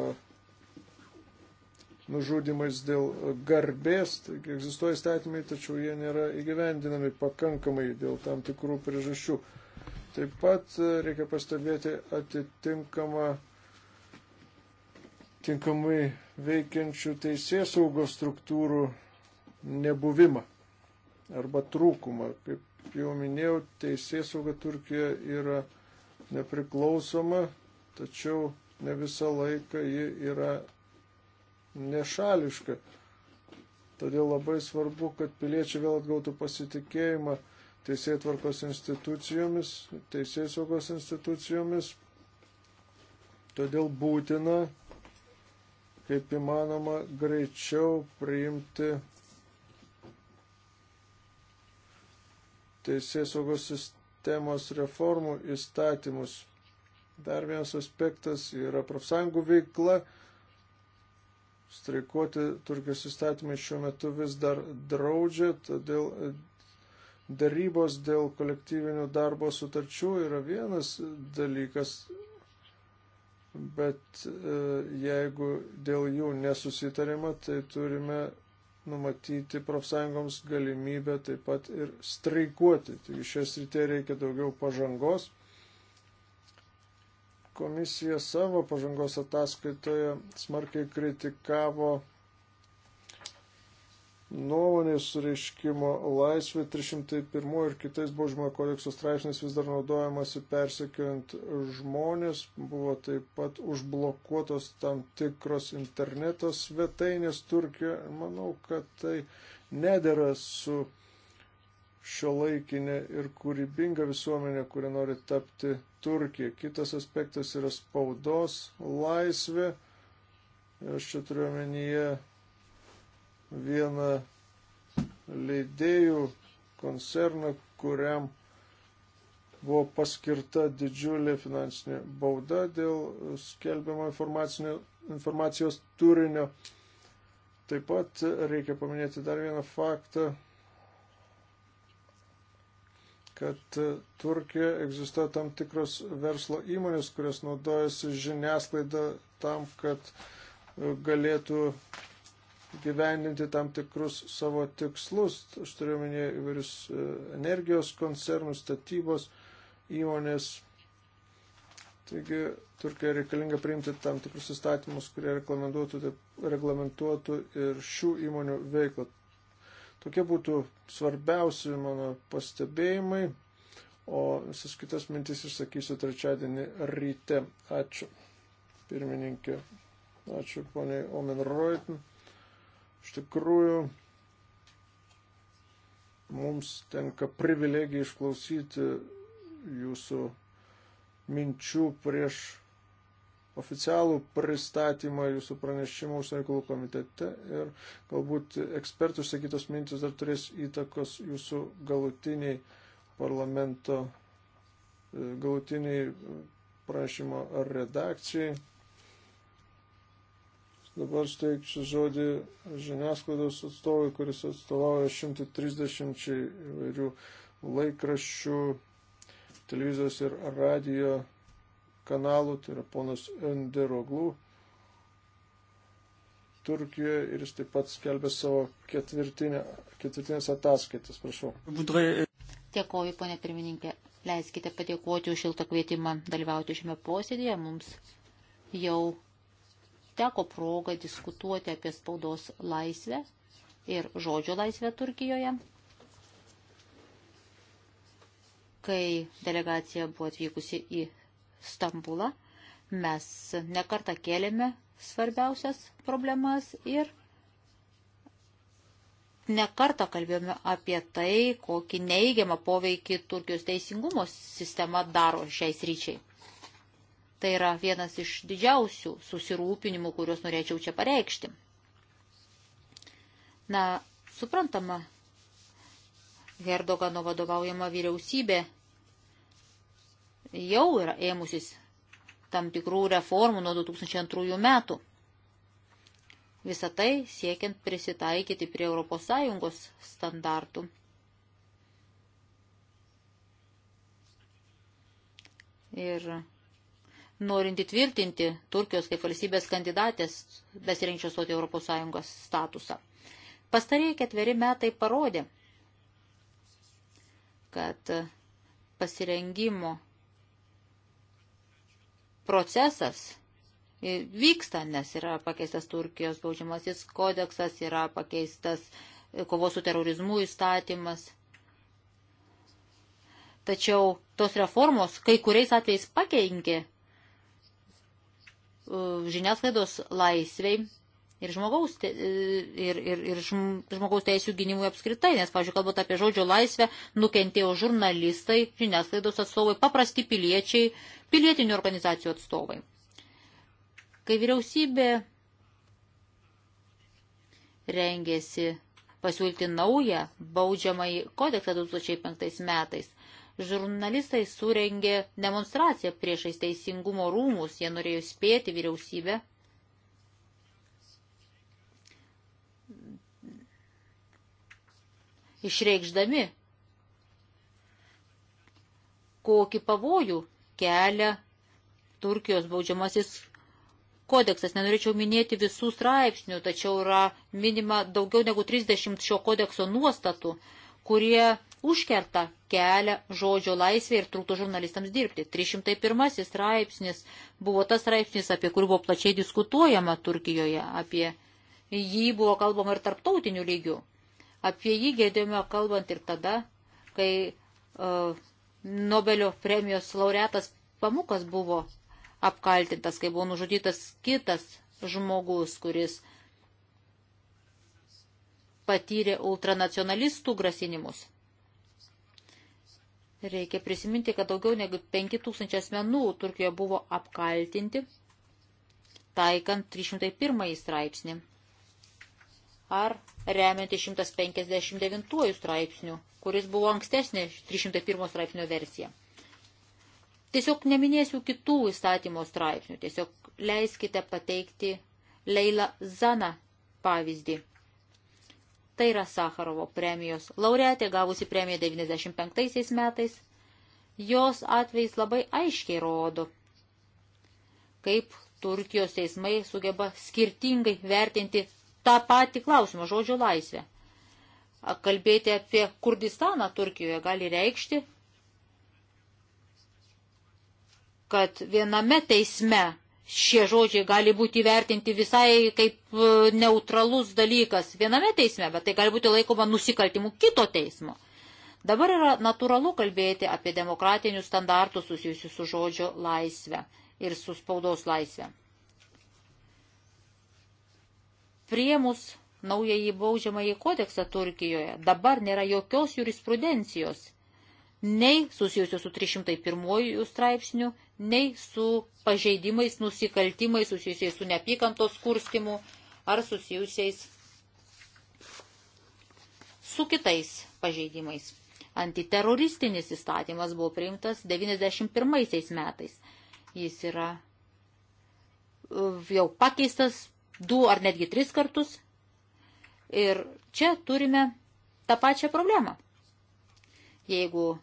nužudimais dėl garbės, taigi egzistuoja įstatymai, tačiau jie nėra įgyvendinami pakankamai dėl tam tikrų priežasčių. Taip pat e, reikia pastebėti atitinkamą tinkamai veikiančių teisės saugos struktūrų nebuvimą arba trūkumą. Kaip jau minėjau, teisės sauga Turkijoje yra nepriklausoma, tačiau ne visą laiką ji yra nešališka. Todėl labai svarbu, kad piliečiai vėl atgautų pasitikėjimą teisėjai tvarkos institucijomis, teisėjai saugos institucijomis. Todėl būtina, kaip įmanoma, greičiau priimti teisėjai saugos sistemą temos reformų įstatymus. Dar vienas aspektas yra profsąjungų veikla. Streikuoti Turkijos įstatymai šiuo metu vis dar draudžia, todėl e, darybos dėl kolektyvinių darbo sutarčių yra vienas dalykas, bet e, jeigu dėl jų nesusitarima, tai turime numatyti profsąjungoms galimybę taip pat ir streikuoti. Taigi šioje srityje reikia daugiau pažangos. Komisija savo pažangos ataskaitoje smarkiai kritikavo nuomonės reiškimo laisvė 301 ir kitais baudžiamo kodekso straipsniais vis dar naudojamasi persekiojant žmonės, buvo taip pat užblokuotos tam tikros interneto svetainės Turkija. Manau, kad tai nedėra su šio laikinė ir kūrybinga visuomenė, kuri nori tapti Turkija. Kitas aspektas yra spaudos laisvė. Aš čia turiu omenyje vieną leidėjų koncerną, kuriam buvo paskirta didžiulė finansinė bauda dėl skelbiamo informacijos turinio. Taip pat reikia paminėti dar vieną faktą, kad Turkijoje egzistuoja tam tikros verslo įmonės, kurios naudojasi žiniasklaidą tam, kad galėtų gyvendinti tam tikrus savo tikslus. Aš turiu minėję įvairius e, energijos koncernus, statybos įmonės. Taigi Turkija reikalinga priimti tam tikrus įstatymus, kurie reglamentuotų, reglamentuotų ir šių įmonių veiklą. Tokie būtų svarbiausi mano pastebėjimai, o visas kitas mintis išsakysiu trečiadienį ryte. Ačiū, pirmininkė. Ačiū, poniai Omen Reutin. Iš tikrųjų, mums tenka privilegija išklausyti jūsų minčių prieš oficialų pristatymą jūsų pranešimų užsienio reikalų komitete ir galbūt ekspertų išsakytos mintis dar turės įtakos jūsų galutiniai parlamento, e, galutiniai pranešimo redakcijai. Dabar steiksiu žodį žiniasklaidos atstovui, kuris atstovauja 130 įvairių laikraščių, televizijos ir radio kanalų, tai yra ponas Enderoglų. Turkijoje ir jis taip pat skelbė savo ketvirtinę, ketvirtinės ataskaitas, prašau. Dėkoju, ponė pirmininkė. Leiskite padėkoti už šiltą kvietimą dalyvauti šiame posėdėje. Mums jau teko progą diskutuoti apie spaudos laisvę ir žodžio laisvę Turkijoje. Kai delegacija buvo atvykusi į Stambulą, mes nekartą kėlėme svarbiausias problemas ir nekartą kalbėjome apie tai, kokį neigiamą poveikį Turkijos teisingumo sistema daro šiais ryčiai. Tai yra vienas iš didžiausių susirūpinimų, kuriuos norėčiau čia pareikšti. Na, suprantama, Herdogano vadovaujama vyriausybė jau yra ėmusis tam tikrų reformų nuo 2002 metų. Visą tai siekiant prisitaikyti prie ES standartų. Ir norint įtvirtinti Turkijos kaip valstybės kandidatės besirinčios stoti Europos Sąjungos statusą. Pastarėjai ketveri metai parodė, kad pasirengimo procesas vyksta, nes yra pakeistas Turkijos baudžiamasis kodeksas, yra pakeistas kovos su terorizmu įstatymas. Tačiau tos reformos kai kuriais atvejais pakenkė E, žiniasklaidos laisviai ir žmogaus, te, e, ir, ir, ir žmogaus teisų gynimui apskritai, nes, pavyzdžiui, kalbant apie žodžio laisvę, nukentėjo žurnalistai, žiniasklaidos atstovai, paprasti piliečiai, pilietinių organizacijų atstovai. Kai vyriausybė rengėsi pasiūlyti naują baudžiamąjį kodeksą 2005 metais, Žurnalistai surengė demonstraciją priešais teisingumo rūmus, jie norėjo spėti vyriausybę. Išreikšdami, kokį pavojų kelia Turkijos baudžiamasis kodeksas. Nenorėčiau minėti visų straipsnių, tačiau yra minima daugiau negu 30 šio kodekso nuostatų, kurie užkerta kelią žodžio laisvė ir trūktų žurnalistams dirbti. 301 straipsnis buvo tas straipsnis, apie kurį buvo plačiai diskutuojama Turkijoje, apie jį buvo kalbama ir tarptautiniu lygiu. Apie jį gėdėjome kalbant ir tada, kai uh, Nobelio premijos laureatas Pamukas buvo apkaltintas, kai buvo nužudytas kitas žmogus, kuris patyrė ultranacionalistų grasinimus. Reikia prisiminti, kad daugiau negu 5000 asmenų Turkijoje buvo apkaltinti, taikant 301 straipsnį ar remianti 159 straipsnių, kuris buvo ankstesnė 301 straipsnio versija. Tiesiog neminėsiu kitų įstatymo straipsnių, tiesiog leiskite pateikti Leila Zana pavyzdį. Tai yra Sakarovo premijos laureatė, gavusi premiją 95 metais. Jos atvejs labai aiškiai rodo, kaip Turkijos teismai sugeba skirtingai vertinti tą patį klausimą žodžio laisvę. Kalbėti apie Kurdistaną Turkijoje gali reikšti, kad viename teisme šie žodžiai gali būti vertinti visai kaip e, neutralus dalykas viename teisme, bet tai gali būti laikoma nusikaltimu kito teismo. Dabar yra natūralu kalbėti apie demokratinius standartus susijusius su žodžio laisvę ir su spaudos laisvę. Priemus naująjį baudžiamąjį kodeksą Turkijoje dabar nėra jokios jurisprudencijos nei susijusių su 301 straipsniu, nei su pažeidimais, nusikaltimais susijusiais su neapykantos kurstimu ar susijusiais su kitais pažeidimais. Antiteroristinis įstatymas buvo priimtas 91 metais. Jis yra e, jau pakeistas du ar netgi tris kartus. Ir čia turime tą pačią problemą. Jeigu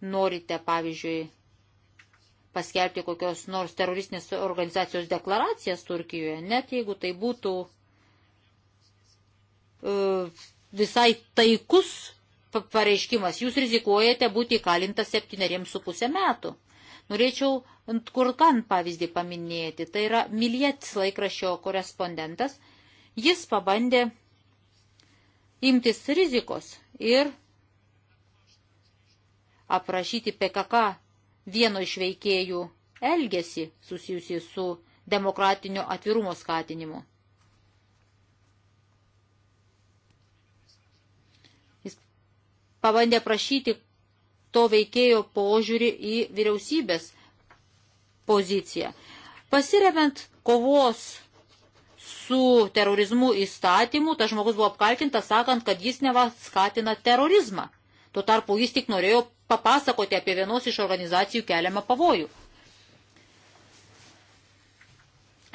norite, pavyzdžiui, paskelbti kokios nors teroristinės organizacijos deklaracijas Turkijoje, net jeigu tai būtų e, visai taikus pareiškimas, jūs rizikuojate būti įkalintas septyneriems su pusę metų. Norėčiau Kurkan pavyzdį paminėti, tai yra Milietis laikraščio korespondentas, jis pabandė imtis rizikos ir aprašyti PKK vieno iš veikėjų elgesį susijusi su demokratinio atvirumo skatinimu. Jis pabandė prašyti to veikėjo požiūrį į vyriausybės poziciją. Pasiremiant kovos su terorizmu įstatymu, tas žmogus buvo apkaltintas, sakant, kad jis neva skatina terorizmą. Tuo tarpu jis tik norėjo papasakoti apie vienos iš organizacijų keliamą pavojų.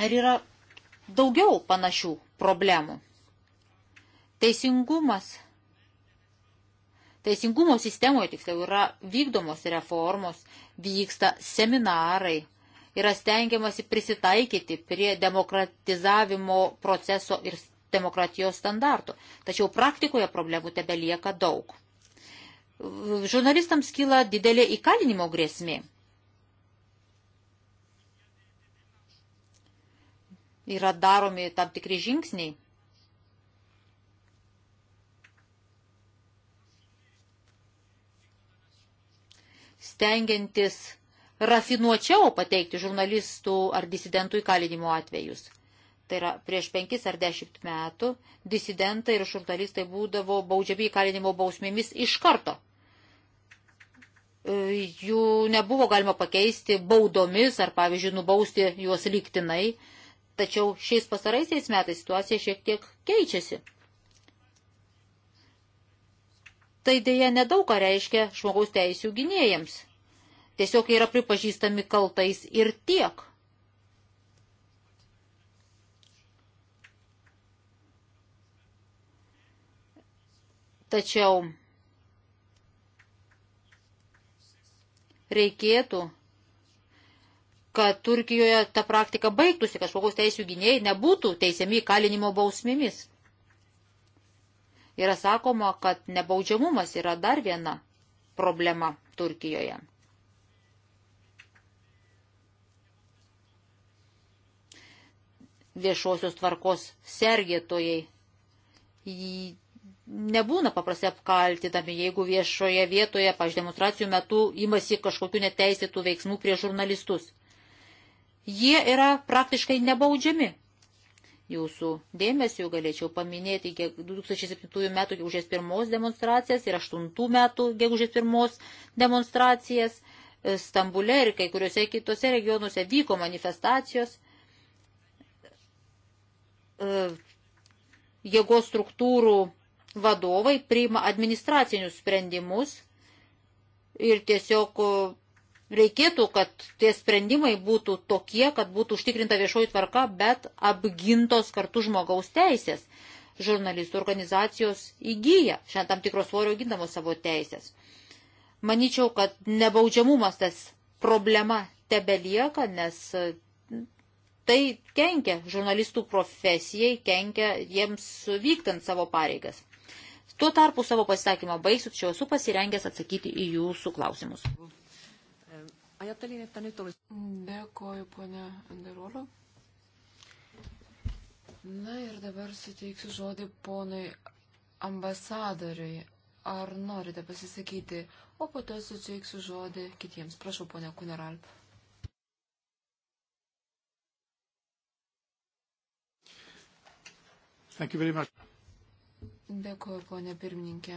Ar yra daugiau panašių problemų? Teisingumas. Teisingumo sistemoje tiksliau yra vykdomos reformos, vyksta seminarai, yra stengiamasi prisitaikyti prie demokratizavimo proceso ir demokratijos standartų. Tačiau praktikoje problemų tebelieka daug žurnalistams kyla didelė įkalinimo grėsmė. Yra daromi tam tikri žingsniai. Stengiantis rafinuočiau pateikti žurnalistų ar disidentų įkalinimo atvejus tai yra prieš penkis ar dešimt metų, disidentai ir žurnalistai būdavo baudžiami įkalinimo bausmėmis iš karto. E, jų nebuvo galima pakeisti baudomis ar, pavyzdžiui, nubausti juos lygtinai, tačiau šiais pasaraisiais metais situacija šiek tiek keičiasi. Tai dėja nedaug ką reiškia žmogaus teisų gynėjams. Tiesiog yra pripažįstami kaltais ir tiek Tačiau reikėtų, kad Turkijoje ta praktika baigtųsi, kad žmogaus teisų gynėjai nebūtų teisiami kalinimo bausmėmis. Yra sakoma, kad nebaudžiamumas yra dar viena problema Turkijoje. Viešosios tvarkos sergėtojai nebūna paprastai apkaltinami, jeigu viešoje vietoje, pažiūrėjau, demonstracijų metu imasi kažkokių neteisėtų veiksmų prie žurnalistus. Jie yra praktiškai nebaudžiami. Jūsų dėmesiu galėčiau paminėti 2007 metų gegužės pirmos demonstracijas ir 8 metų gegužės pirmos demonstracijas. E, Stambule ir kai kuriuose kitose regionuose vyko manifestacijos e, jėgos struktūrų vadovai priima administracinius sprendimus ir tiesiog e, reikėtų, kad tie sprendimai būtų tokie, kad būtų užtikrinta viešoji tvarka, bet apgintos kartu žmogaus teisės. Žurnalistų organizacijos įgyja šiandien tam tikros svorio gindamos savo teisės. Maničiau, kad nebaudžiamumas tas problema tebelieka, nes e, tai kenkia žurnalistų profesijai, kenkia jiems vyktant savo pareigas. Tuo tarpu savo pasisakymą baigsiu, tačiau esu pasirengęs atsakyti į jūsų klausimus. Dėkoju, ponė Anderolo. Na ir dabar suteiksiu žodį ponui ambasadoriui. Ar norite pasisakyti, o po to suteiksiu žodį kitiems. Prašau, ponė Kuneralp. Thank you very much. Dėkuoju, ponė pirmininkė.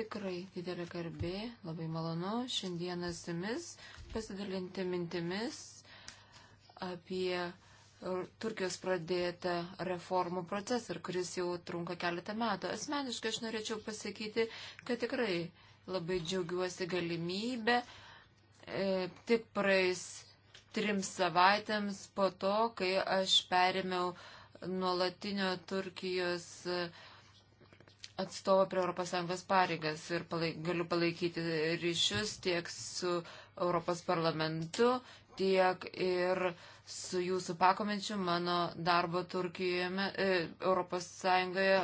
Tikrai didelė garbė, labai malonu šiandieną su jumis pasidalinti mintimis apie Turkijos pradėtą reformų procesą, kuris jau trunka keletą metų. Asmeniškai aš norėčiau pasakyti, kad tikrai labai džiaugiuosi galimybę e, tik praeis trims savaitėms po to, kai aš perėmiau nuolatinio Turkijos. E, atstovą prie ES pareigas ir palaik, galiu palaikyti ryšius tiek su Europos parlamentu, tiek ir su jūsų pakomenčiu mano darbo Turkijoje, e, Europos Sąjungoje,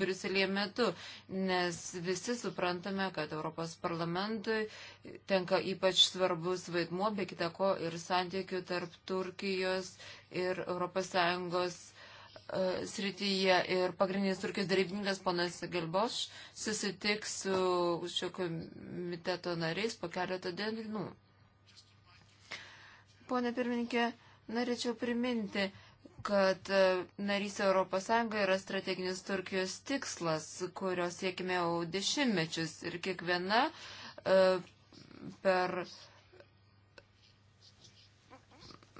Briuselėje metu, nes visi suprantame, kad Europos parlamentui tenka ypač svarbus vaidmuo, be kitako ir santykių tarp Turkijos ir Europos Sąjungos E, srityje ir pagrindinis Turkijos darybininkas ponas Gelboš susitiks su šio komiteto nariais po keletą dienų. Pone pirmininkė, norėčiau priminti, kad e, narys Europos Sąjunga yra strateginis Turkijos tikslas, kurio siekime jau dešimtmečius ir kiekviena e, per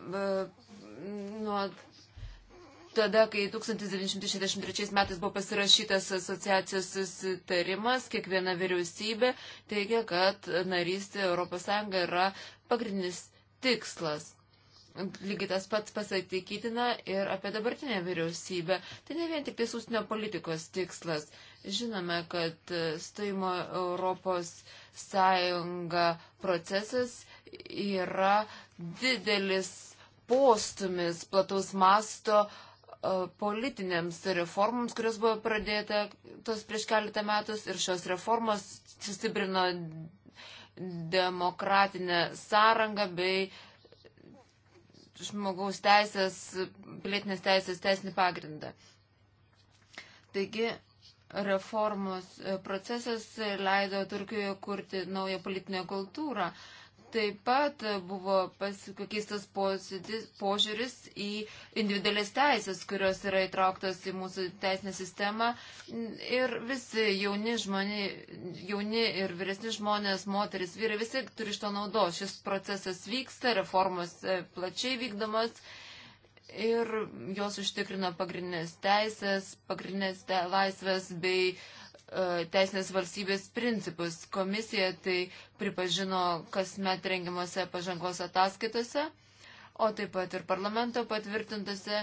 nuo tada, kai 1963 metais buvo pasirašytas asociacijos susitarimas, kiekviena vyriausybė teigia, kad narystė ES yra pagrindinis tikslas. Lygiai tas pats pasakytina ir apie dabartinę vyriausybę. Tai ne vien tik tai užsienio politikos tikslas. Žinome, kad stojimo Europos sąjunga procesas yra didelis postumis plataus masto uh, E, politinėms reformams, kurios buvo pradėta tos prieš keletą metus ir šios reformos sustiprino demokratinę sąrangą bei žmogaus teisės, pilietinės teisės teisinį pagrindą. Taigi, reformos e, procesas leido Turkijoje kurti naują politinę kultūrą. Uh, Taip pat buvo pasikeistas požiūris į individualias teisės, kurios yra įtrauktos į mūsų teisinę sistemą. Ir visi jauni, žmoni, jauni ir vyresni žmonės, moteris, vyrai, visi turi iš to naudos. Šis procesas vyksta, reformos e, plačiai vykdomas. Ir jos užtikrina pagrindinės teisės, pagrindinės te laisvės bei uh, E, teisinės valstybės principus. Komisija tai pripažino kasmet rengiamuose pažangos ataskaitose, o taip pat ir parlamento patvirtintose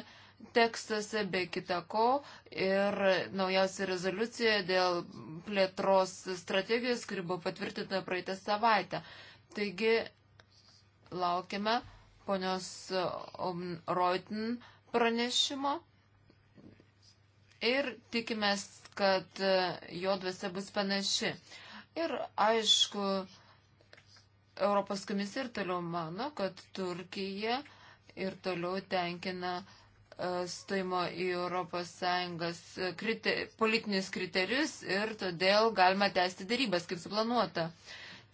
tekstuose be kita ko ir naujausia rezoliucija dėl plėtros strategijos, kuri buvo patvirtinta praeitą savaitę. Taigi laukiame ponios Reutin pranešimo ir tikimės, kad e, jo dvasia bus panaši. Ir aišku, Europos komisija ir toliau mano, kad Turkija ir toliau tenkina e, stojimo į Europos Sąjungas e, kriter, politinius kriterijus ir todėl galima tęsti darybas, kaip suplanuota.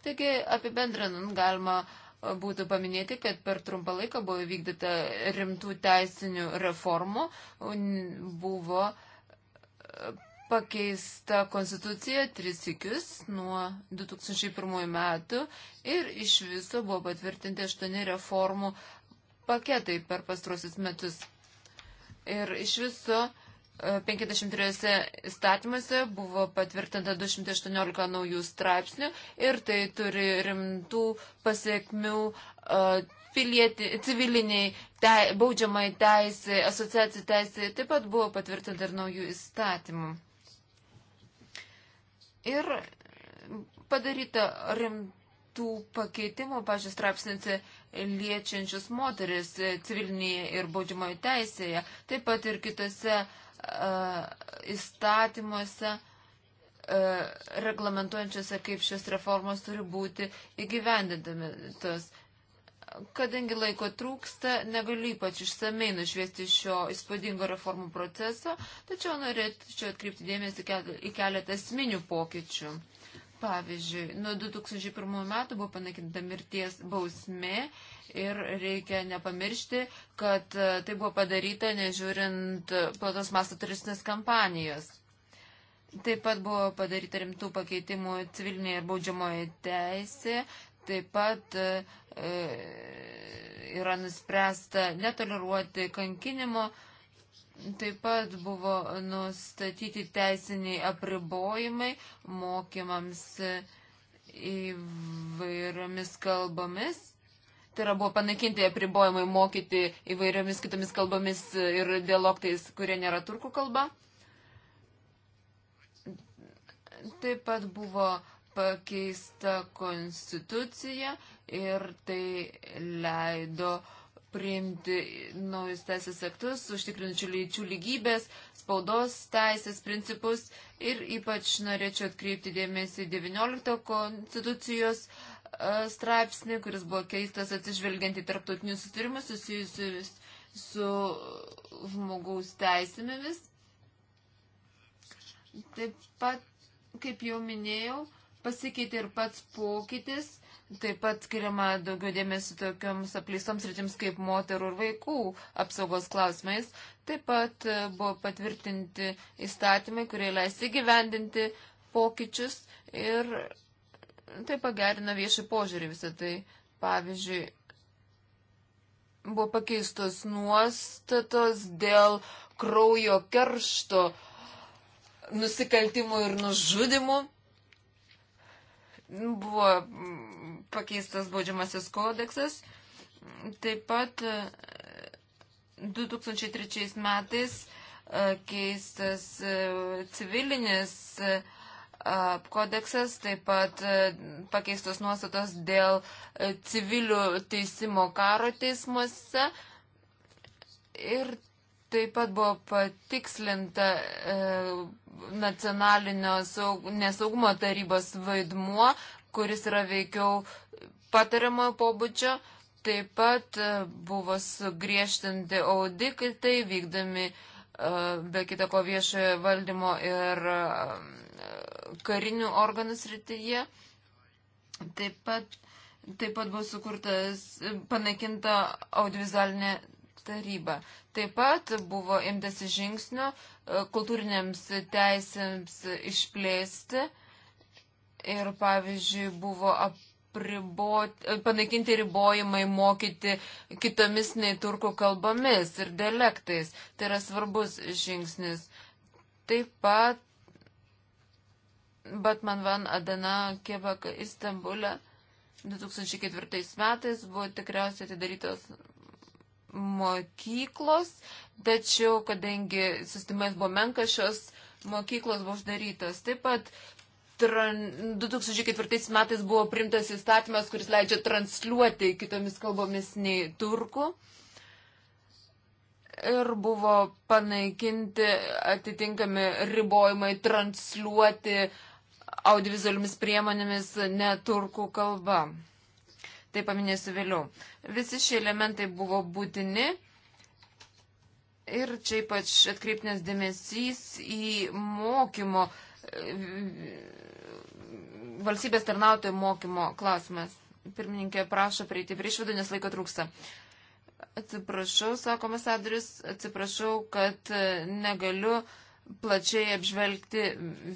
Taigi, apibendrinant, galima būtų paminėti, kad per trumpą laiką buvo vykdyta rimtų teisinių reformų, buvo uh, pakeista konstitucija tris ikius nuo 2001 metų ir iš viso buvo patvirtinti aštuoni reformų paketai per pastrosius metus. Ir iš viso 53 e, įstatymuose buvo patvirtinta 218 naujų straipsnių ir tai turi rimtų pasiekmių uh, pilieti, civiliniai, te, baudžiamai teisė, asociacijų teisė taip pat buvo patvirtinta ir naujų įstatymų. Ir padaryta rimtų pakeitimų, pažiūrėjau, straipsnėse liečiančius moteris civilinėje ir baudžiamoje teisėje, taip pat ir kitose uh, įstatymuose reglamentuojančiose, kaip šios reformos turi būti įgyvendintos. Kadangi laiko trūksta, negaliu ypač išsamei nušviesti šio įspūdingo reformų proceso, tačiau norėčiau atkreipti dėmesį į keletą esminių pokyčių. Pavyzdžiui, nuo 2001 metų buvo panaikinta mirties bausmė ir reikia nepamiršti, kad e, tai buvo padaryta nežiūrint platos masto turistinės kampanijos. Taip pat buvo padaryta rimtų pakeitimų civilinėje ir baudžiamoje teisėje, taip pat uh, E, yra nuspręsta netoleruoti kankinimo. Taip pat buvo nustatyti teisiniai apribojimai mokymams įvairiomis kalbomis. Tai yra buvo panaikinti apribojimai mokyti įvairiomis kitomis kalbomis ir dialogtais, kurie nėra turkų kalba. Taip pat buvo pakeista konstitucija ir tai leido priimti naujus teisės aktus, užtikrinčių lyčių lygybės, spaudos teisės principus ir ypač norėčiau atkreipti dėmesį 19 konstitucijos e, straipsnį, kuris buvo keistas atsižvelgiant į tarptautinius sutarimus susijusius su žmogaus teisėmis. Taip pat, kaip jau minėjau, pasikeitė ir pats pokytis, taip pat skiriama daugiau dėmesio tokioms apleistoms rytims kaip moterų ir vaikų apsaugos klausimais. Taip pat e, buvo patvirtinti įstatymai, kurie leis įgyvendinti pokyčius ir tai pagerina viešą požiūrį visą tai. Pavyzdžiui, buvo pakeistos nuostatos dėl kraujo keršto nusikaltimų ir nužudimų. Buvo mm, pakeistas baudžiamasis kodeksas. Taip pat 2003 e, metais e, keistas e, civilinis kodeksas, taip pat pakeistos nuostatos dėl civilių teisimo karo teismuose. Ir Taip pat buvo patikslinta e, nacionalinio saug, nesaugumo tarybos vaidmuo, kuris yra veikiau patariamojo pobūdžio. Taip pat e, buvo sugriežtinti auditai vykdami e, be kitako viešojo valdymo ir e, karinių organų srityje. Taip pat, taip pat buvo sukurtas, panaikinta audiovizualinė taryba. Taip pat buvo imtasi žingsnio e, kultūrinėms teisėms išplėsti ir, pavyzdžiui, buvo apriboti, e, panaikinti ribojimai mokyti kitomis nei turkų kalbomis ir dialektais. Tai yra svarbus žingsnis. Taip pat Batman Van Adana Kebaka Istambulė 2004 metais buvo tikriausiai atidarytos mokyklos, tačiau kadangi sustimas buvo menkas, šios mokyklos buvo uždarytos. Taip pat 2004 metais buvo primtas įstatymas, kuris leidžia transliuoti kitomis kalbomis nei turkų. Ir buvo panaikinti atitinkami ribojimai transliuoti audiovizualiomis priemonėmis ne turkų kalba tai paminėsiu vėliau. Visi šie elementai buvo būtini ir čia ypač atkreipnės dėmesys į mokymo, valstybės tarnautojų mokymo klausimas. Pirmininkė prašo prieiti prie išvadų, nes laiko trūksta. Atsiprašau, sako ambasadoris, atsiprašau, kad e, negaliu plačiai apžvelgti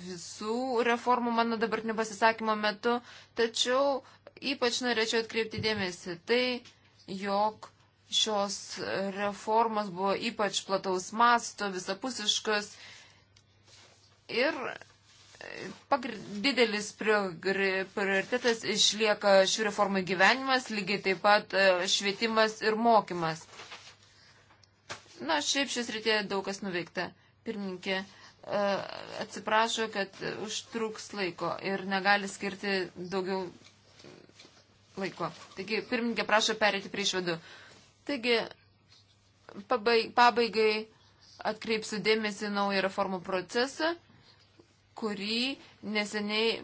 visų reformų mano dabartinio pasisakymo metu, tačiau ypač norėčiau atkreipti dėmesį tai, jog šios reformos buvo ypač plataus masto, visapusiškos ir e, didelis prioritetas išlieka šių reformų gyvenimas, lygiai taip pat e, švietimas ir mokymas. Na, šiaip šis rytė daug kas nuveikta. Pirmininkė e, atsiprašo, kad užtruks laiko ir negali skirti daugiau laiko. Taigi, pirmininkė prašo perėti prie išvadų. Taigi, pabaigai atkreipsiu dėmesį naują reformų procesą, kurį neseniai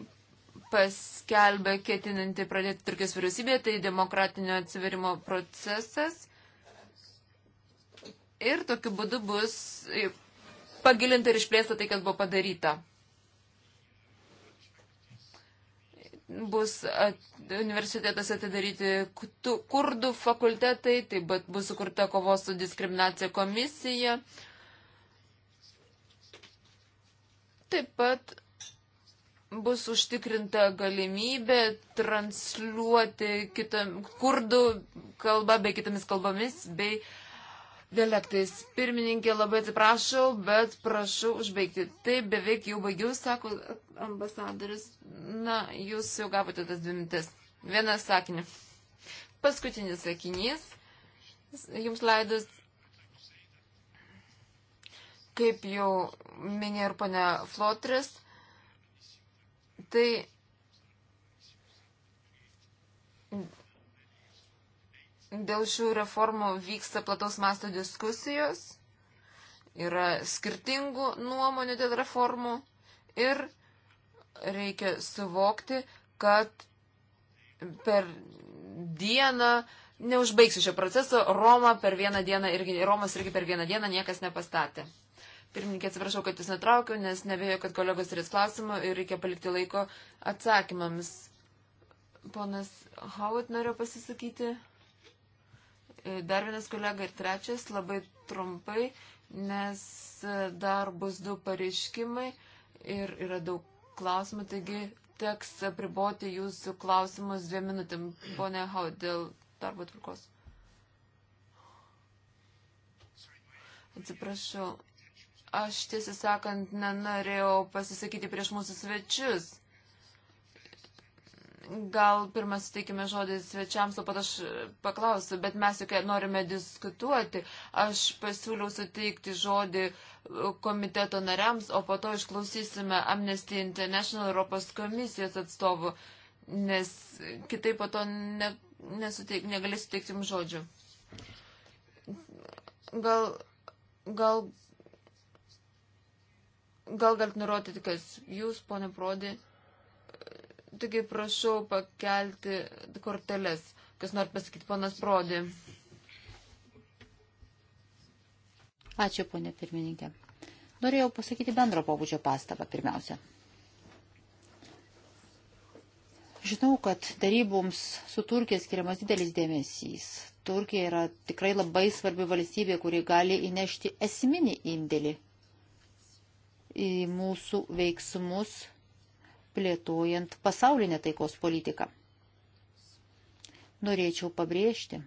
paskelbė ketinanti pradėti Turkijos vyriausybė, tai demokratinio atsiverimo procesas. Ir tokiu būdu bus pagilinta ir išplėsta tai, kas buvo padaryta. bus at, universitetas atidaryti kurdų fakultetai, taip pat bus sukurta kovos su diskriminacija komisija. Taip pat bus užtikrinta galimybė transliuoti kitam, kurdų kalbą bei kitomis kalbomis bei uh, dialektais. Pirmininkė labai atsiprašau, bet prašau užbaigti. Taip, beveik jau baigiau, sako ambasadoris. Na, jūs jau gavote tas dvi mintis. Vieną sakinį. Paskutinis sakinys. Jums leidus. Kaip jau minėjo ir ponia Flotris, tai Dėl šių reformų vyksta plataus masto diskusijos, yra skirtingų nuomonių dėl reformų ir reikia suvokti, kad per dieną neužbaigsiu šio proceso, Roma per vieną dieną irgi, Romas irgi per vieną dieną niekas nepastatė. Pirmininkė, atsiprašau, kad jūs netraukiu, nes nebėjau, kad kolegos turės klausimų ir reikia palikti laiko atsakymams. Ponas Howard norėjo pasisakyti. E, dar vienas kolega ir trečias, labai trumpai, nes e, dar bus du pareiškimai ir yra daug klausimų, taigi teks apriboti jūsų klausimus dviem minutėm. Pone Hau, dėl darbo tvarkos. Atsiprašau, aš tiesą sakant nenorėjau pasisakyti prieš mūsų svečius. Gal pirmas suteikime žodį svečiams, o pat aš e, paklausiu, bet mes juk norime diskutuoti. Aš pasiūliau suteikti žodį e, komiteto nariams, o po to išklausysime Amnesty International Europos komisijos atstovų, nes kitaip po to ne, nesuteik, negalėsiu suteikti jums žodžių. Gal, gal, gal galit nurodyti, kas jūs, ponė Prodi. Taigi prašau pakelti korteles. Kas nori pasakyti, panas Prodi? Ačiū, ponė pirmininkė. Norėjau pasakyti bendro pobūdžio pastabą pirmiausia. Žinau, kad daryboms su Turkija skiriamas didelis dėmesys. Turkija yra tikrai labai svarbi valstybė, kuri gali įnešti esminį indėlį į mūsų veiksmus plėtojant pasaulinę taikos politiką. Norėčiau pabrėžti,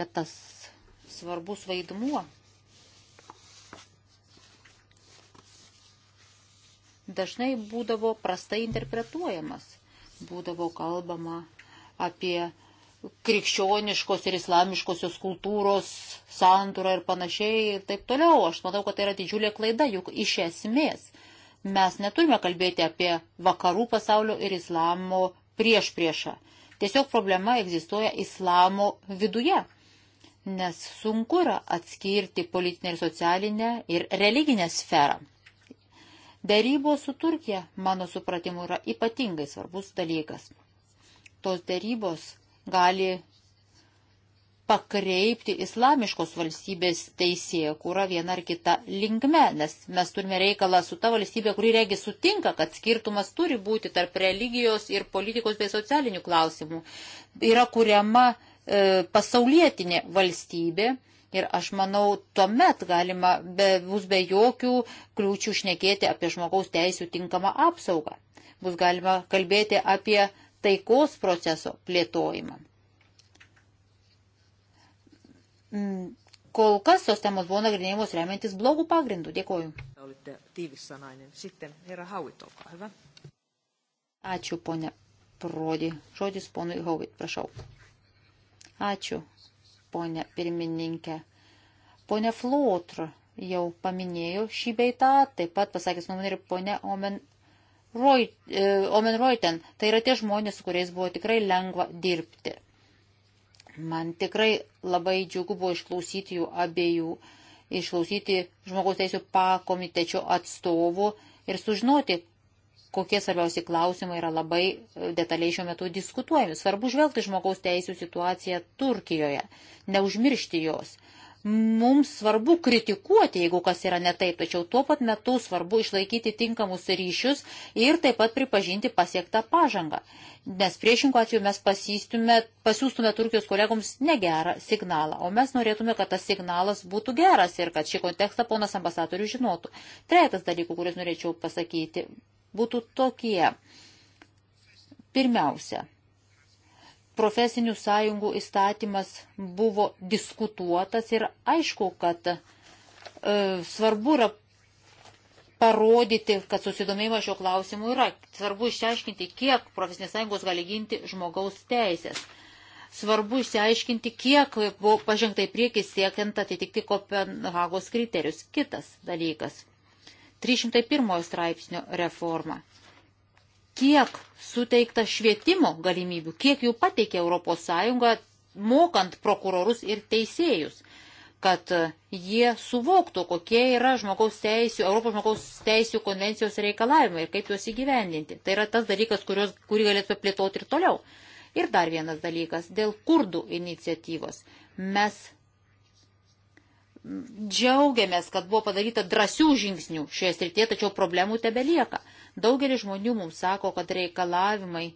kad tas svarbus vaidmuo dažnai būdavo prastai interpretuojamas. Būdavo kalbama apie krikščioniškos ir islamiškosios kultūros santūrą ir panašiai ir taip toliau. Aš manau, kad tai yra didžiulė klaida, juk iš esmės Mes neturime kalbėti apie vakarų pasaulio ir islamo prieš priešą. Tiesiog problema egzistuoja islamo viduje, nes sunku yra atskirti politinę ir socialinę ir religinę sferą. Darybos su Turkija, mano supratimu, yra ypatingai svarbus dalykas. Tos darybos gali pakreipti islamiškos valstybės teisėje, kurą viena ar kita linkme, nes mes turime reikalą su ta valstybė, kuri regi sutinka, kad skirtumas turi būti tarp religijos ir politikos bei socialinių klausimų. Yra kuriama e, pasaulietinė valstybė ir aš manau, tuomet galima be, bus be jokių kliūčių šnekėti apie žmogaus teisų tinkamą apsaugą. Bus galima kalbėti apie taikos proceso plėtojimą. Mm. Kol kas tos temos buvo nagrinėjamos remiantis blogų pagrindų. Dėkoju. Ačiū, ponė Prodi. Žodis ponui Hauvit, prašau. Ačiū, ponė pirmininkė. Ponė Flotr jau paminėjo šį beitą, taip pat pasakęs nuomonė ir ponė e, Omen Reuten, tai yra tie žmonės, su kuriais buvo tikrai lengva dirbti. Man tikrai labai džiugu buvo išklausyti jų abiejų, išklausyti žmogaus teisų pakomitečio atstovų ir sužinoti, kokie svarbiausi klausimai yra labai e, detaliai šiuo metu diskutuojami. Svarbu žvelgti žmogaus teisų situaciją Turkijoje, neužmiršti jos mums svarbu kritikuoti, jeigu kas yra ne taip, tačiau tuo pat metu svarbu išlaikyti tinkamus ryšius ir taip pat pripažinti pasiektą pažangą. Nes priešingų atveju mes pasistume, pasiūstume Turkijos kolegoms negerą signalą, o mes norėtume, kad tas signalas būtų geras ir kad šį kontekstą ponas ambasadorius žinotų. Trejetas dalykų, kuriuos norėčiau pasakyti, būtų tokie. Pirmiausia, profesinių sąjungų įstatymas buvo diskutuotas ir aišku, kad e, svarbu yra parodyti, kad susidomėjimas šio klausimu yra. Svarbu išsiaiškinti, kiek profesinės sąjungos gali ginti žmogaus teisės. Svarbu išsiaiškinti, kiek buvo pažengtai priekį siekiant atitikti Kopenhagos kriterijus. Kitas dalykas. 301 straipsnio reforma kiek suteikta švietimo galimybių, kiek jų pateikė ES mokant prokurorus ir teisėjus, kad jie suvoktų, kokie yra žmogaus teisų, Europos žmogaus teisų konvencijos reikalavimai ir kaip juos įgyvendinti. Tai yra tas dalykas, kurios, kurį galėtume plėtoti ir toliau. Ir dar vienas dalykas dėl kurdų iniciatyvos. Mes džiaugiamės, kad buvo padaryta drąsių žingsnių šioje srityje, tačiau problemų tebelieka. lieka Daugelis žmonių mums sako, kad reikalavimai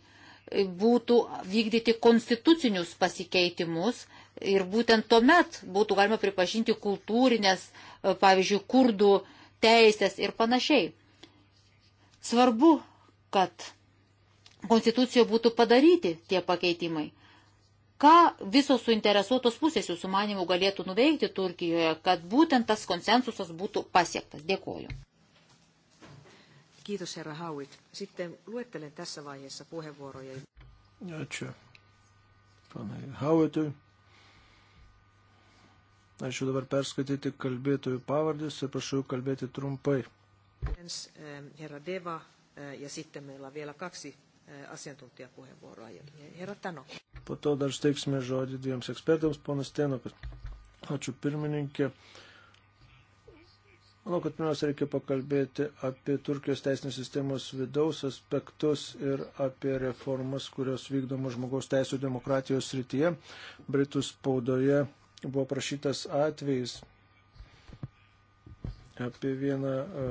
būtų vykdyti konstitucinius pasikeitimus ir būtent tuomet būtų galima pripažinti kultūrinės, e, pavyzdžiui, kurdų teisės ir panašiai. Svarbu, kad konstitucijoje būtų padaryti tie pakeitimai. Ką visos suinteresuotos pusės jūsų manimų galėtų nuveikti Turkijoje, kad būtent tas konsensusas būtų pasiektas? Dėkuoju. Kiitos herra Hauit. Sitten luettelen tässä vaiheessa puheenvuoroja. Ačiū. Panai Hauitui. Aš jau dabar perskaityti kalbėtojų pavardės ir prašau kalbėti trumpai. Eh, herra Deva eh, ja sitten meillä on vielä kaksi eh, asiantuntijapuheenvuoroa. Herra Tano. Po to dar steiksime žodį dviems ekspertams, ponas Tenokas. Ačiū pirmininkė. Manau, kad pirmiausia reikia pakalbėti apie Turkijos teisinės sistemos vidaus aspektus ir apie reformas, kurios vykdomos žmogaus teisų demokratijos srityje. Britų spaudoje buvo prašytas atvejis apie vieną e,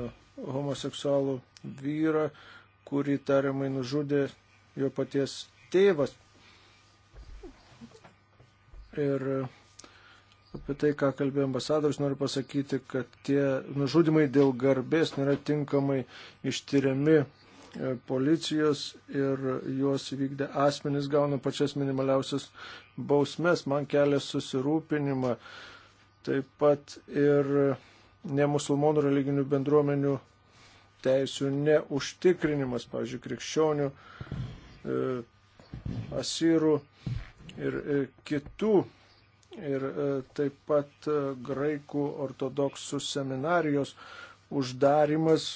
homoseksualų vyrą, kurį tariamai nužudė jo paties tėvas. Ir e, Apie tai, ką kalbėjo ambasadorius, noriu pasakyti, kad tie nužudimai dėl garbės nėra tinkamai ištyriami e, policijos ir juos vykdę asmenys gauna pačias minimaliausias bausmes. Man kelia susirūpinimą taip pat ir nemusulmonų religinių bendruomenių teisų neužtikrinimas, pavyzdžiui, krikščionių, e, asyrų ir e, kitų ir e, taip pat e, graikų ortodoksų seminarijos uždarimas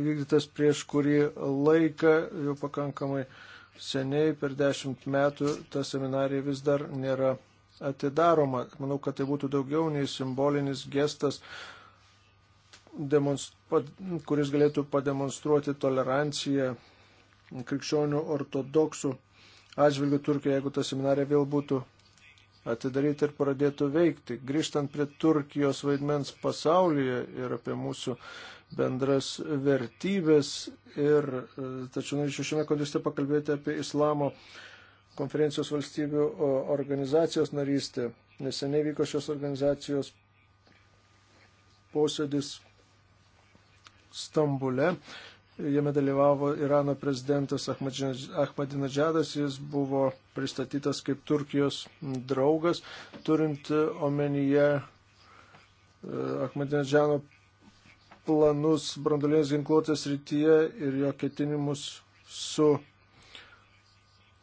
įvykdytas prieš kurį laiką, jau pakankamai seniai, per dešimt metų, ta seminarija vis dar nėra atidaroma. Manau, kad tai būtų daugiau nei simbolinis gestas, kuris galėtų pademonstruoti toleranciją krikščionių ortodoksų atžvilgių Turkija, jeigu ta seminarija vėl būtų atidaryti ir pradėtų veikti. Grįžtant prie Turkijos vaidmens pasaulyje ir apie mūsų bendras vertybės ir e, tačiau norėčiau šiame kontekste pakalbėti apie islamo konferencijos valstybių organizacijos narystę. Neseniai vyko šios organizacijos posėdis Stambule Jame dalyvavo Irano prezidentas Ahmadinedžadas, jis buvo pristatytas kaip Turkijos draugas, turint omenyje e, Ahmadinedžano planus brandulinės ginkluotės rytyje ir jo ketinimus su uh,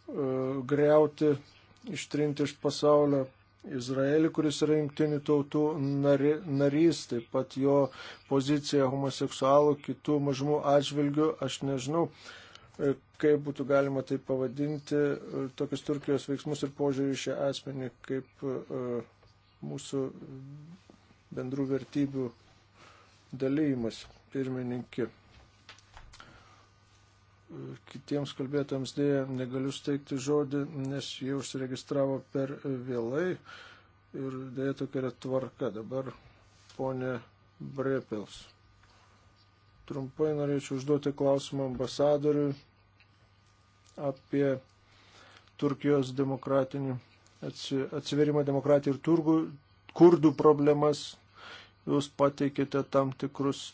e, greuti, ištrinti iš pasaulio Izraelį, kuris yra jungtinių tautų nari, narys, taip pat jo pozicija homoseksualų kitų mažumų atžvilgių, aš nežinau, e, kaip būtų galima tai pavadinti, e, tokius Turkijos veiksmus ir požiūrį šią asmenį kaip e, mūsų bendrų vertybių dalymas pirmininkė kitiems kalbėtams dėja negaliu steigti žodį, nes jie užsiregistravo per vėlai ir dėja tokia yra tvarka. Dabar ponė Brepels. Trumpai norėčiau užduoti klausimą ambasadoriui apie Turkijos demokratinį atsiverimą demokratiją ir turgų, kurdų problemas. Jūs pateikėte tam tikrus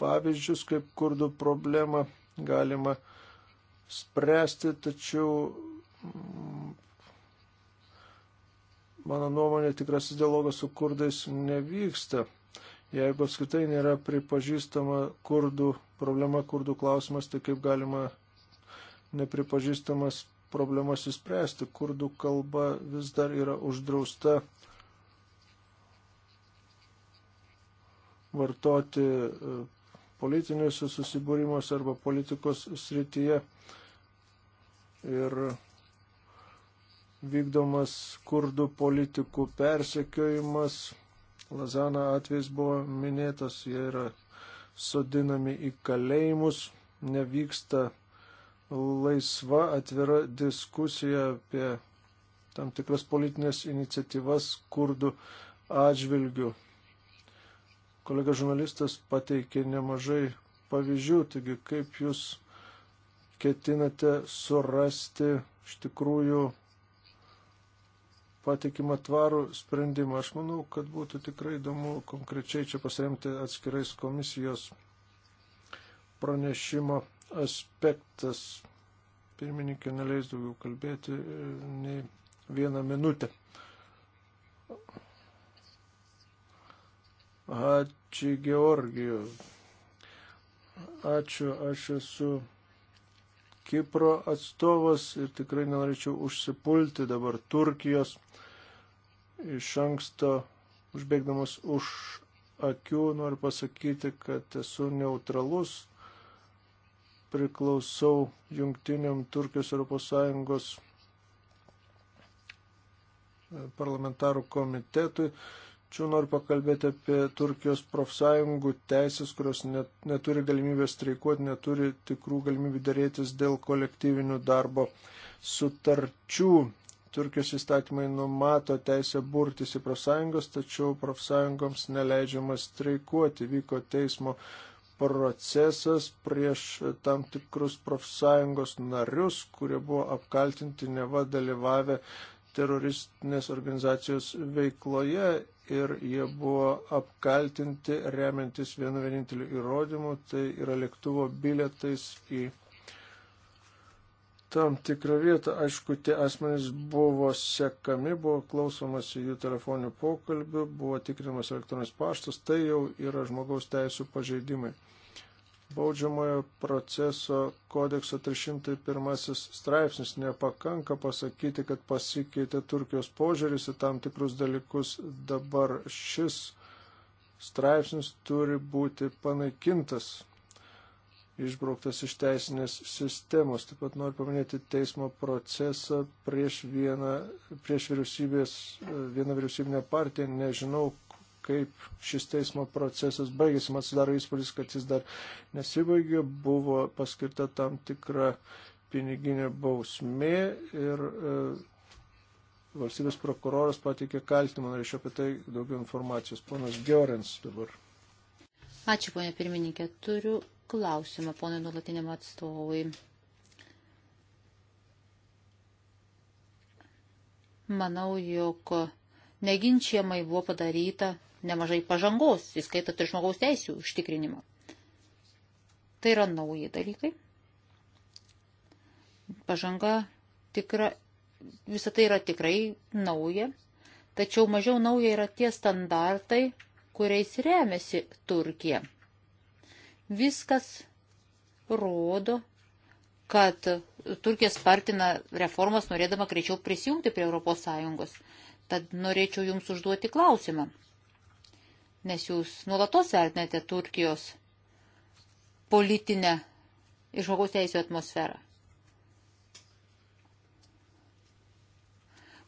pavyzdžius, kaip kurdų problemą galima spręsti, tačiau mm, mano nuomonė tikrasis dialogas su kurdais nevyksta. Jeigu apskritai nėra pripažįstama kurdų problema, kurdų klausimas, tai kaip galima nepripažįstamas problemas įspręsti. Kurdų kalba vis dar yra uždrausta vartoti e, politinėse susibūrimuose arba politikos srityje ir vykdomas kurdų politikų persekiojimas. Lazana atvejs buvo minėtas, jie yra sodinami į kalėjimus, nevyksta laisva atvira diskusija apie tam tikras politinės iniciatyvas kurdų atžvilgių. Kolega žurnalistas pateikė nemažai pavyzdžių, taigi kaip jūs ketinate surasti iš tikrųjų patikimą tvarų sprendimą. Aš manau, kad būtų tikrai įdomu konkrečiai čia pasiremti atskirais komisijos pranešimo aspektas. Pirmininkė neleis daugiau kalbėti e, nei vieną minutę. Ačiū Georgijų. Ačiū, aš esu Kipro atstovas ir tikrai nenorėčiau užsipulti dabar Turkijos iš anksto užbėgdamas už akių. Noriu pasakyti, kad esu neutralus, priklausau jungtiniam Turkijos ES e, parlamentarų komitetui Čia noriu pakalbėti apie Turkijos profsąjungų teisės, kurios net, neturi galimybės streikuoti, neturi tikrų galimybių dėrėtis dėl kolektyvinių darbo sutarčių. Turkijos įstatymai numato teisę burtis į profsąjungos, tačiau profsąjungoms neleidžiama streikuoti. Vyko teismo procesas prieš tam tikrus profsąjungos narius, kurie buvo apkaltinti neva dalyvavę teroristinės organizacijos veikloje ir jie buvo apkaltinti remiantis vienu vieninteliu įrodymu, tai yra lėktuvo bilietais į tam tikrą vietą. Aišku, tie asmenys buvo sekami, buvo klausomas jų telefoninių pokalbių, buvo tikrinamas elektroninis paštas, tai jau yra žmogaus teisų pažeidimai baudžiamojo proceso kodekso 301 straipsnis nepakanka pasakyti, kad pasikeitė Turkijos požiūris į tam tikrus dalykus. Dabar šis straipsnis turi būti panaikintas, išbrauktas iš teisinės sistemos. Taip pat noriu paminėti teismo procesą prieš vieną, prieš vyriausybės, vieną vyriausybinę partiją. Nežinau, kaip šis teismo procesas baigėsi. Man sudaro įspūdis, kad jis dar nesibaigė, buvo paskirta tam tikra piniginė bausmė ir e, valstybės prokuroras pateikė kaltimą. Norėčiau apie tai daugiau informacijos. Ponas Giorens dabar. Ačiū, ponė pirmininkė. Turiu klausimą, ponai nulatiniam atstovui. Manau, jog neginčiamai buvo padaryta nemažai pažangos, įskaitant ir žmogaus teisų užtikrinimą. Tai yra nauji dalykai. Pažanga tikra, visą tai yra tikrai nauja, tačiau mažiau nauja yra tie standartai, kuriais remiasi Turkija. Viskas rodo, kad Turkija spartina reformas norėdama greičiau prisijungti prie ES. Tad norėčiau Jums užduoti klausimą nes jūs nuolatos vertinate Turkijos politinę ir žmogaus teisų atmosferą.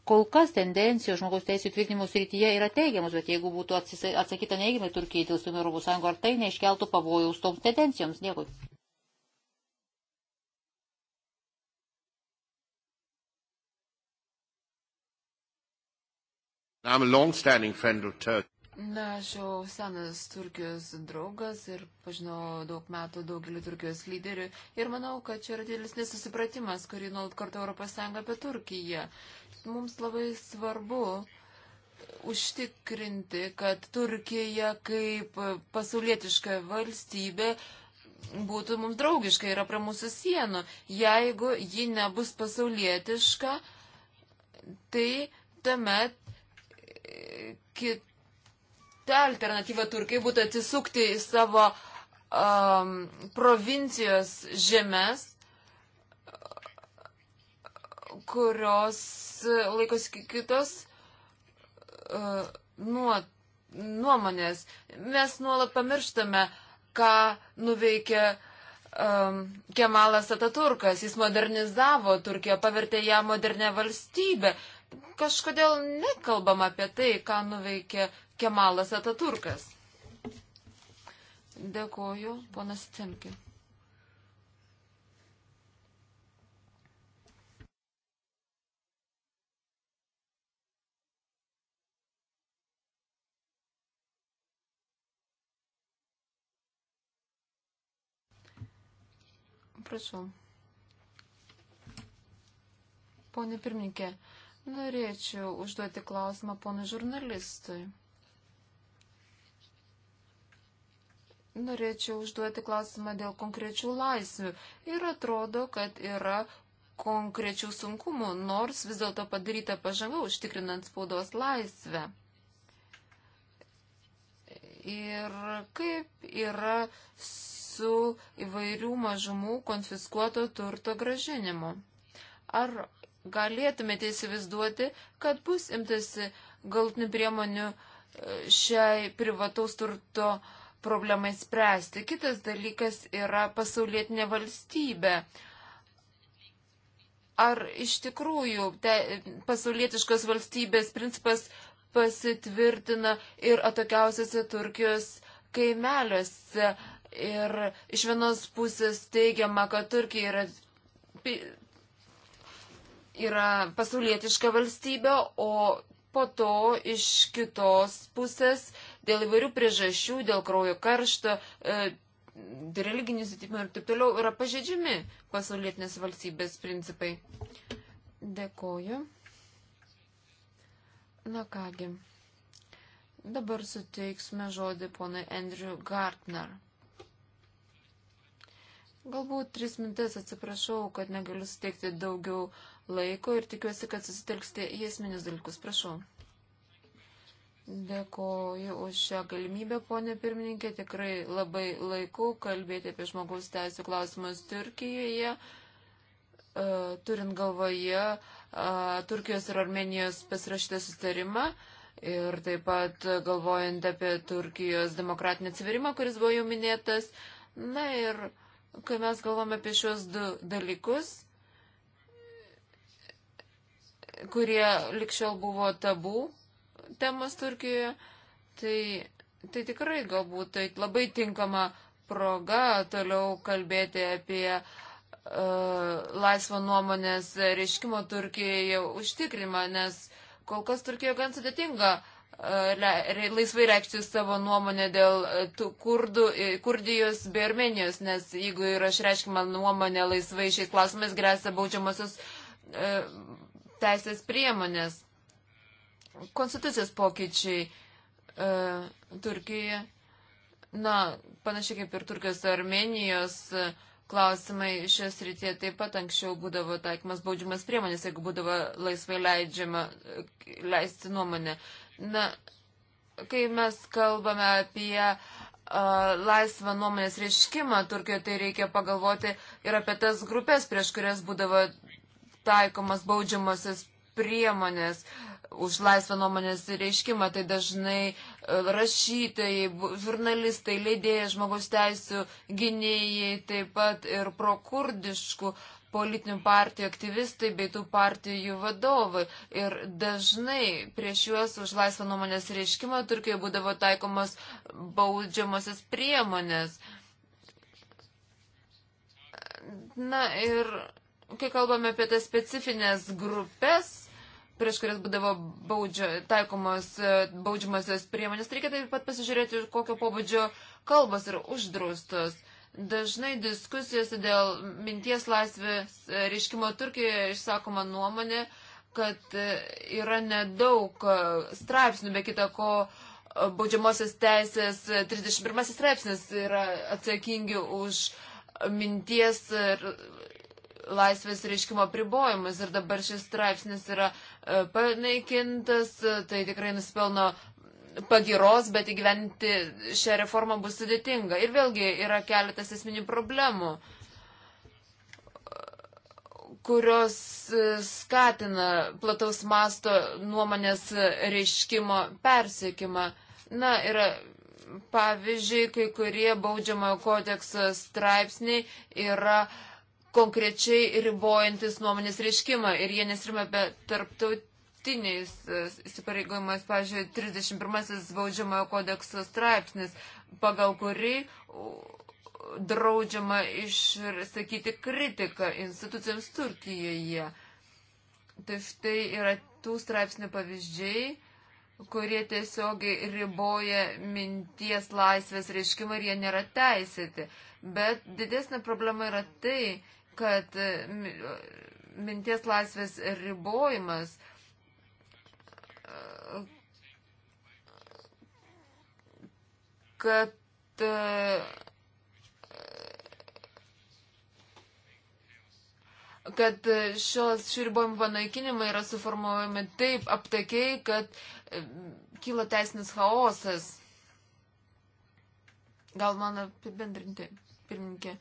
Kol kas tendencijos žmogaus teisų tvirtinimo srityje yra teigiamus, bet jeigu būtų atsakyta neigiamai Turkijai dėl stumio Europos Sąjungo, ar tai neiškeltų pavojaus toms tendencijoms? Dėkui. I'm a long-standing friend of Turkey. Na, aš jau senas Turkijos draugas ir pažinau daug metų daugelį Turkijos lyderių ir manau, kad čia yra didelis nesusipratimas, kurį nuolat kartu Europos Sąjunga apie Turkiją. Mums labai svarbu užtikrinti, kad Turkija kaip pasaulietiška valstybė būtų mums draugiška, yra prie mūsų sienų. Jeigu ji nebus pasaulietiška, tai tuomet e, kit, ta alternatyva Turkijai būtų atsisukti į savo um, provincijos žemės, kurios laikosi kitos uh, nuo, nuomonės. Mes nuolat pamirštame, ką nuveikė um, Kemalas Ataturkas. Jis modernizavo Turkiją, pavertė ją modernę valstybę. Kažkodėl nekalbam apie tai, ką nuveikė Kemalas Ataturkas. Dėkoju, ponas Cemki. Prašau. Pone pirmininkė, norėčiau užduoti klausimą ponui žurnalistui. Norėčiau užduoti klausimą dėl konkrečių laisvių ir atrodo, kad yra konkrečių sunkumų, nors vis dėlto padaryta pažanga užtikrinant spaudos laisvę. Ir kaip yra su įvairių mažumų konfiskuoto turto gražinimu? Ar galėtumėte įsivaizduoti, kad bus imtasi galtinių priemonių e, šiai privataus turto uh, problemai spręsti. Kitas dalykas yra pasaulietinė valstybė. Ar iš tikrųjų te, pasaulietiškas valstybės principas pasitvirtina ir atokiausiose Turkijos kaimeliuose? Ir iš vienos pusės teigiama, kad Turkija yra yra pasaulietiška valstybė, o po to iš kitos pusės dėl įvairių priežasčių, dėl kraujo karšto, e, religinių sutikimų ir taip toliau yra pažeidžiami pasaulietinės valstybės principai. Dėkoju. Na kągi, dabar suteiksime žodį ponai Andrew Gartner. Galbūt tris mintis atsiprašau, kad negaliu suteikti daugiau laiko ir tikiuosi, kad susitelksite į esminius dalykus. Prašau. Dėkoju už šią galimybę, ponė pirmininkė. Tikrai labai laiku kalbėti apie žmogaus teisų klausimus Turkijoje, e, turint galvoje e, Turkijos ir Armenijos pasirašytą sustarimą ir taip pat galvojant apie Turkijos demokratinį atsiverimą, kuris buvo jau minėtas. Na ir kai mes galvome apie šios du dalykus, kurie likščiau buvo tabų temas Turkijoje, tai, tai tikrai galbūt tai labai tinkama proga toliau kalbėti apie uh, laisvo nuomonės reiškimo Turkijoje užtikrimą, nes kol kas Turkijoje gan sudėtinga e, laisvai reikšti savo nuomonę dėl e, kurdų, Kurdijos bei Armenijos, nes jeigu yra išreiškima nuomonė laisvai šiais klausimais, grėsia baudžiamosios e, teisės priemonės konstitucijos pokyčiai uh, e, Turkijoje, na, panašiai kaip ir Turkijos Armenijos e, klausimai šios rytie taip pat anksčiau būdavo taikymas baudžiamas priemonės, jeigu būdavo laisvai leidžiama e, leisti nuomonę. Na, kai mes kalbame apie uh, laisvą nuomonės reiškimą Turkijoje, tai reikia pagalvoti ir apie tas grupės, prieš kurias būdavo taikomas baudžiamasis priemonės. Uh, už laisvą nuomonės reiškimą, tai dažnai e, rašytojai, žurnalistai, leidėjai, žmogaus teisų gynėjai, taip pat ir prokurdiškų politinių partijų aktyvistai bei tų partijų vadovai. Ir dažnai prieš juos už laisvą nuomonės reiškimą Turkijoje būdavo taikomos baudžiamosios priemonės. Na ir kai kalbame apie tas specifines grupės, prieš kurias būdavo baudžio, taikomos e, baudžiamosios priemonės, reikia taip pat pasižiūrėti, kokio pobūdžio kalbos yra uždraustos. Dažnai diskusijose dėl minties laisvės reiškimo Turkijoje išsakoma nuomonė, kad e, yra nedaug e, straipsnių, be kita ko, baudžiamosios teisės 31 straipsnis yra atsakingi už minties laisvės reiškimo pribojimus ir dabar šis straipsnis yra e, panaikintas, e, tai tikrai nusipelno pagiros, bet įgyventi šią reformą bus sudėtinga. Ir vėlgi yra keletas esminių problemų, kurios e, skatina plataus masto nuomonės reiškimo persiekimą. Na, yra pavyzdžiui, kai kurie baudžiamojo kodekso straipsniai yra uh, konkrečiai ribojantis nuomonės reiškimą ir jie nesirima be tarptautiniais e, įsipareigojimais, pažiūrėjau, 31 baudžiamojo kodekso straipsnis, pagal kurį draudžiama išsakyti kritiką institucijams Turkijoje. Tai štai yra tų straipsnių pavyzdžiai, kurie tiesiogiai riboja minties laisvės reiškimą ir jie nėra teisėti. Bet didesnė problema yra tai, kad e, e, minties laisvės ribojimas e, kad kad šios šių ribojimų panaikinimai yra suformuojami taip aptakiai, kad kyla teisinis chaosas. Gal man apibendrinti, pirmininkė.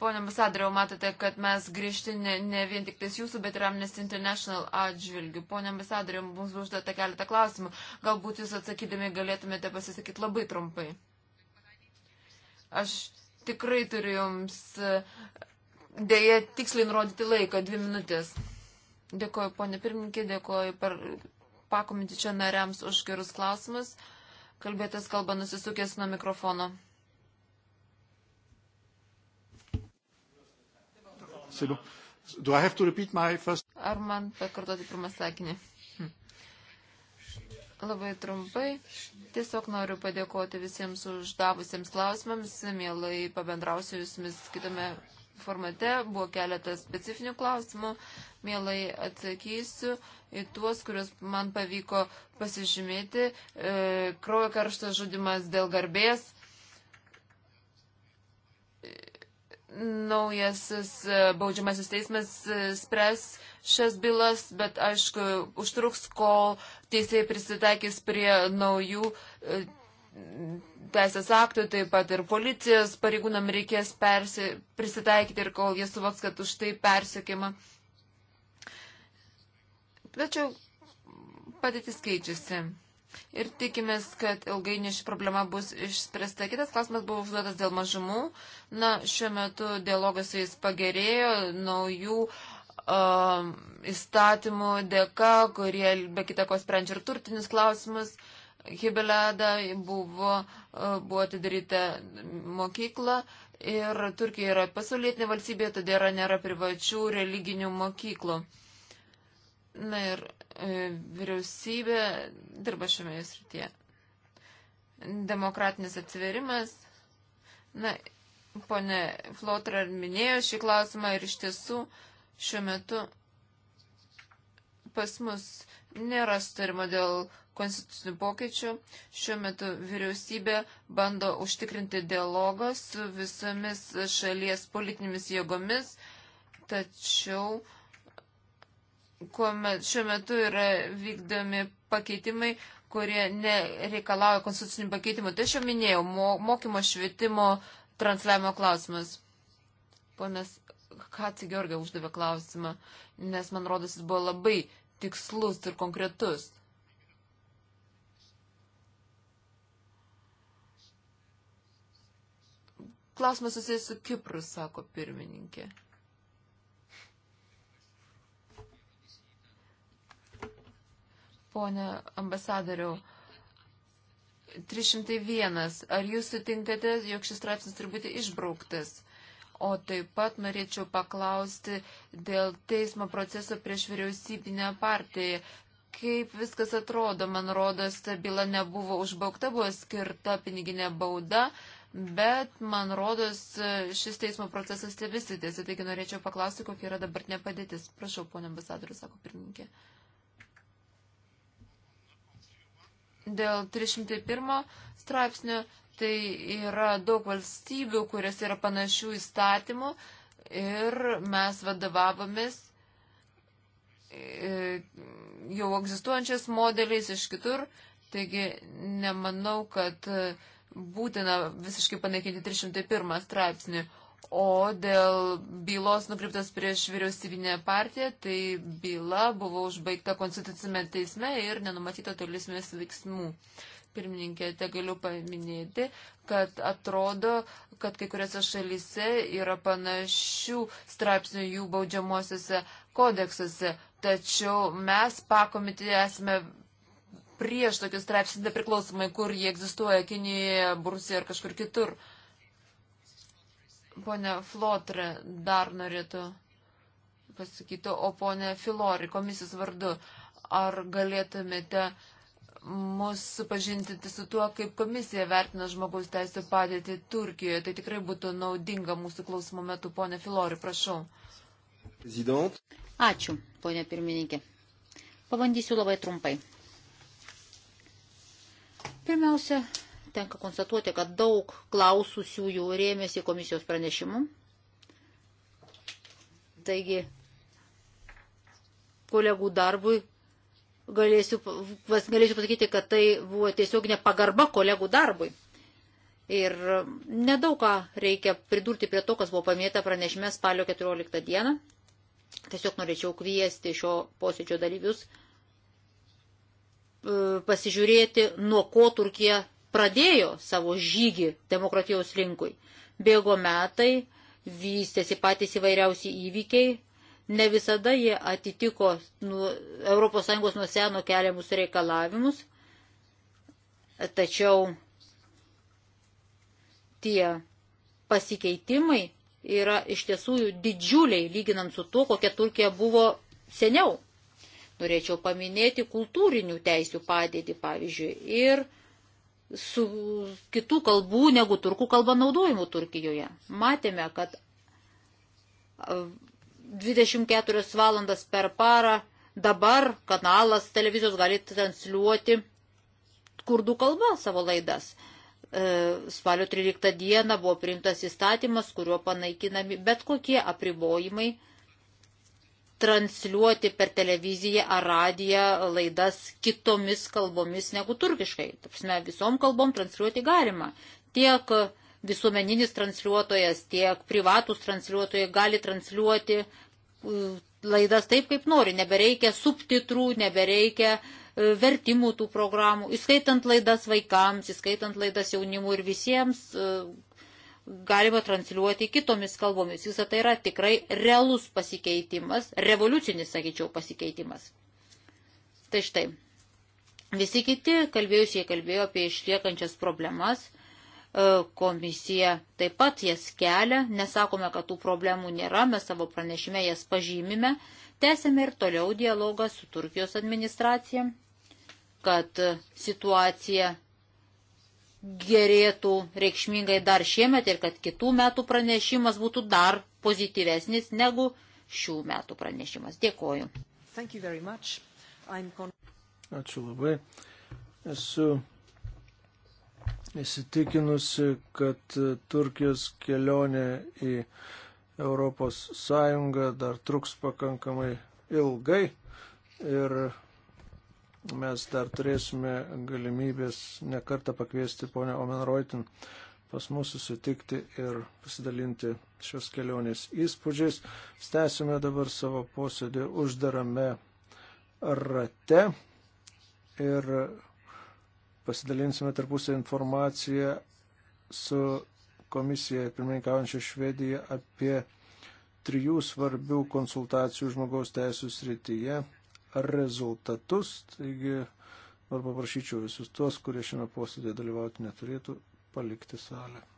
Pone ambasadoriau, matote, kad mes grįžti ne, ne vien tik tais jūsų, bet ir Amnesty International atžvilgių. Pone ambasadoriau, mums užduota keletą klausimų. Galbūt jūs atsakydami galėtumėte pasisakyti labai trumpai. Aš tikrai turiu jums dėje tiksliai nurodyti laiką, dvi minutės. Dėkoju, ponė pirmininkė, dėkoju par pakomitį čia nariams už gerus klausimus. Kalbėtas kalba nusisukęs nuo mikrofono. Marceliu. Do I have to repeat my first? Ar man pakartoti pirmą sakinį? Hm. Labai trumpai. Tiesiog noriu padėkoti visiems uždavusiems klausimams. Mielai pabendrausiu jūsimis kitame formate. Buvo keletas specifinių klausimų. Mielai atsakysiu į tuos, kuriuos man pavyko pasižymėti. E, kraujo karštas žudimas dėl garbės. naujasis e, baudžiamasis teismas e, spres šias bylas, bet aišku, užtruks, kol teisėjai prisitaikys prie naujų e, teisės aktų, taip pat ir policijos pareigūnam reikės persi, prisitaikyti ir kol jie suvoks, kad už tai persiekima. Tačiau padėtis keičiasi ir tikimės, kad ilgainiui ši problema bus išspręsta. Kitas klausimas buvo užduotas dėl mažumų. Na, šiuo metu dialogas su jais pagerėjo, naujų um, įstatymų dėka, kurie be kitako sprendžia ir turtinius klausimus. Hibelada buvo, uh, buvo atidaryta mokykla ir Turkija yra pasaulietinė valstybė, todėl nėra privačių religinių mokyklų. Uh, Na ir e, vyriausybė dirba šiame srityje. Demokratinis atsiverimas. Na, ponė Flotra minėjo šį klausimą ir iš tiesų šiuo metu pas mus nėra sutarimo dėl konstitucinių pokyčių. Šiuo metu vyriausybė bando užtikrinti dialogą su visomis šalies politinėmis jėgomis, tačiau uh, kuomet šiuo metu yra vykdomi pakeitimai, kurie nereikalauja konstitucinių pakeitimų. Tai aš jau minėjau, mokymo švietimo transliavimo klausimas. Ponas Hatsi Georgė uždavė klausimą, nes man rodos jis buvo labai tikslus ir konkretus. Klausimas susijęs su Kipru, sako pirmininkė. Pone ambasadoriau, 301. Ar jūs sutinkate, jog šis straipsnis turi būti išbrauktas? O taip pat norėčiau paklausti dėl teismo proceso prieš vyriausybinę partiją. Kaip viskas atrodo, man rodos, ta byla nebuvo užbaukta, buvo skirta piniginė bauda, bet man rodos, šis teismo procesas tebisitėsi. Taigi norėčiau paklausti, kokia yra dabartinė padėtis. Prašau, ponė ambasadorius, sako pirmininkė. Uh, Dėl 301 straipsnio tai yra daug valstybių, kurias yra panašių įstatymų ir mes vadovavomis e, jau egzistuojančiais modeliais iš kitur, taigi nemanau, kad būtina visiškai panaikinti 301 straipsnį. O dėl bylos nukreiptos prieš vyriausybinę partiją, tai byla buvo užbaigta konstitucinėme teisme ir nenumatyta tolismės veiksmų. Pirmininkė, te galiu paminėti, kad atrodo, kad kai kuriuose šalyse yra panašių straipsnių jų baudžiamuosiuose kodeksuose, tačiau mes pakomitė esame prieš tokius straipsnius, nepriklausomai kur jie egzistuoja, Kinijoje, Brusijoje ar kažkur kitur. Uh, Pone Flotre dar norėtų pasakyti, o pone Filori, komisijos vardu, ar galėtumėte mus supažintinti su tuo, kaip komisija vertina žmogaus teisų padėtį Turkijoje. Tai tikrai būtų naudinga mūsų klausimų metu. Pone Filori, prašau. Zidant. Ačiū, ponė pirmininkė. Pabandysiu labai trumpai. Pirmiausia, tenka konstatuoti, kad daug klaususiųjų rėmėsi komisijos pranešimu. Taigi, kolegų darbui galėsiu, galėsiu pasakyti, kad tai buvo tiesiog nepagarba kolegų darbui. Ir nedaug ką reikia pridurti prie to, kas buvo pamėta pranešime spalio 14 dieną. Tiesiog norėčiau kviesti šio posėdžio dalyvius e, pasižiūrėti, nuo ko Turkija pradėjo savo žygį demokratijos linkui. Bėgo metai, vystėsi patys įvairiausi įvykiai, ne visada jie atitiko nu, ES nuo seno keliamus reikalavimus, tačiau tie pasikeitimai yra iš tiesų didžiuliai, lyginant su tuo, kokia Turkija buvo seniau. Norėčiau paminėti kultūrinių teisių padėtį, pavyzdžiui, ir su kitų kalbų negu turkų kalba naudojimu Turkijoje. Matėme, kad 24 valandas per parą dabar kanalas televizijos gali transliuoti kurdų kalba savo laidas. E, spalio 13 dieną buvo priimtas įstatymas, kuriuo panaikinami bet kokie apribojimai transliuoti per televiziją ar radiją laidas kitomis kalbomis negu turkiškai. Tapsime, visom kalbom transliuoti galima. Tiek visuomeninis transliuotojas, tiek privatus transliuotojai gali transliuoti laidas taip, kaip nori. Nebereikia subtitrų, nebereikia e, vertimų tų programų, įskaitant laidas vaikams, įskaitant laidas jaunimui ir visiems, e, galima transliuoti kitomis kalbomis. Visą tai yra tikrai realus pasikeitimas, revoliucinis, sakyčiau, pasikeitimas. Tai štai. Visi kiti kalbėjusiai kalbėjo apie išliekančias problemas. E, komisija taip pat jas kelia, nesakome, kad tų problemų nėra, mes savo pranešime jas pažymime, tęsime ir toliau dialogą su Turkijos administracija, kad situacija gerėtų reikšmingai dar šiemet ir kad kitų metų pranešimas būtų dar pozityvesnis negu šių metų pranešimas. Dėkoju. Ačiū labai. Esu įsitikinusi, kad Turkijos kelionė į Europos Sąjungą dar truks pakankamai ilgai ir mes dar turėsime galimybės nekartą pakviesti ponę Omenroitin pas mus susitikti ir pasidalinti šios kelionės įspūdžiais. Stęsime dabar savo posėdį uždarame rate ir pasidalinsime tarpusę informaciją su komisija ir pirmininkaujančia Švedija apie trijų svarbių konsultacijų žmogaus teisų srityje rezultatus. Taigi, arba prašyčiau visus tuos, kurie šiame posėdėje dalyvauti neturėtų, palikti salę.